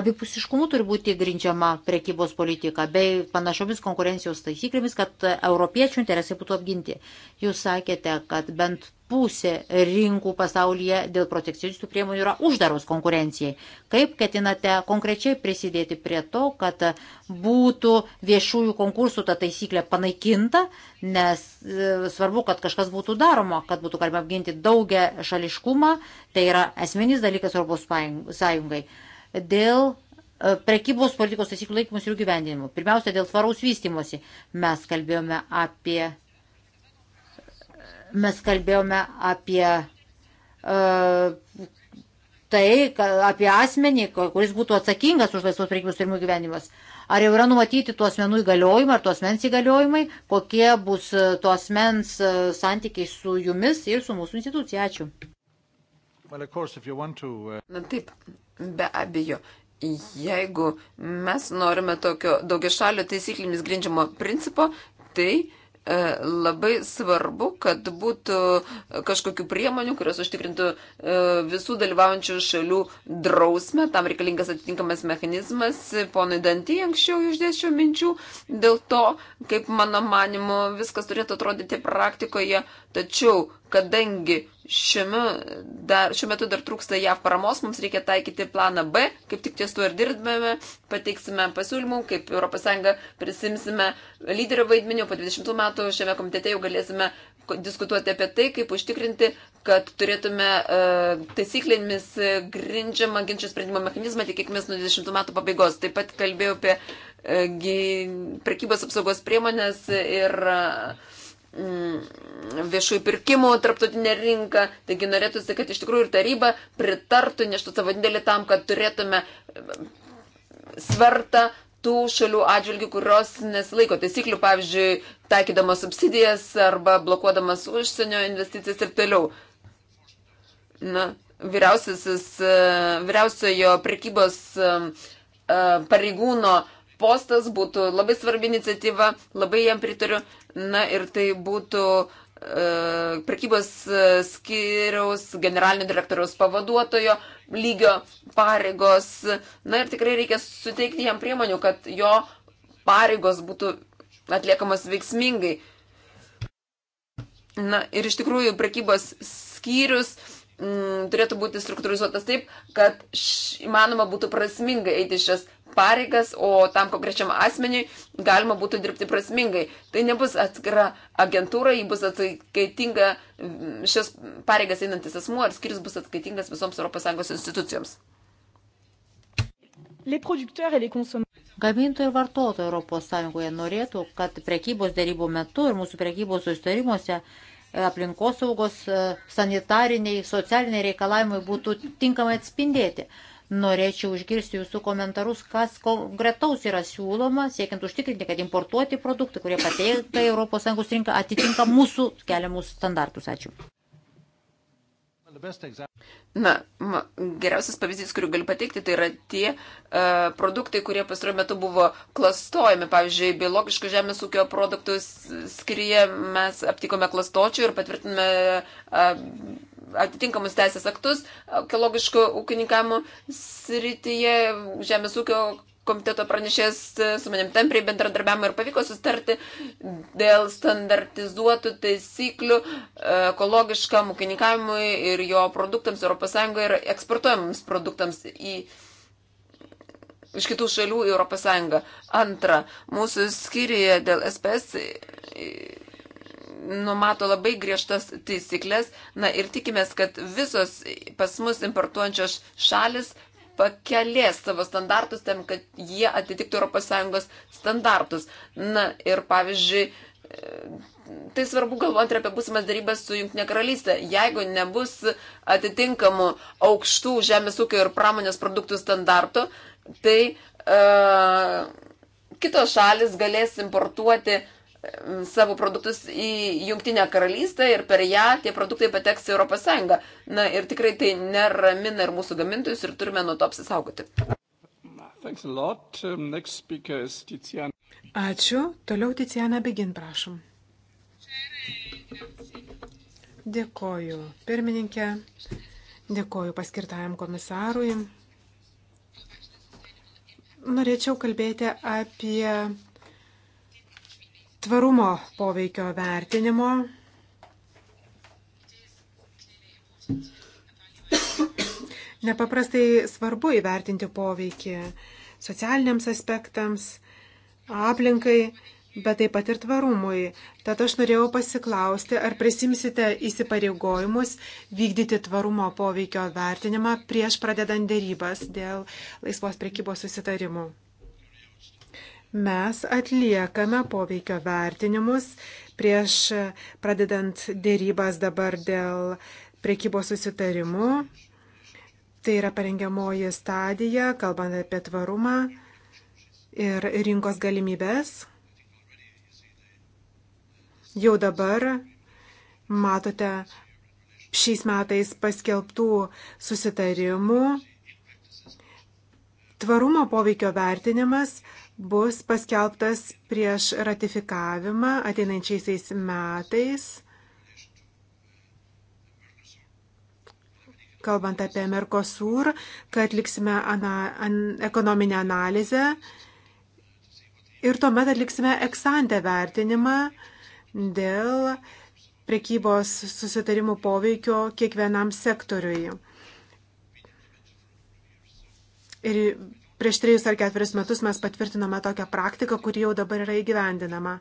abipusiškumu turi būti grindžiama prekybos politika bei panašiomis konkurencijos taisyklėmis, kad europiečių interesai būtų apginti. Jūs sakėte, kad bent pusė rinkų pasaulyje dėl protekcionistų priemonių yra uždaros konkurencijai. Kaip ketinate konkrečiai prisidėti prie to, kad būtų viešųjų konkursų ta taisyklė panaikinta, nes e, svarbu, kad kažkas būtų daroma, kad būtų galima apginti daugia šališkumą, tai yra esminis dalykas Europos Sąjungai. Dėl e, prekybos politikos taisyklių laikymus ir jų gyvendinimu. Pirmiausia, dėl tvaraus vystimosi. Mes kalbėjome apie mes kalbėjome apie uh, tai, apie asmenį, kuris būtų atsakingas už laisvos prekybos turimų gyvenimas. Ar jau yra numatyti tuos menų įgaliojimai, ar tuos mens įgaliojimai, kokie bus e, tuos mens e, santykiai su jumis ir su mūsų institucija. Ačiū. Well, course, to, uh... Na taip, be abejo. Jeigu mes norime tokio daugiašalio taisyklėmis grindžiamo principo, tai uh, E, labai svarbu, kad būtų kažkokių priemonių, kurios užtikrintų e, visų dalyvaujančių šalių drausmę. Tam reikalingas atitinkamas mechanizmas. Ponai Dantį anksčiau išdėšiau minčių dėl to, kaip mano manimu viskas turėtų atrodyti praktikoje. Tačiau, kadangi šiame, dar, šiuo metu dar trūksta JAV paramos, mums reikia taikyti planą B, kaip tik ties tuo ir dirbame, pateiksime pasiūlymų, kaip ES prisimsime lyderio vaidmenį, po 20 metų šiame komitete jau galėsime diskutuoti apie tai, kaip užtikrinti, kad turėtume uh, taisyklėmis grindžiamą ginčių sprendimo mechanizmą, tikėkime, nuo 20 metų pabaigos. Taip pat kalbėjau apie uh, prekybos apsaugos priemonės ir uh, Mm, viešųjų pirkimų tarptautinę rinką. Taigi norėtųsi, kad iš tikrųjų ir taryba pritartų, neštų savo didelį tam, kad turėtume mm, svertą tų šalių atžvilgių, kurios nesilaiko taisyklių, pavyzdžiui, taikydamas subsidijas arba blokuodamas užsienio investicijas ir toliau. Na, e, vyriausiojo prekybos e, e, pareigūno uh, postas būtų labai svarbi iniciatyva, labai jam pritariu. Na ir tai būtų e, prekybos e, skiriaus generalinio direktoriaus pavaduotojo lygio pareigos. Na ir tikrai reikia suteikti jam priemonių, kad jo pareigos būtų atliekamos veiksmingai. Na ir iš tikrųjų prekybos skyrius m, mm, turėtų būti struktūrizuotas taip, kad š, įmanoma būtų prasmingai eiti šias pareigas, o tam konkrečiam asmeniui galima būtų dirbti prasmingai. Tai nebus atskira agentūra, ji bus atskaitinga, šias pareigas einantis asmuo ar skiris bus atskaitingas visoms ES institucijoms. Gamintojai ir vartotojai ES norėtų, kad prekybos dėrybų metu ir mūsų prekybos sustarimuose e, aplinkosaugos, e, sanitariniai, socialiniai reikalavimai būtų tinkamai atspindėti. Norėčiau išgirsti jūsų komentarus, kas konkretaus yra siūloma, siekiant užtikrinti, kad importuoti produktai, kurie pateikta į ES rinką, atitinka mūsų keliamus standartus. Ačiū. Na, ma, geriausias pavyzdys, kurį galiu pateikti, tai yra tie uh, produktai, kurie pastaruoju metu buvo klastojami. Pavyzdžiui, biologiškų žemės ūkio produktų skiryje mes aptikome klastočių ir patvirtinome uh, atitinkamus teisės aktus ekologiško ūkininkavimo srityje, žemės ūkio komiteto pranešės su manim tampriai bendradarbiavimo ir pavyko sustarti dėl standartizuotų taisyklių e, ekologiškam ūkininkavimui ir jo produktams ES ir eksportuojamams produktams į iš kitų šalių į ES. Antra, mūsų skyriuje dėl SPS numato labai griežtas taisyklės, na ir tikimės, kad visos pas mus importuojančios šalis pakelės savo standartus tam, kad jie atitiktų ES standartus. Na ir pavyzdžiui, e, tai svarbu galvoti apie būsimas darybas su Junktinė karalystė. Jeigu nebus atitinkamų aukštų žemės ūkio ir pramonės produktų standartų, tai uh, kitos šalis galės importuoti uh, savo produktus į Jungtinę karalystę ir per ją tie produktai pateks į ES. Na ir tikrai tai neramina ir mūsų gamintojus ir turime nuo to apsisaugoti. Um, Ačiū. Toliau Ticiana Begin, prašom. Dėkoju pirmininkė, dėkoju paskirtajam komisarui. Norėčiau kalbėti apie tvarumo poveikio vertinimo. Nepaprastai svarbu įvertinti poveikį socialiniams aspektams, aplinkai, bet taip pat ir tvarumui. Tad aš norėjau pasiklausti, ar prisimsite įsipareigojimus vykdyti tvarumo poveikio vertinimą prieš pradedant dėrybas dėl laisvos prekybos susitarimų mes atliekame poveikio vertinimus prieš pradedant dėrybas dabar dėl prekybos susitarimų. Tai yra parengiamoji stadija, kalbant apie tvarumą ir rinkos galimybės. Jau dabar matote šiais metais paskelbtų susitarimų. Tvarumo poveikio vertinimas bus paskelbtas prieš ratifikavimą ateinančiais metais. Kalbant apie Mercosur, kad liksime ana, an, ekonominę analizę ir tuomet atliksime eksantę vertinimą dėl prekybos susitarimų poveikio kiekvienam sektoriui. Ir prieš trejus ar ketverius metus mes patvirtinome tokią praktiką, kuri jau dabar yra įgyvendinama.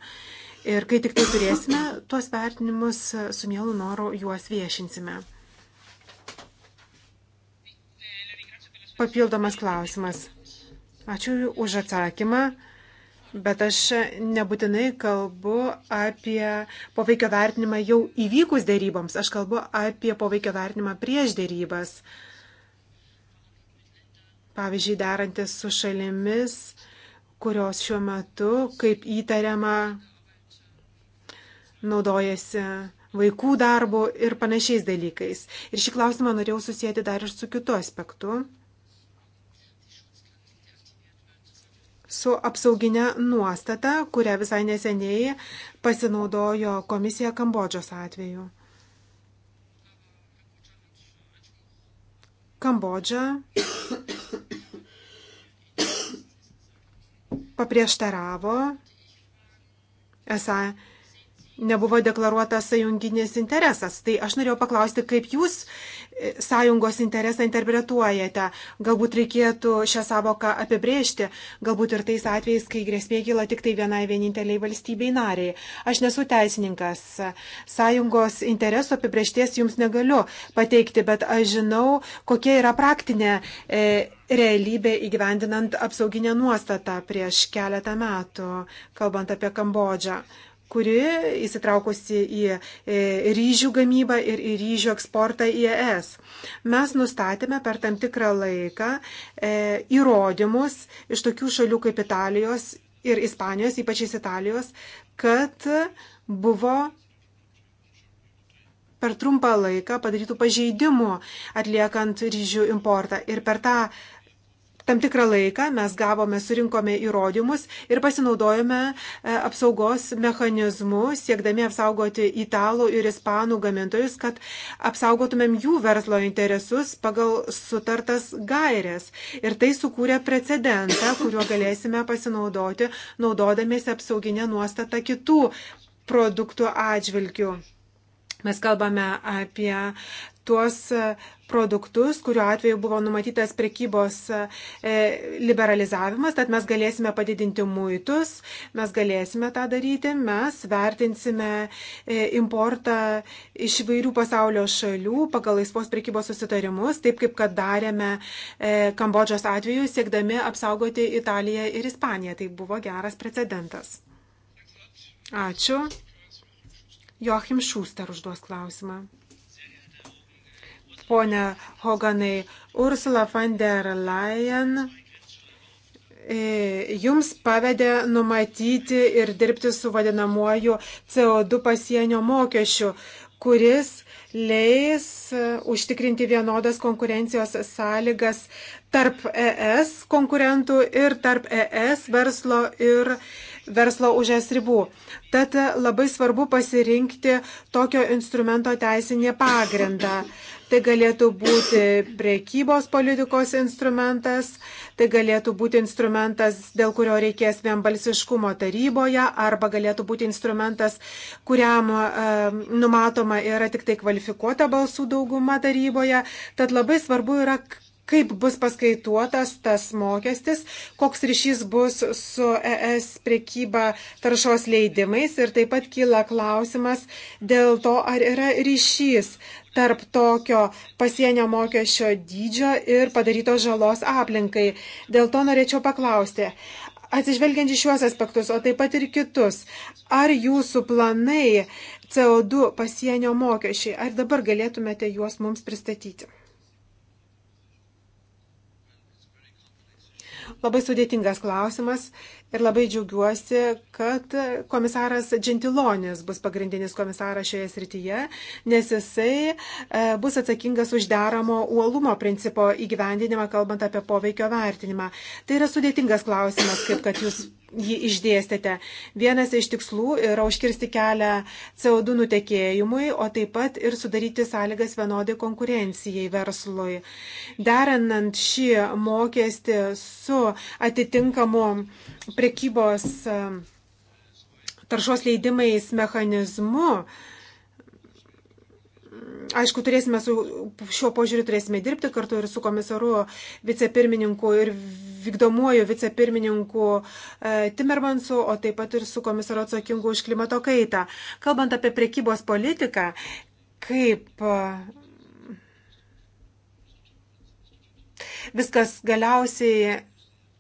Ir kai tik tai turėsime tuos vertinimus, su mielu noru juos viešinsime. Papildomas klausimas. Ačiū už atsakymą. Bet aš nebūtinai kalbu apie poveikio vertinimą jau įvykus dėryboms, aš kalbu apie poveikio vertinimą prieš dėrybas. Uh, pavyzdžiui, derantis su šalimis, kurios šiuo metu, kaip įtariama, naudojasi vaikų darbo ir panašiais dalykais. Ir šį klausimą norėjau susijęti dar ir su kitu aspektu. su apsauginė nuostata, kurią visai neseniai pasinaudojo komisija Kambodžos atveju. Kambodža paprieštaravo, esą nebuvo deklaruotas sąjunginis interesas. Tai aš norėjau paklausti, kaip jūs e, sąjungos interesą interpretuojate. Galbūt reikėtų šią savoką apibrėžti, galbūt ir tais atvejais, kai grėsmė kyla tik tai vienai vieninteliai valstybei nariai. Aš nesu teisininkas. Sąjungos interesų apibrėžties jums negaliu pateikti, bet aš žinau, kokia yra praktinė. E, realybė įgyvendinant apsauginę nuostatą prieš keletą metų, kalbant apie Kambodžą kuri įsitraukusi į e, ryžių gamybą ir į ryžių eksportą į ES. Mes nustatėme per tam tikrą laiką e, įrodymus iš tokių šalių kaip Italijos ir Ispanijos, ypač iš Italijos, kad buvo per trumpą laiką padarytų pažeidimų atliekant ryžių importą. Ir per tą tam tikrą laiką mes gavome, surinkome įrodymus ir pasinaudojome e, apsaugos mechanizmu, siekdami apsaugoti italų ir ispanų gamintojus, kad apsaugotumėm jų verslo interesus pagal sutartas gairės. Ir tai sukūrė precedentą, kuriuo galėsime pasinaudoti, naudodamiesi apsauginę nuostatą kitų produktų atžvilgių. Mes kalbame apie tuos e, produktus, kuriuo atveju buvo numatytas prekybos e, liberalizavimas, tad mes galėsime padidinti muitus, mes galėsime tą daryti, mes vertinsime e, importą iš vairių pasaulio šalių pagal laisvos prekybos susitarimus, taip kaip kad darėme Kambodžos atveju, siekdami apsaugoti Italiją ir Ispaniją. Tai buvo geras precedentas. Ačiū. Joachim Šūster užduos klausimą. Pone Hoganai, Ursula von der Leyen e, jums pavedė numatyti ir dirbti su vadinamuoju CO2 pasienio mokesčiu, kuris leis e, užtikrinti vienodas konkurencijos sąlygas tarp ES konkurentų ir tarp ES verslo ir e, verslo už es ribų. Tad labai svarbu pasirinkti tokio instrumento teisinį pagrindą. Tai galėtų būti priekybos politikos instrumentas, tai galėtų būti instrumentas, dėl kurio reikės vienbalsiškumo taryboje, arba galėtų būti instrumentas, kuriam e, numatoma yra tik tai kvalifikuota balsų dauguma taryboje. Tad labai svarbu yra, kaip bus paskaituotas tas mokestis, koks ryšys bus su ES priekyba taršos leidimais ir taip pat kyla klausimas dėl to, ar yra ryšys tarp tokio pasienio mokesčio dydžio ir padarytos žalos aplinkai. Dėl to norėčiau paklausti, Atsižvelgiant į šiuos aspektus, o taip pat ir kitus, ar jūsų planai CO2 pasienio mokesčiai, ar dabar galėtumėte juos mums pristatyti? Labai sudėtingas klausimas ir labai džiaugiuosi, kad komisaras Džentilonis bus pagrindinis komisaras šioje srityje, nes jisai e, bus atsakingas už deramo uolumo principo įgyvendinimą, kalbant apie poveikio vertinimą. Tai yra sudėtingas klausimas, kaip kad jūs jį išdėstėte. Vienas iš tikslų yra užkirsti kelią CO2 nutekėjimui, o taip pat ir sudaryti sąlygas vienodai konkurencijai verslui. Derinant šį mokestį su atitinkamu prekybos e, taršos leidimais mechanizmu, aišku, turėsime su šiuo požiūriu turėsime dirbti kartu ir su komisaru, vicepirmininku ir vykdomuoju vicepirmininku e, Timmermansu, o taip pat ir su komisaru atsakingu už klimato kaitą. Kalbant apie prekybos politiką, kaip e, viskas galiausiai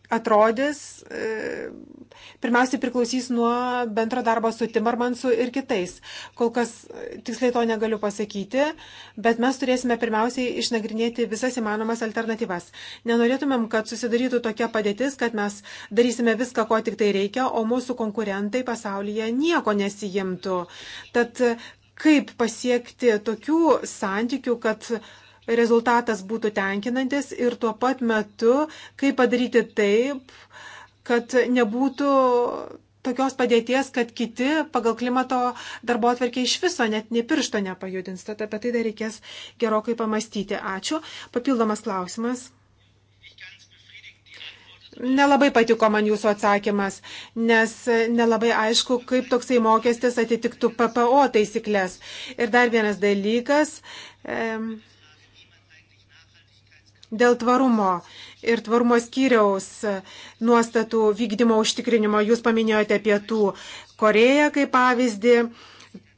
atrodys, e, pirmiausiai priklausys nuo bendro darbo su Timarmansu ir kitais. Kol kas e, tiksliai to negaliu pasakyti, bet mes turėsime pirmiausiai išnagrinėti visas įmanomas alternatyvas. Nenorėtumėm, kad susidarytų tokia padėtis, kad mes darysime viską, ko tik tai reikia, o mūsų konkurentai pasaulyje nieko nesijimtų. Tad e, kaip pasiekti tokių santykių, kad rezultatas būtų tenkinantis ir tuo pat metu, kaip padaryti taip, kad nebūtų tokios padėties, kad kiti pagal klimato darbo atverkė iš viso net ne piršto nepajudins. Tad apie tai dar reikės gerokai pamastyti. Ačiū. Papildomas klausimas. Nelabai patiko man jūsų atsakymas, nes nelabai aišku, kaip toksai mokestis atitiktų PPO taisyklės. Ir dar vienas dalykas. E, dėl tvarumo ir tvarumo skyriaus nuostatų vykdymo užtikrinimo. Jūs paminėjote Pietų Koreją kaip pavyzdį.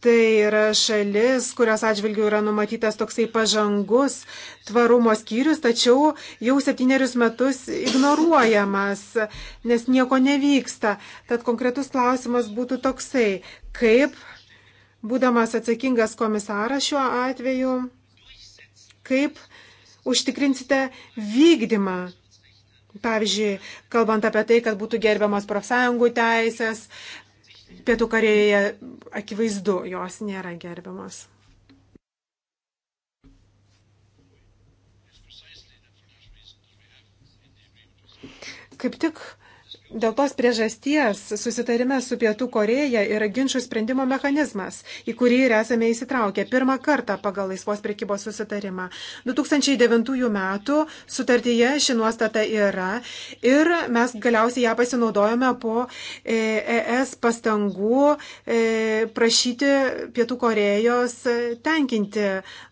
Tai yra šalis, kurios atžvilgių yra numatytas toksai pažangus tvarumo skyrius, tačiau jau septynerius metus ignoruojamas, nes nieko nevyksta. Tad konkretus klausimas būtų toksai, kaip, būdamas atsakingas komisaras šiuo atveju, kaip užtikrinsite vykdymą? Pavyzdžiui, kalbant apie tai, kad būtų gerbiamas profsąjungų teisės, pietų karėje akivaizdu, jos nėra gerbiamas. Kaip tik Dėl tos priežasties susitarime su Pietų Koreja yra ginčių sprendimo mechanizmas, į kurį ir esame įsitraukę pirmą kartą pagal laisvos prekybos susitarimą. 2009 metų sutartyje ši nuostata yra ir mes galiausiai ją pasinaudojome po ES e pastangų e, prašyti Pietų Korejos e, tenkinti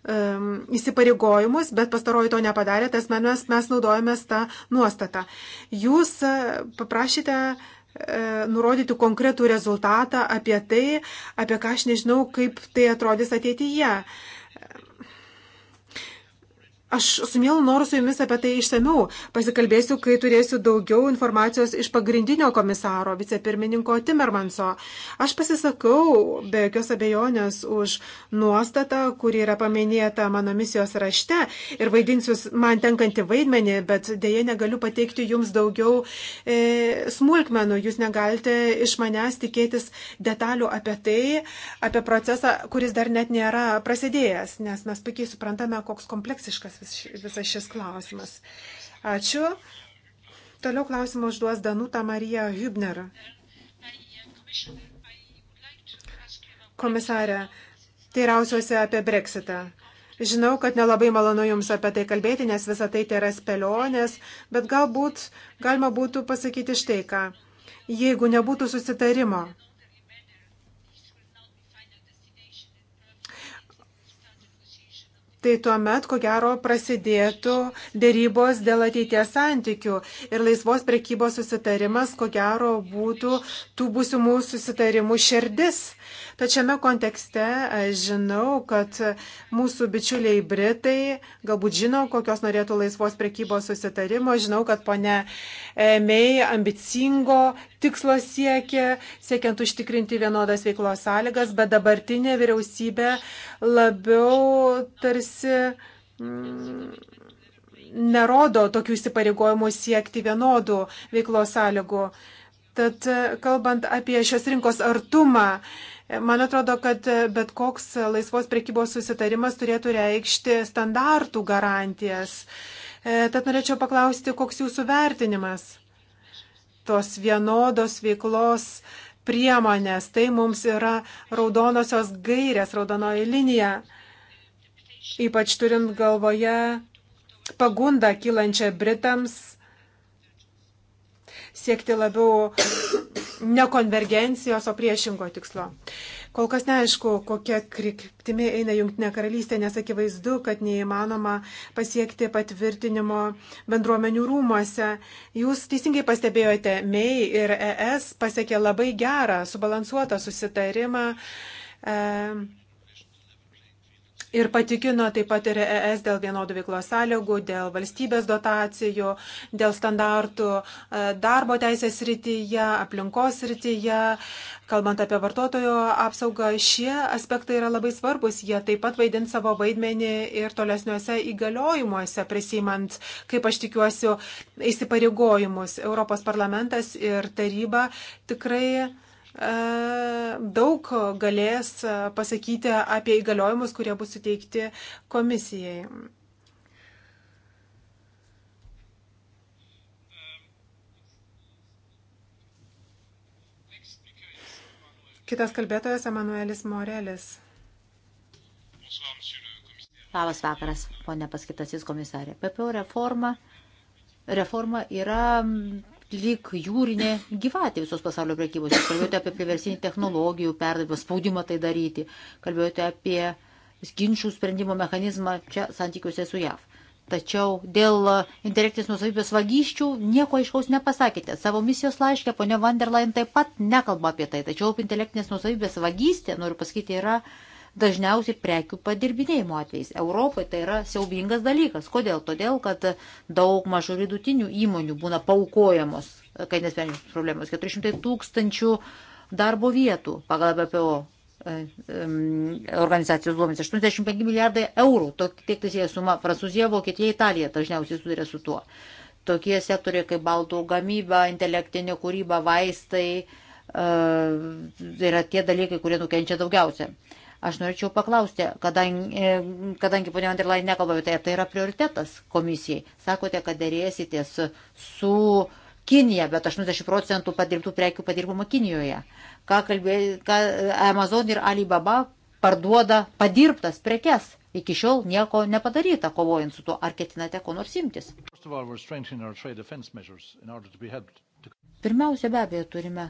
įsipareigojimus, bet pastaroji to nepadarė, tas mes, mes naudojame tą nuostatą. Jūs paprašėte prašėte e, nurodyti konkretų rezultatą apie tai, apie ką aš nežinau, kaip tai atrodys ateityje. Aš su mielu noru su jumis apie tai išsameu pasikalbėsiu, kai turėsiu daugiau informacijos iš pagrindinio komisaro, vicepirmininko Timmermanso. Aš pasisakau be jokios abejonės už nuostatą, kuri yra paminėta mano misijos rašte ir vaidinsiu man tenkantį vaidmenį, bet dėje negaliu pateikti jums daugiau e, smulkmenų. Jūs negalite iš manęs tikėtis detalių apie tai, apie procesą, kuris dar net nėra prasidėjęs, nes mes puikiai suprantame, koks kompleksiškas visas, visas šis klausimas. Ačiū. Toliau klausimą užduos Danuta Marija Hübner. Komisarė, teirausiuosi apie Brexitą. Žinau, kad nelabai malonu Jums apie tai kalbėti, nes visa tai tai yra spėlionės, bet galbūt galima būtų pasakyti štai ką. Jeigu nebūtų susitarimo, tai tuomet, ko gero, prasidėtų dėrybos dėl ateities santykių ir laisvos prekybos susitarimas, ko gero, būtų tų būsimų susitarimų širdis. Tačiame kontekste aš e, žinau, kad mūsų bičiuliai Britai galbūt žino, kokios norėtų laisvos prekybos susitarimo. Žinau, kad ponia e, Mei ambicingo tikslo siekia, siekiant užtikrinti vienodas veiklos sąlygas, bet dabartinė vyriausybė labiau tarsi. Mm, nerodo tokių įsipareigojimų siekti vienodų veiklos sąlygų. Tad e, kalbant apie šios rinkos artumą, Man atrodo, kad bet koks laisvos prekybos susitarimas turėtų reikšti standartų garantijas. E, tad norėčiau paklausti, koks jūsų vertinimas tos vienodos veiklos priemonės. Tai mums yra raudonosios gairės, raudonoji linija. Ypač turint galvoje pagundą kylančią Britams siekti labiau ne konvergencijos, o priešingo tikslo. Kol kas neaišku, kokia kryptimi eina Junktinė karalystė, nes akivaizdu, kad neįmanoma pasiekti patvirtinimo bendruomenių rūmose. Jūs teisingai pastebėjote, MEI ir ES pasiekė labai gerą, subalansuotą susitarimą. E, Ir patikino taip pat ir ES dėl vienodų veiklos sąlygų, dėl valstybės dotacijų, dėl standartų e, darbo teisės rytyje, aplinkos rytyje, kalbant apie vartotojo apsaugą. Šie aspektai yra labai svarbus. Jie taip pat vaidins savo vaidmenį ir tolesniuose įgaliojimuose, prisimant, kaip aš tikiuosi, įsipareigojimus. Europos parlamentas ir taryba tikrai E, daug galės e, pasakyti apie įgaliojimus, kurie bus suteikti komisijai. Kitas kalbėtojas Emanuelis Morelis. Labas vakaras, ponė paskirtasis komisarė. PPO reforma, reforma yra lyg jūrinė gyvatė visos pasaulio prekybos. Jūs kalbėjote apie priversinį technologijų perdavimą, spaudimą tai daryti, kalbėjote apie ginčių sprendimo mechanizmą čia santykiuose su JAV. Tačiau dėl intelektinės nusavybės vagysčių nieko aiškaus nepasakėte. Savo misijos laiškė ponia Vanderlain taip pat nekalba apie tai. Tačiau intelektinės nusavybės vagystė, noriu pasakyti, yra dažniausiai prekių padirbinėjimo atvejais. Europoje tai yra siaubingas dalykas. Kodėl? Todėl, kad daug mažų vidutinių įmonių būna paukojamos, kai nesprendžiamos problemos. 400 tūkstančių darbo vietų pagal BPO e, organizacijos duomenys 85 milijardai eurų, tiek tai sieja suma Prancūzija, Vokietija, Italija dažniausiai susiduria su tuo. Tokie sektoriai kaip baltų gamyba, intelektinė kūryba, vaistai, uh, yra tie dalykai, kurie nukenčia daugiausia. Aš norėčiau paklausti, kadangi, e, kadangi ponia Anderlain nekalba, tai, tai yra prioritetas komisijai. Sakote, kad dėrėsitės su Kinija, bet 80 procentų padirbtų prekių padirbama Kinijoje. Ką kalbė, ką Amazon ir Alibaba parduoda padirbtas prekes. Iki šiol nieko nepadaryta kovojant su tuo. Ar ketinate ko nors imtis? Pirmiausia, be abejo, turime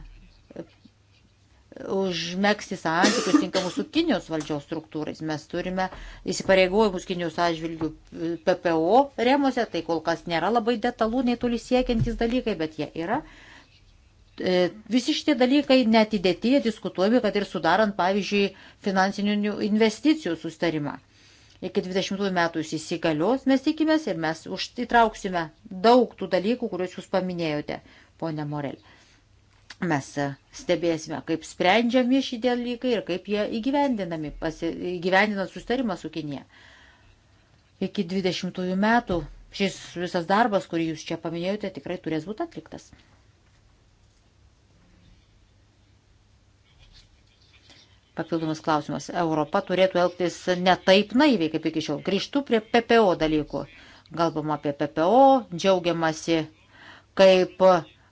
užmėgsti santykius tinkamus su Kinijos valdžios struktūrais. Mes turime įsipareigojimus Kinijos atžvilgių PPO remose, tai kol kas nėra labai detalų, nei toli siekiantis dalykai, bet jie yra. E, visi šitie dalykai netidėti, diskutuojami, kad ir sudarant, pavyzdžiui, finansinių investicijų sustarimą. Iki 20 metų jis įsigalios, mes tikimės ir mes užtitrauksime daug tų dalykų, kuriuos jūs paminėjote, ponė Morelė. Mes stebėsime, kaip sprendžiami šie dalykai ir kaip jie įgyvendinami, pasi, įgyvendinant sustarimą su Kinė. Iki 20 metų šis visas darbas, kurį jūs čia paminėjote, tikrai turės būti atliktas. Papildomas klausimas. Europa turėtų elgtis ne taip naiviai, kaip iki šiol. Grįžtu prie PPO dalykų. Galbama apie PPO, džiaugiamasi, kaip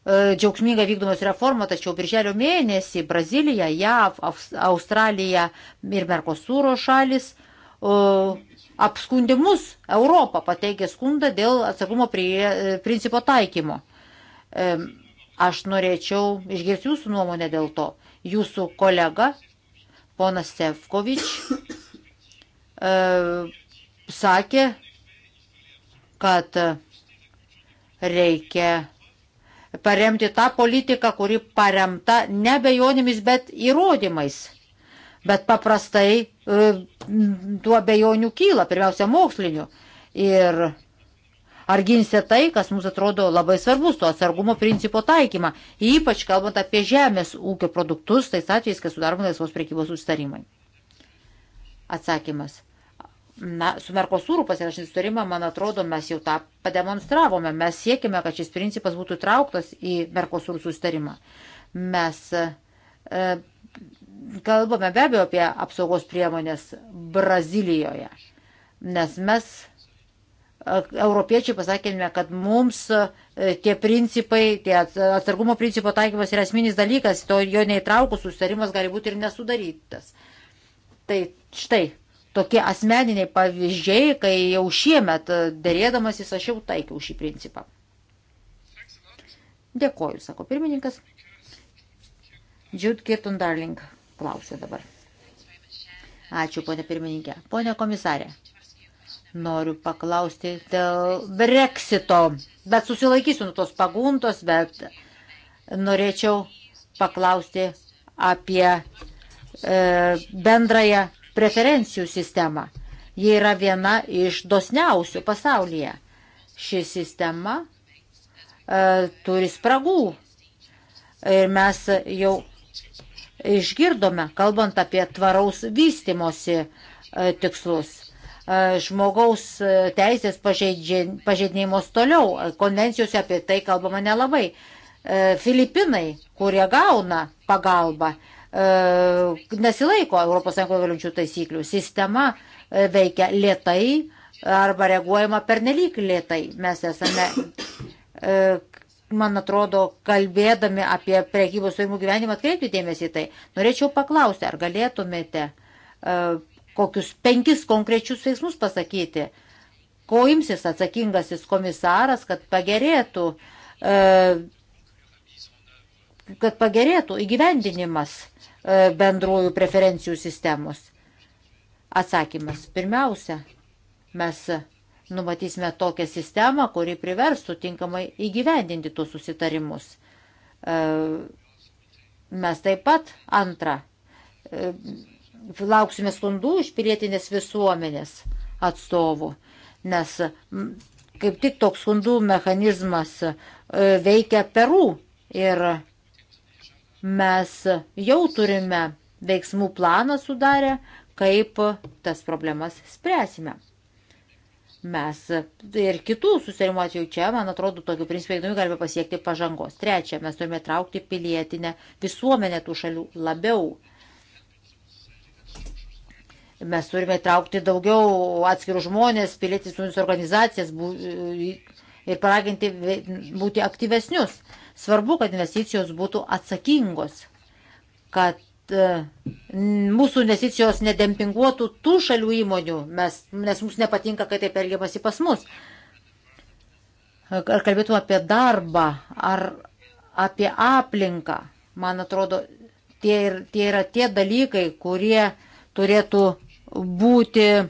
E, džiaugsminga vykdomos reforma, tačiau birželio mėnesį Brazilija, JAV, Australija ir Merkosūro šalis e, apskundimus Europą pateikė skundą dėl atsakumo prie e, principo taikymo. Aš norėčiau išgirsti jūsų nuomonę dėl to. Jūsų kolega, ponas Sefkovič, sakė, kad reikia paremti tą politiką, kuri paremta nebejonimis, bet įrodymais. Bet paprastai e, tų abejonių kyla, pirmiausia, mokslinių. Ir ar ginsite tai, kas mums atrodo labai svarbus, to atsargumo principo taikymą, ypač kalbant apie žemės ūkio produktus, tais atvejais, kai sudaromi laisvos priekybos sustarimai. Atsakymas. Na, su Merkosūrų pasirašinį sutarimą, man atrodo, mes jau tą pademonstravome. Mes siekime, kad šis principas būtų trauktas į Merkosūrų sustarimą. Mes e, kalbame be abejo apie apsaugos priemonės Brazilijoje, nes mes, e, europiečiai, pasakėme, kad mums e, tie principai, tie atsargumo principo taikymas yra esminis dalykas, to jo neįtraukus sustarimas gali būti ir nesudarytas. Tai štai, tokie asmeniniai pavyzdžiai, kai jau šiemet dėrėdamasis aš jau taikiau šį principą. Dėkoju, sako pirmininkas. Jude Kirton Darling klausia dabar. Ačiū, ponė pirmininkė. Ponė komisarė, noriu paklausti dėl Brexito, bet susilaikysiu nuo tos paguntos, bet norėčiau paklausti apie e, bendrąją preferencijų sistemą. Ji yra viena iš dosniausių pasaulyje. Ši sistema e, turi spragų. Ir mes jau išgirdome, kalbant apie tvaraus vystimosi e, tikslus. E, žmogaus e, teisės pažeidinėjimos toliau. E, konvencijose apie tai kalbama nelabai. E, Filipinai, kurie gauna pagalbą, E, nesilaiko ES galiančių taisyklių. Sistema e, veikia lietai arba reaguojama pernelyg lietai. Mes esame, e, man atrodo, kalbėdami apie prekybos suimų gyvenimą atkreipti dėmesį į tai. Norėčiau paklausti, ar galėtumėte kokius penkis konkrečius veiksmus pasakyti, ko imsis atsakingasis komisaras, kad pagerėtų, kad pagerėtų įgyvendinimas E, bendrųjų preferencijų sistemos? Atsakymas. Pirmiausia, mes numatysime tokią sistemą, kuri priverstų tinkamai įgyvendinti tuos susitarimus. E, mes taip pat antrą e, lauksime skundų iš pilietinės visuomenės atstovų, nes kaip tik toks skundų mechanizmas veikia Peru ir Mes jau turime veiksmų planą sudarę, kaip tas problemas spręsime. Mes ir kitų susirimo atveju čia, man atrodo, tokiu principu veikdami galime pasiekti pažangos. Trečia, mes turime traukti pilietinę visuomenę tų šalių labiau mes turime traukti daugiau atskirų žmonės, pilietis unijos organizacijas bū, ir paraginti būti aktyvesnius. Svarbu, kad investicijos būtų atsakingos, kad e, mūsų investicijos nedempinguotų tų šalių įmonių, mes, nes mums nepatinka, kai taip elgiamasi pas mus. Ar kalbėtume apie darbą, ar apie aplinką, man atrodo, tie, ir, tie yra tie dalykai, kurie turėtų būti e,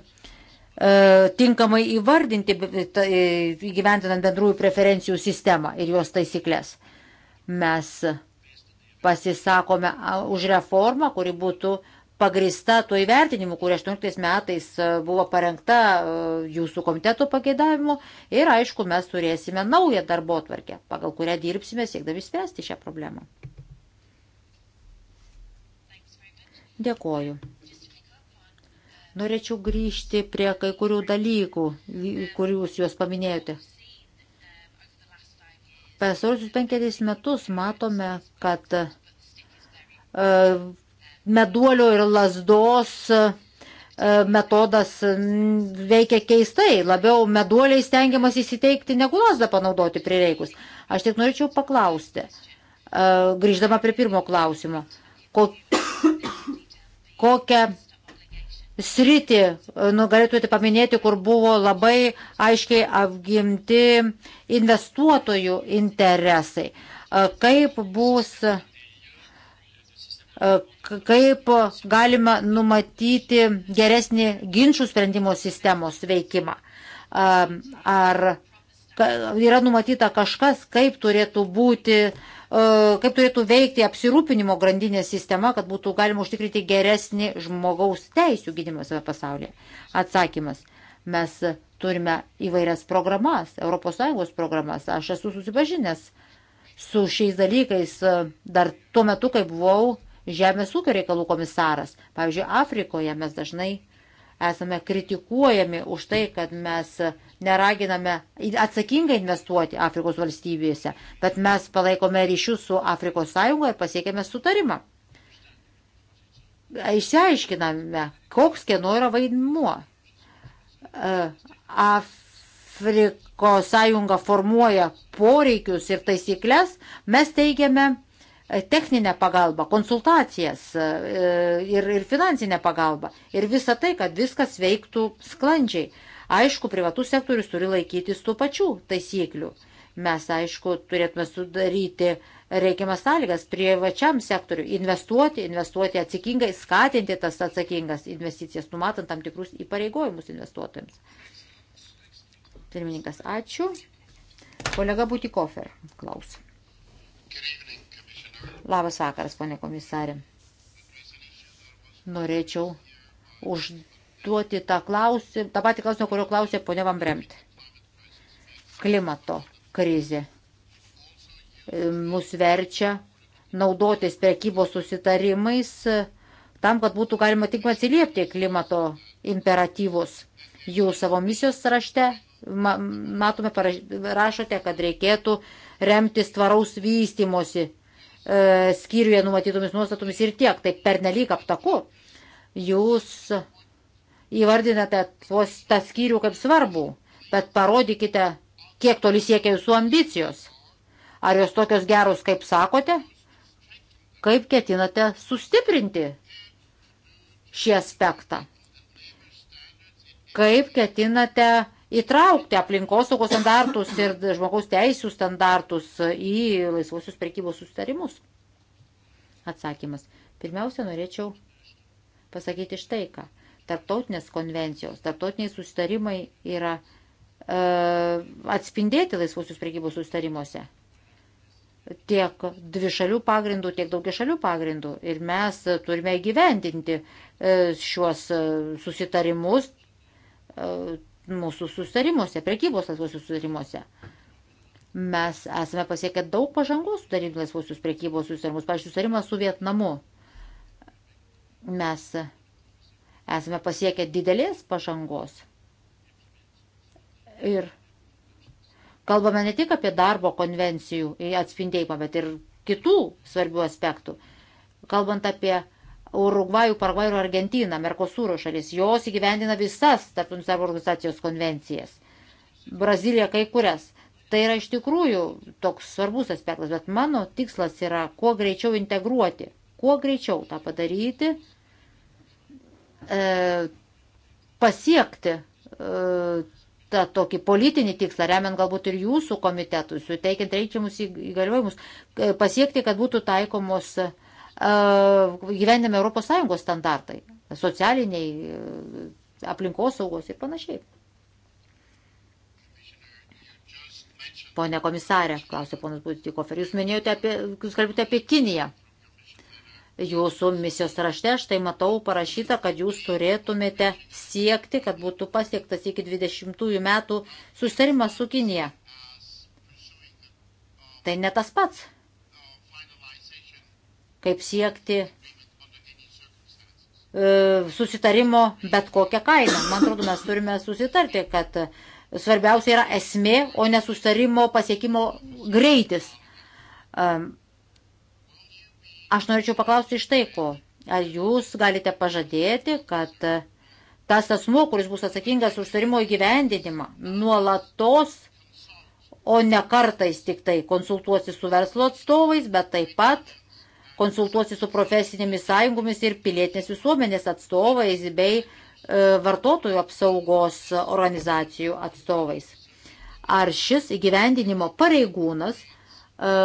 tinkamai įvardinti e, e, įgyventinant bendrųjų preferencijų sistemą ir jos taisyklės. Mes pasisakome už reformą, kuri būtų pagrista tuo įvertinimu, kurį 18 metais buvo parengta jūsų komiteto pageidavimu ir aišku, mes turėsime naują darbo tvarkę, pagal kurią dirbsime siekdami spręsti šią problemą. Dėkoju. Norėčiau grįžti prie kai kurių dalykų, kuriuos jūs paminėjote. Pasaulius penkeris metus matome, kad e, meduolio ir lasdos e, metodas veikia keistai, labiau meduoliai stengiamas įsiteikti, negu lasdą panaudoti prireikus. Aš tik norėčiau paklausti, e, grįždama prie pirmo klausimo, kokią sritį e, nu, galėtumėte paminėti, kur buvo labai aiškiai apgimti investuotojų interesai. E, kaip bus, e, kaip galima numatyti geresnį ginčių sprendimo sistemos veikimą. Ar yra numatyta kažkas, kaip turėtų būti uh, E, kaip turėtų veikti apsirūpinimo grandinė sistema, kad būtų galima užtikrinti geresnį žmogaus teisų gynimą savo pasaulyje. Atsakymas. Mes turime įvairias programas, ES programas. Aš esu susipažinęs su šiais dalykais e, dar tuo metu, kai buvau Žemės ūkio reikalų komisaras. Pavyzdžiui, Afrikoje mes dažnai esame kritikuojami už tai, kad mes neraginame atsakingai investuoti Afrikos valstybėse, bet mes palaikome ryšius su Afrikos sąjunga ir pasiekėme sutarimą. Išsiaiškiname, koks kieno yra vaidmuo. E, Afrikos sąjunga formuoja poreikius ir taisyklės, mes teigiame techninę pagalbą, konsultacijas e, ir, ir finansinę pagalbą. Ir visa tai, kad viskas veiktų sklandžiai. Aišku, privatus sektorius turi laikytis tų pačių taisyklių. Mes, aišku, turėtume sudaryti reikiamas sąlygas privačiam sektoriu investuoti, investuoti atsakingai, skatinti tas atsakingas investicijas, numatant tam tikrus įpareigojimus investuotojams. Pirmininkas, ačiū. Kolega Butikofer klausia. Labas vakaras, ponė komisarė. Norėčiau užduoti tą klausimą, tą patį klausimą, kurio klausė ponė Vambremt. Klimato krizė e, mus verčia naudotis prekybos susitarimais e, tam, kad būtų galima tik atsiliepti klimato imperatyvus. Jų savo misijos rašte matome, rašote, kad reikėtų remtis tvaraus vystimosi E, skyriuje numatytomis nuostatomis ir tiek, tai pernelyg aptaku. Jūs įvardinate tuos, tą skyrių kaip svarbų, bet parodykite, kiek toli siekia jūsų ambicijos. Ar jos tokios geros, kaip sakote? Kaip ketinate sustiprinti šį aspektą? Kaip ketinate įtraukti aplinkosaugos standartus ir žmogaus teisų standartus į laisvosios prekybos sustarimus? Atsakymas. Pirmiausia, norėčiau pasakyti štai ką. Tarptautinės konvencijos, tarptautiniai sustarimai yra e, atspindėti laisvosios prekybos sustarimuose. Tiek dvišalių pagrindų, tiek daugiašalių pagrindų. Ir mes turime įgyvendinti e, šiuos e, susitarimus. E, mūsų sustarimuose, prekybos laisvosios sustarimuose. Mes esame pasiekę daug pažangos sudaryti laisvosios prekybos sustarimus. Pavyzdžiui, sustarimas su Vietnamu. Mes esame pasiekę didelės pažangos. Ir kalbame ne tik apie darbo konvencijų atspindėjimą, bet ir kitų svarbių aspektų. Kalbant apie Urugvajų, Paragvajų ir Argentiną, Merkosūro šalis. Jos įgyvendina visas tarptautinės darbo organizacijos konvencijas. Brazilija kai kurias. Tai yra iš tikrųjų toks svarbus aspektas, bet mano tikslas yra kuo greičiau integruoti, kuo greičiau tą padaryti, e, pasiekti e, tą tokį politinį tikslą, remiant galbūt ir jūsų komitetus, suteikiant reikiamus įgaliojimus, e, pasiekti, kad būtų taikomos e, gyvenime ES standartai, socialiniai, e, aplinkosaugos ir panašiai. Pone komisarė, klausė ponas Būtikofer, jūs minėjote apie, jūs kalbėjote apie Kiniją. Jūsų misijos rašte štai matau parašyta, kad jūs turėtumėte siekti, kad būtų pasiektas iki 20 metų susitarimas su Kinija. Tai ne tas pats kaip siekti e, susitarimo bet kokią kainą. Man atrodo, mes turime susitarti, kad svarbiausia yra esmė, o ne susitarimo pasiekimo greitis. E, aš norėčiau paklausti iš tai, ko. Ar jūs galite pažadėti, kad tas asmuo, kuris bus atsakingas už sutarimo įgyvendinimą, nuolatos, o ne kartais tik tai konsultuosi su verslo atstovais, bet taip pat konsultuosi su profesinėmis sąjungomis ir pilietinės visuomenės atstovais bei e, vartotojų apsaugos organizacijų atstovais. Ar šis įgyvendinimo pareigūnas e,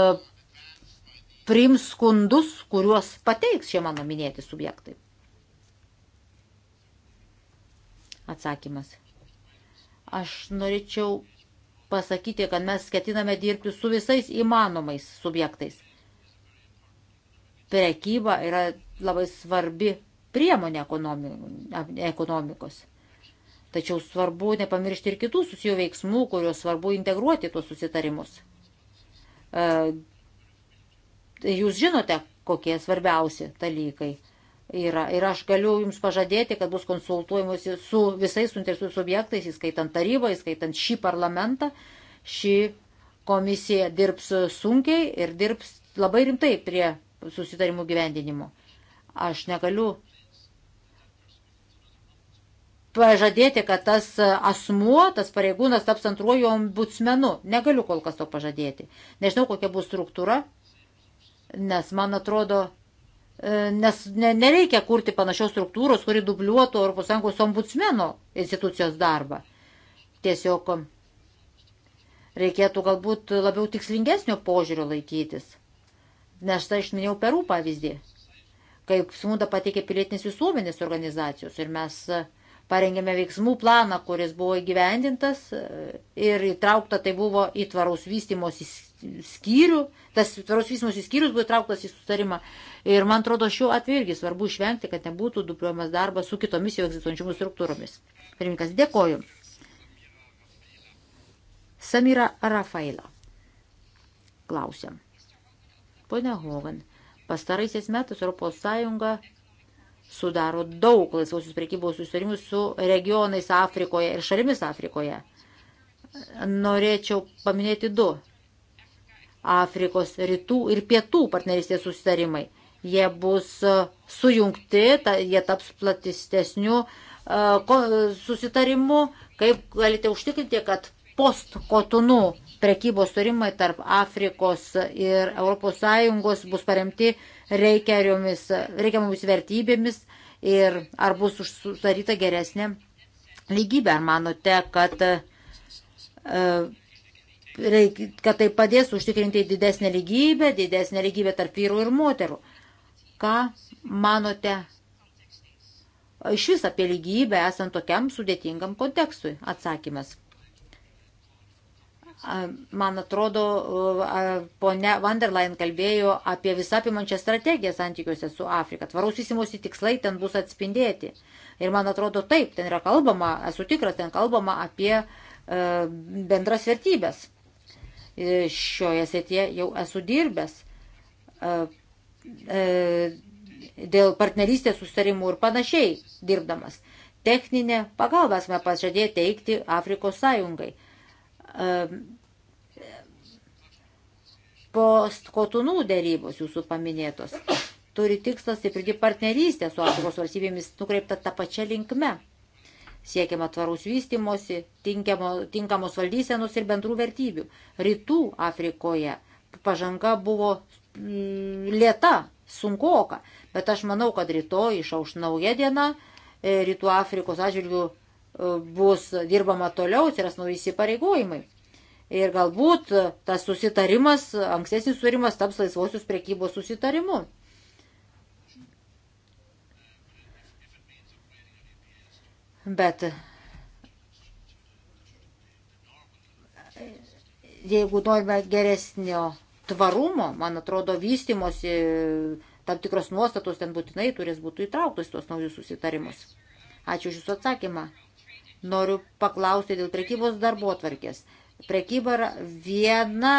priims skundus, kuriuos pateiks šie mano minėti subjektai? Atsakymas. Aš norėčiau pasakyti, kad mes ketiname dirbti su visais įmanomais subjektais – prekyba yra labai svarbi priemonė ekonomikos. Tačiau svarbu nepamiršti ir kitų susijų veiksmų, kuriuos svarbu integruoti tuos susitarimus. E, jūs žinote, kokie svarbiausi dalykai yra. Ir aš galiu Jums pažadėti, kad bus konsultuojamas su visais suinteresuotais subjektais, įskaitant tarybą, įskaitant šį parlamentą. Ši komisija dirbs sunkiai ir dirbs labai rimtai prie susitarimų gyvendinimu. Aš negaliu pažadėti, kad tas asmuo, tas pareigūnas taps antruoju ombudsmenu. Negaliu kol kas to pažadėti. Nežinau, kokia bus struktūra, nes man atrodo, e, nes ne, nereikia kurti panašios struktūros, kuri dubliuotų ES ombudsmeno institucijos darbą. Tiesiog reikėtų galbūt labiau tikslingesnio požiūrio laikytis. Nes tai išminėjau Perų pavyzdį, kaip skundą pateikė pilietinės visuomenės organizacijos ir mes e, parengėme veiksmų planą, kuris buvo įgyvendintas e, ir įtraukta tai buvo į tvaraus vystimosi skyrių, tas tvaraus vystimosi skyrius buvo įtrauktas į sustarimą ir man atrodo šiuo atveju irgi svarbu išvengti, kad nebūtų dupliuojamas darbas su kitomis jau egzistuojančiomis struktūromis. Pirmininkas, dėkoju. Samira Rafaela. Klausiam. Pone Hogan, pastaraisiais metais ES sudaro daug laisvosios priekybos susitarimų su regionais Afrikoje ir šalimis Afrikoje. Norėčiau paminėti du. Afrikos rytų ir pietų partnerystės susitarimai. Jie bus e, sujungti, ta, jie taps platistesniu e, susitarimu, kaip galite užtikrinti, kad post kotunų prekybos turimai tarp Afrikos ir ES bus paremti reikiamomis vertybėmis ir ar bus užsudaryta geresnė lygybė. Ar manote, kad, e, kad tai padės užtikrinti didesnę lygybę, didesnę lygybę tarp vyrų ir moterų? Ką manote iš vis apie lygybę esant tokiam sudėtingam kontekstui? Atsakymas. Man atrodo, ponia Vanderlein kalbėjo apie visapimančią strategiją santykiuose su Afrika. Tvaraus įsimosi tikslai ten bus atspindėti. Ir man atrodo, taip, ten yra kalbama, esu tikras, ten kalbama apie bendras vertybės. E, šioje srityje jau esu dirbęs e, dėl partnerystės sustarimų ir panašiai dirbdamas. Techninę pagalbą esame pažadėję teikti Afrikos sąjungai postkotunų dėrybos jūsų paminėtos turi tikslą stiprinti partnerystę su Afrikos valstybėmis nukreipta tą pačią linkmę. Siekiama tvarus vystimosi, tinkamo, tinkamos valdysenos ir bendrų vertybių. Rytų Afrikoje pažanga buvo mm, lėta, sunkoka, bet aš manau, kad rytoj išauš nauja diena, e, rytų Afrikos atžvilgių bus dirbama toliau, atsiras nauji įsipareigojimai. Ir galbūt tas susitarimas, ankstesnis susitarimas taps laisvosios prekybos susitarimu. Bet jeigu norime geresnio tvarumo, man atrodo, vystimosi tam tikros nuostatos ten būtinai turės būti įtrauktos tuos naujus susitarimus. Ačiū už Jūsų atsakymą. Noriu paklausti dėl prekybos darbo atvarkės. Prekyba yra viena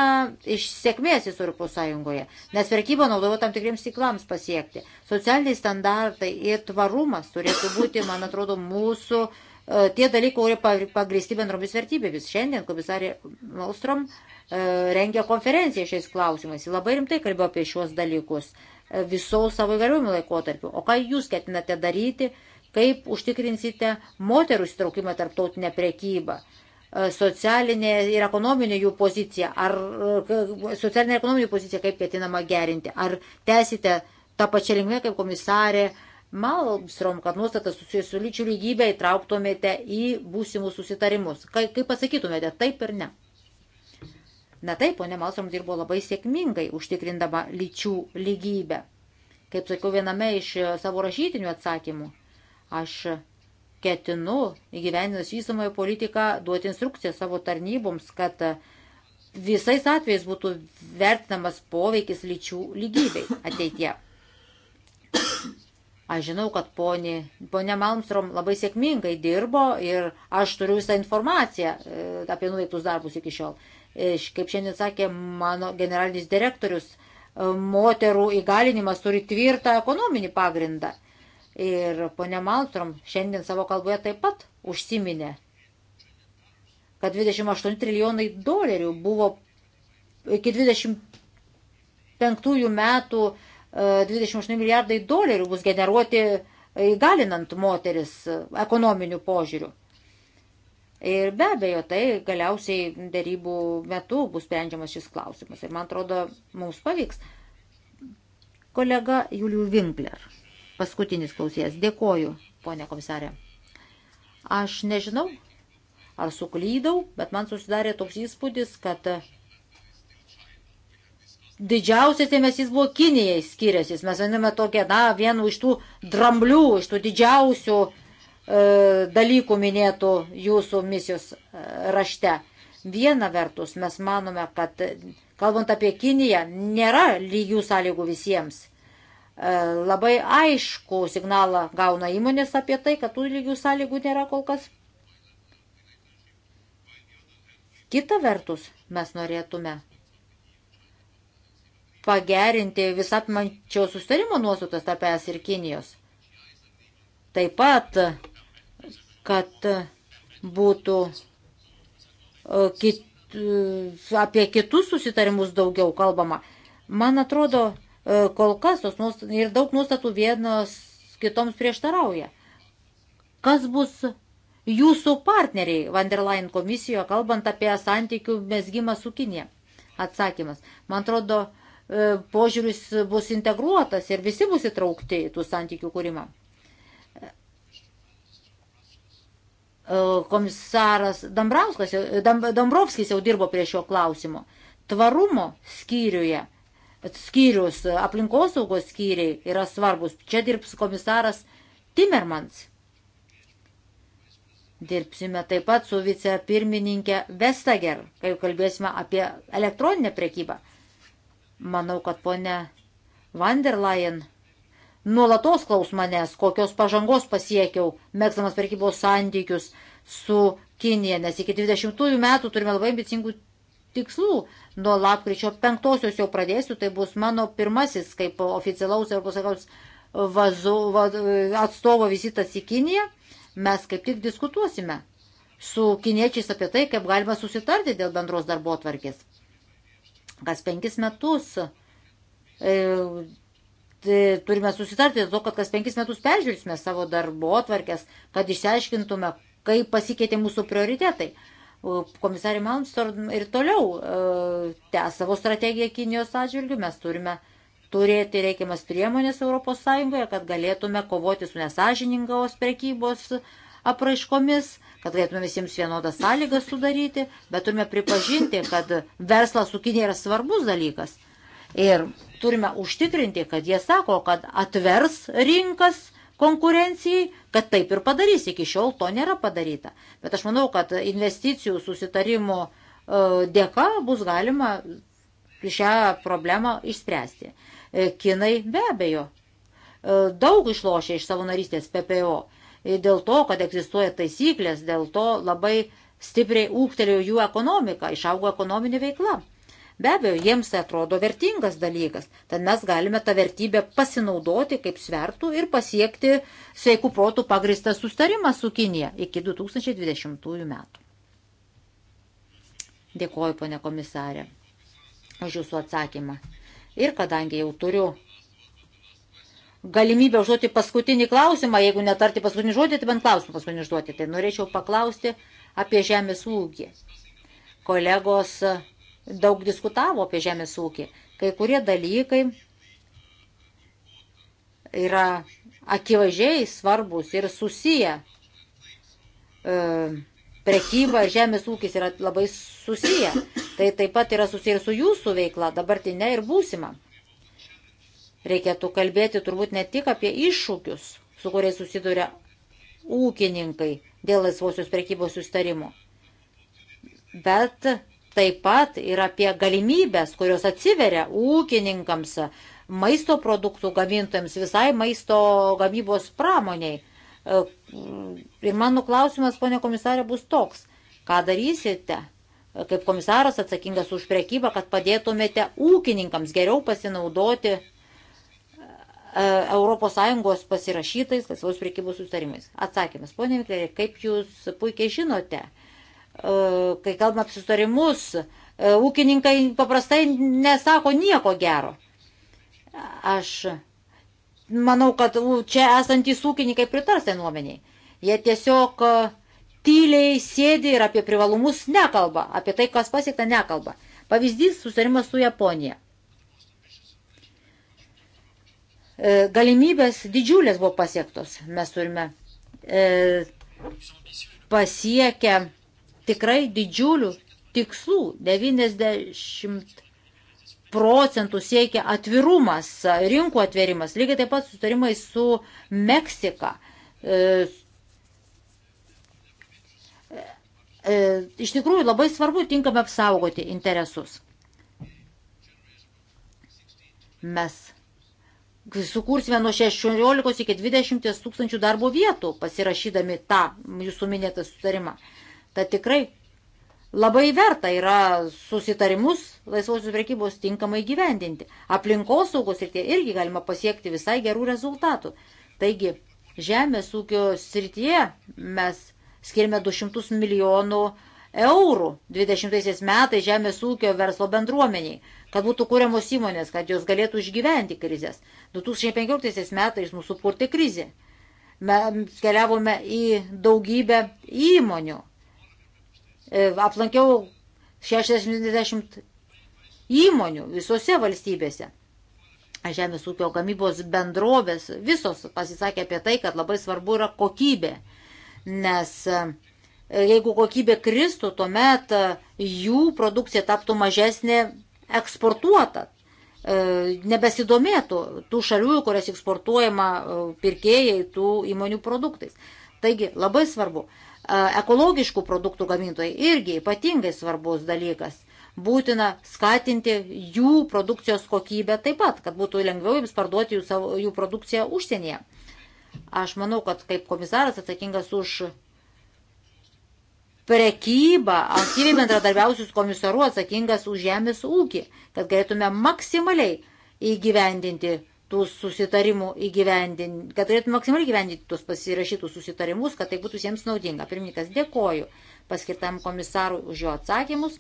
iš sėkmės jis Europos Sąjungoje, nes prekyba naudojo tam tikriems tiklams pasiekti. Socialiniai standartai ir tvarumas turėtų būti, man atrodo, mūsų e, tie dalykai, kurie pagristi bendromis vertybėmis. Šiandien komisarė Malstrom e, rengia konferenciją šiais klausimais. Labai rimtai kalbėjo apie šiuos dalykus e, visos savo įgaliojimų laikotarpiu. O ką jūs ketinate daryti, Kaip užtikrinsite moterų įtraukimą tarptautinę prekybą? E, socialinė ir ekonominė jų pozicija, ar e, socialinė ir ekonominė pozicija kaip ketinama gerinti, ar tęsite tą pačią linkmę kaip komisarė Malmstrom, kad nuostatas susijęs su lyčių lygybė įtrauktumėte į būsimus susitarimus. Kaip, kaip pasakytumėte, taip ir ne? Na taip, ponė Malmstrom dirbo labai sėkmingai užtikrindama lyčių lygybę. Kaip sakiau viename iš e, savo rašytinių atsakymų, Aš ketinu įgyvendinęs vystamąją politiką duoti instrukciją savo tarnyboms, kad visais atvejais būtų vertinamas poveikis lyčių lygybei ateitie. Aš žinau, kad ponė, ponė Malmstrom labai sėkmingai dirbo ir aš turiu visą informaciją e, apie nuveiktus darbus iki šiol. E, kaip šiandien sakė mano generalinis direktorius, e, moterų įgalinimas turi tvirtą ekonominį pagrindą. Ir ponia Maltrom šiandien savo kalboje taip pat užsiminė, kad 28 trilijonai dolerių buvo iki 25 metų 28 e, milijardai dolerių bus generuoti e, įgalinant moteris e, ekonominių požiūrių. Ir be abejo, tai galiausiai darybų metu bus sprendžiamas šis klausimas. Ir man atrodo, mums pavyks. Kolega Julių Winkler paskutinis klausėjas. Dėkoju, ponė komisarė. Aš nežinau, ar suklydau, bet man susidarė toks įspūdis, kad didžiausias dėmesys buvo Kinijai skiriasi. Mes vadiname tokią, na, vienu iš tų dramblių, iš tų didžiausių e, dalykų minėtų jūsų misijos e, rašte. Viena vertus, mes manome, kad kalbant apie Kiniją, nėra lygių sąlygų visiems. E, labai aišku signalą gauna įmonės apie tai, kad tų lygių sąlygų nėra kol kas. Kita vertus, mes norėtume pagerinti visapmančio sustarimo nuostatas tarp ES ir Kinijos. Taip pat, kad būtų e, kit, e, apie kitus susitarimus daugiau kalbama. Man atrodo, E, kol kas tos nuostatų ir daug nuostatų vienos kitoms prieštarauja. Kas bus jūsų partneriai Van der Leyen komisijoje, kalbant apie santykių mesgymą su Kinė? Atsakymas. Man atrodo, e, požiūris bus integruotas ir visi bus įtraukti į tų santykių kūrimą. E, komisaras Dambrovskis jau dirbo prie šio klausimo. Tvarumo skyriuje skyrius, aplinkosaugos skyriai yra svarbus. Čia dirbs komisaras Timmermans. Dirbsime taip pat su vicepirmininkė Vestager, kai kalbėsime apie elektroninę prekybą. Manau, kad ponė Van der Leyen nuolatos klaus manęs, kokios pažangos pasiekiau, mėgstamas prekybos santykius su Kinija, nes iki 20 metų turime labai ambicingų tikslų. Nuo lapkričio penktosios jau pradėsiu, tai bus mano pirmasis kaip oficialaus Europos Sąjungos atstovo vizitas į Kiniją. Mes kaip tik diskutuosime su kiniečiais apie tai, kaip galima susitarti dėl bendros darbo atvarkės. Kas penkis metus e, tai turime susitarti dėl to, kad kas penkis metus peržiūrėsime savo darbo atvarkės, kad išsiaiškintume, kaip pasikeitė mūsų prioritetai. Komisarė Malmstorm ir toliau e, tęs savo strategiją Kinijos atžvilgių. Mes turime turėti reikiamas priemonės ES, kad galėtume kovoti su nesažiningos prekybos apraiškomis, kad galėtume visiems vienodas sąlygas sudaryti, bet turime pripažinti, kad verslas su Kinė yra svarbus dalykas. Ir turime užtikrinti, kad jie sako, kad atvers rinkas konkurencijai, kad taip ir padarys. Iki šiol to nėra padaryta. Bet aš manau, kad investicijų susitarimo e, dėka bus galima šią problemą išspręsti. E, kinai be abejo e, daug išlošia iš savo narystės PPO. Dėl to, kad egzistuoja taisyklės, dėl to labai stipriai ūktelėjo jų ekonomika, išaugo ekonominė veikla. Be abejo, jiems tai atrodo vertingas dalykas, tad mes galime tą vertybę pasinaudoti kaip svertų ir pasiekti sveikų protų pagristą sustarimą su Kinija iki 2020 metų. Dėkoju, ponė komisarė, už jūsų atsakymą. Ir kadangi jau turiu galimybę užduoti paskutinį klausimą, jeigu netarti paskutinį žodį, tai bent klausimą paskutinį užduoti, tai norėčiau paklausti apie žemės ūkį. Kolegos daug diskutavo apie žemės ūkį. Kai kurie dalykai yra akivaizdžiai svarbus ir susiję. E, prekyba ir žemės ūkis yra labai susiję. Tai taip pat yra susiję ir su jūsų veikla, dabartinė ir būsima. Reikėtų kalbėti turbūt ne tik apie iššūkius, su kuriais susiduria ūkininkai dėl laisvosios prekybos sustarimų, bet taip pat ir apie galimybės, kurios atsiveria ūkininkams, maisto produktų gamintojams, visai maisto gamybos pramoniai. E, ir mano klausimas, ponė komisarė, bus toks. Ką darysite, kaip komisaras atsakingas už prekybą, kad padėtumėte ūkininkams geriau pasinaudoti ES pasirašytais laisvos priekybos sustarimais? Atsakymas, ponė Miklerė, kaip jūs puikiai žinote, E, kai kalbame apie sutarimus, e, ūkininkai paprastai nesako nieko gero. Aš manau, kad čia esantys ūkininkai pritars tai nuomeniai. Jie tiesiog e, tyliai sėdi ir apie privalumus nekalba, apie tai, kas pasiekta, nekalba. Pavyzdys susirimas su Japonija. Galimybės didžiulės buvo pasiektos. Mes turime e, pasiekę tikrai didžiulių tikslų. 90 procentų siekia atvirumas, rinkų atverimas, lygiai taip pat sutarimai su Meksika. E, e, iš tikrųjų labai svarbu tinkamai apsaugoti interesus. Mes sukursime nuo 16 iki 20 tūkstančių darbo vietų pasirašydami tą jūsų minėtą sutarimą. E, Tad tikrai labai verta yra susitarimus laisvosios prekybos tinkamai gyvendinti. Aplinkos saugos ir tie irgi galima pasiekti visai gerų rezultatų. Taigi, žemės ūkio srityje mes skirime 200 milijonų eurų 20 metais žemės ūkio verslo bendruomeniai, kad būtų kūriamos įmonės, kad jos galėtų išgyventi krizės. 2015 metais mūsų purtė krizė. Mes keliavome į daugybę įmonių E, aplankiau 60 įmonių visose valstybėse. Žemės ūkio gamybos bendrovės visos pasisakė apie tai, kad labai svarbu yra kokybė, nes e, jeigu kokybė kristų, tuomet e, jų produkcija taptų mažesnė eksportuota, nebesidomėtų tų šalių, kurias eksportuojama pirkėjai tų įmonių produktais. Taigi labai svarbu ekologiškų produktų gamintojai irgi ypatingai svarbus dalykas. Būtina skatinti jų produkcijos kokybę taip pat, kad būtų lengviau jums parduoti jų, savo, jų produkciją užsienyje. Aš manau, kad kaip komisaras atsakingas už prekybą, aktyviai bendradarbiausius komisaru atsakingas už žemės ūkį, kad galėtume maksimaliai įgyvendinti tų susitarimų įgyvendinti, kad turėtų maksimaliai gyvendinti tuos pasirašytus susitarimus, kad tai būtų jiems naudinga. Pirmininkas, dėkoju paskirtam komisarui už jo atsakymus.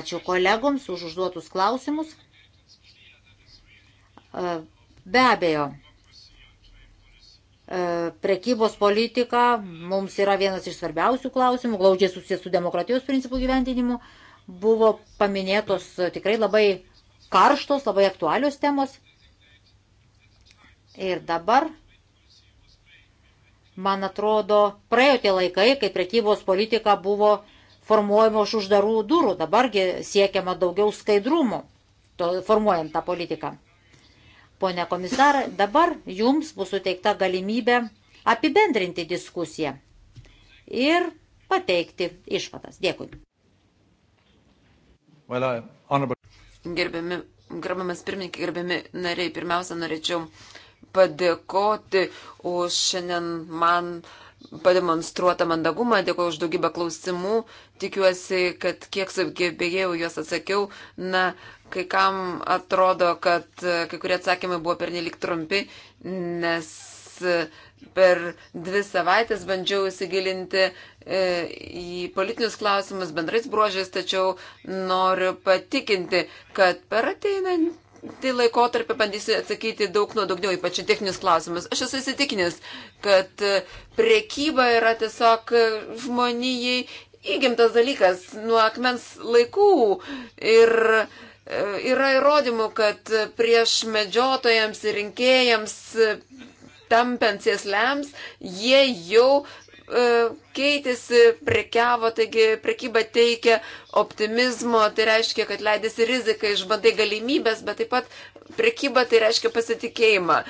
Ačiū kolegoms už užduotus klausimus. E, be abejo, e, prekybos politika mums yra vienas iš svarbiausių klausimų, glaudžiai susijęs su demokratijos principų gyvendinimu. Buvo paminėtos tikrai labai karštos, labai aktualios temos. Ir dabar, man atrodo, praėjo tie laikai, kai prekybos politika buvo formuojama už uždarų durų, dabargi siekiama daugiau skaidrumo, to, formuojant tą politiką. Pone komisarai, dabar jums bus suteikta galimybė apibendrinti diskusiją ir pateikti išvadas. Dėkui. Well, uh, honorable gerbiami, gerbiamas pirmininkai, gerbiami nariai, pirmiausia, norėčiau padėkoti už šiandien man pademonstruotą mandagumą, dėkoju už daugybę klausimų, tikiuosi, kad kiek sugebėjau juos atsakiau, na, kai kam atrodo, kad kai kurie atsakymai buvo pernelik trumpi, nes per dvi savaitės bandžiau įsigilinti e, į politinius klausimus bendrais bruožais, tačiau noriu patikinti, kad per ateinant tai laikotarpį bandysiu atsakyti daug nuodugniau, ypač techninius klausimus. Aš esu įsitikinęs, kad e, priekyba yra tiesiog žmonijai įgimtas dalykas nuo akmens laikų ir e, yra įrodymų, kad prieš medžiotojams ir rinkėjams tampiant sėsliams, jie jau e, keitėsi, prekiavo, taigi prekyba teikia optimizmo, tai reiškia, kad leidėsi riziką, išbandai galimybės, bet taip pat prekyba tai reiškia pasitikėjimą.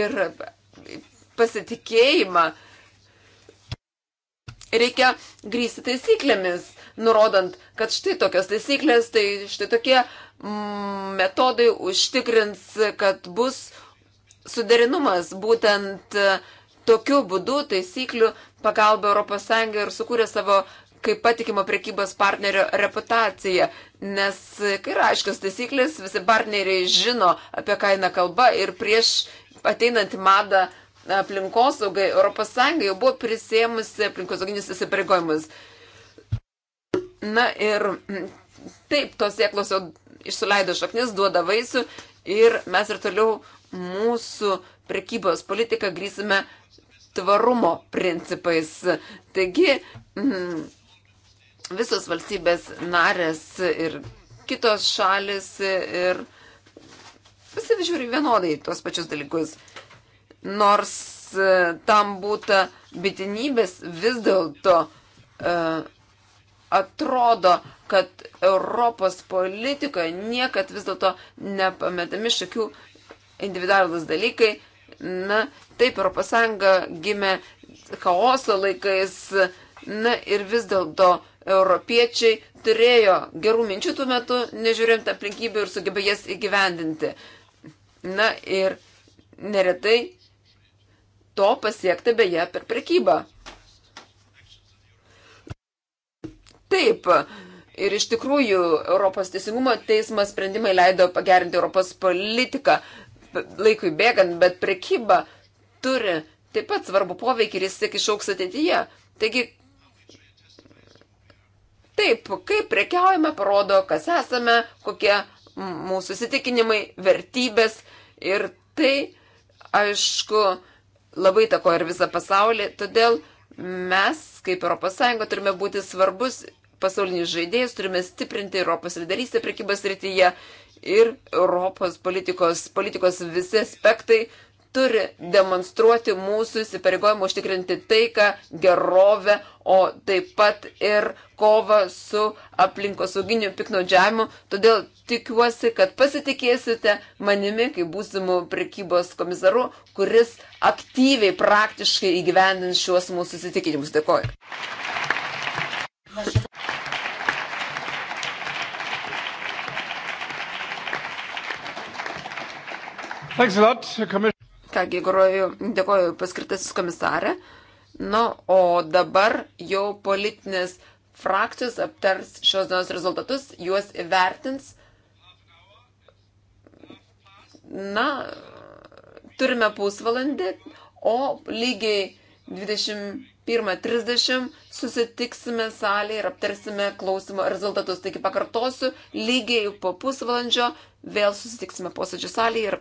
Ir pasitikėjimą reikia grįsti taisyklėmis, nurodant, kad štai tokios taisyklės, tai štai tokie mm, metodai užtikrins, kad bus suderinumas būtent e, tokiu būdu taisyklių pagalba ES ir sukūrė savo kaip patikimo prekybos partnerio reputaciją. Nes e, kai yra aiškios taisyklės, visi partneriai žino, apie ką eina kalba ir prieš ateinant į madą aplinkosaugai ES jau buvo prisėmusi aplinkosauginis įsipareigojimus. Na ir taip, tos sėklos jau išsileido šaknis, duoda vaisių ir mes ir toliau mūsų prekybos politiką grįsime tvarumo principais. Taigi mhm, visos valstybės narės ir kitos šalis ir visi žiūri vienodai tuos pačius dalykus. Nors e, tam būtų bitinybės, vis dėlto uh, atrodo, kad Europos politikoje niekad vis dėlto nepametami šakių individualus dalykai. Na, taip, ES gimė chaoso laikais, na ir vis dėlto europiečiai turėjo gerų minčių tuo metu, nežiūrint aplinkybių ir sugebė jas įgyvendinti. Na ir neretai to pasiekti beje per prekybą. Taip, ir iš tikrųjų Europos teisingumo teismas sprendimai leido pagerinti Europos politiką, laikui bėgant, bet prekyba turi taip pat svarbu poveikį ir jis tiek išauks ateityje. Taigi, taip, kaip prekiaujame, parodo, kas esame, kokie mūsų įsitikinimai, vertybės ir tai, aišku, labai tako ir visą pasaulį, todėl mes, kaip ES, turime būti svarbus pasaulinis žaidėjas, turime stiprinti Europos lyderystę prekybos rytyje ir Europos politikos, politikos visi aspektai turi demonstruoti mūsų įsipareigojimą užtikrinti taiką, gerovę, o taip pat ir kovą su aplinkosauginiu piknaudžiavimu. Todėl tikiuosi, kad pasitikėsite manimi, kaip būsimų prekybos komisaru, kuris aktyviai, praktiškai įgyvendins šiuos mūsų įsitikinimus. Dėkoju. Kągi, groju, dėkoju paskirtasis komisarė. Nu, o dabar jau politinės frakcijos aptars šios dienos rezultatus, juos įvertins. Na, turime pusvalandį, o lygiai 21.30 susitiksime salėje ir aptarsime klausimo rezultatus. Taigi pakartosiu, lygiai po pusvalandžio vėl susitiksime posėdžio salėje ir aptarsime.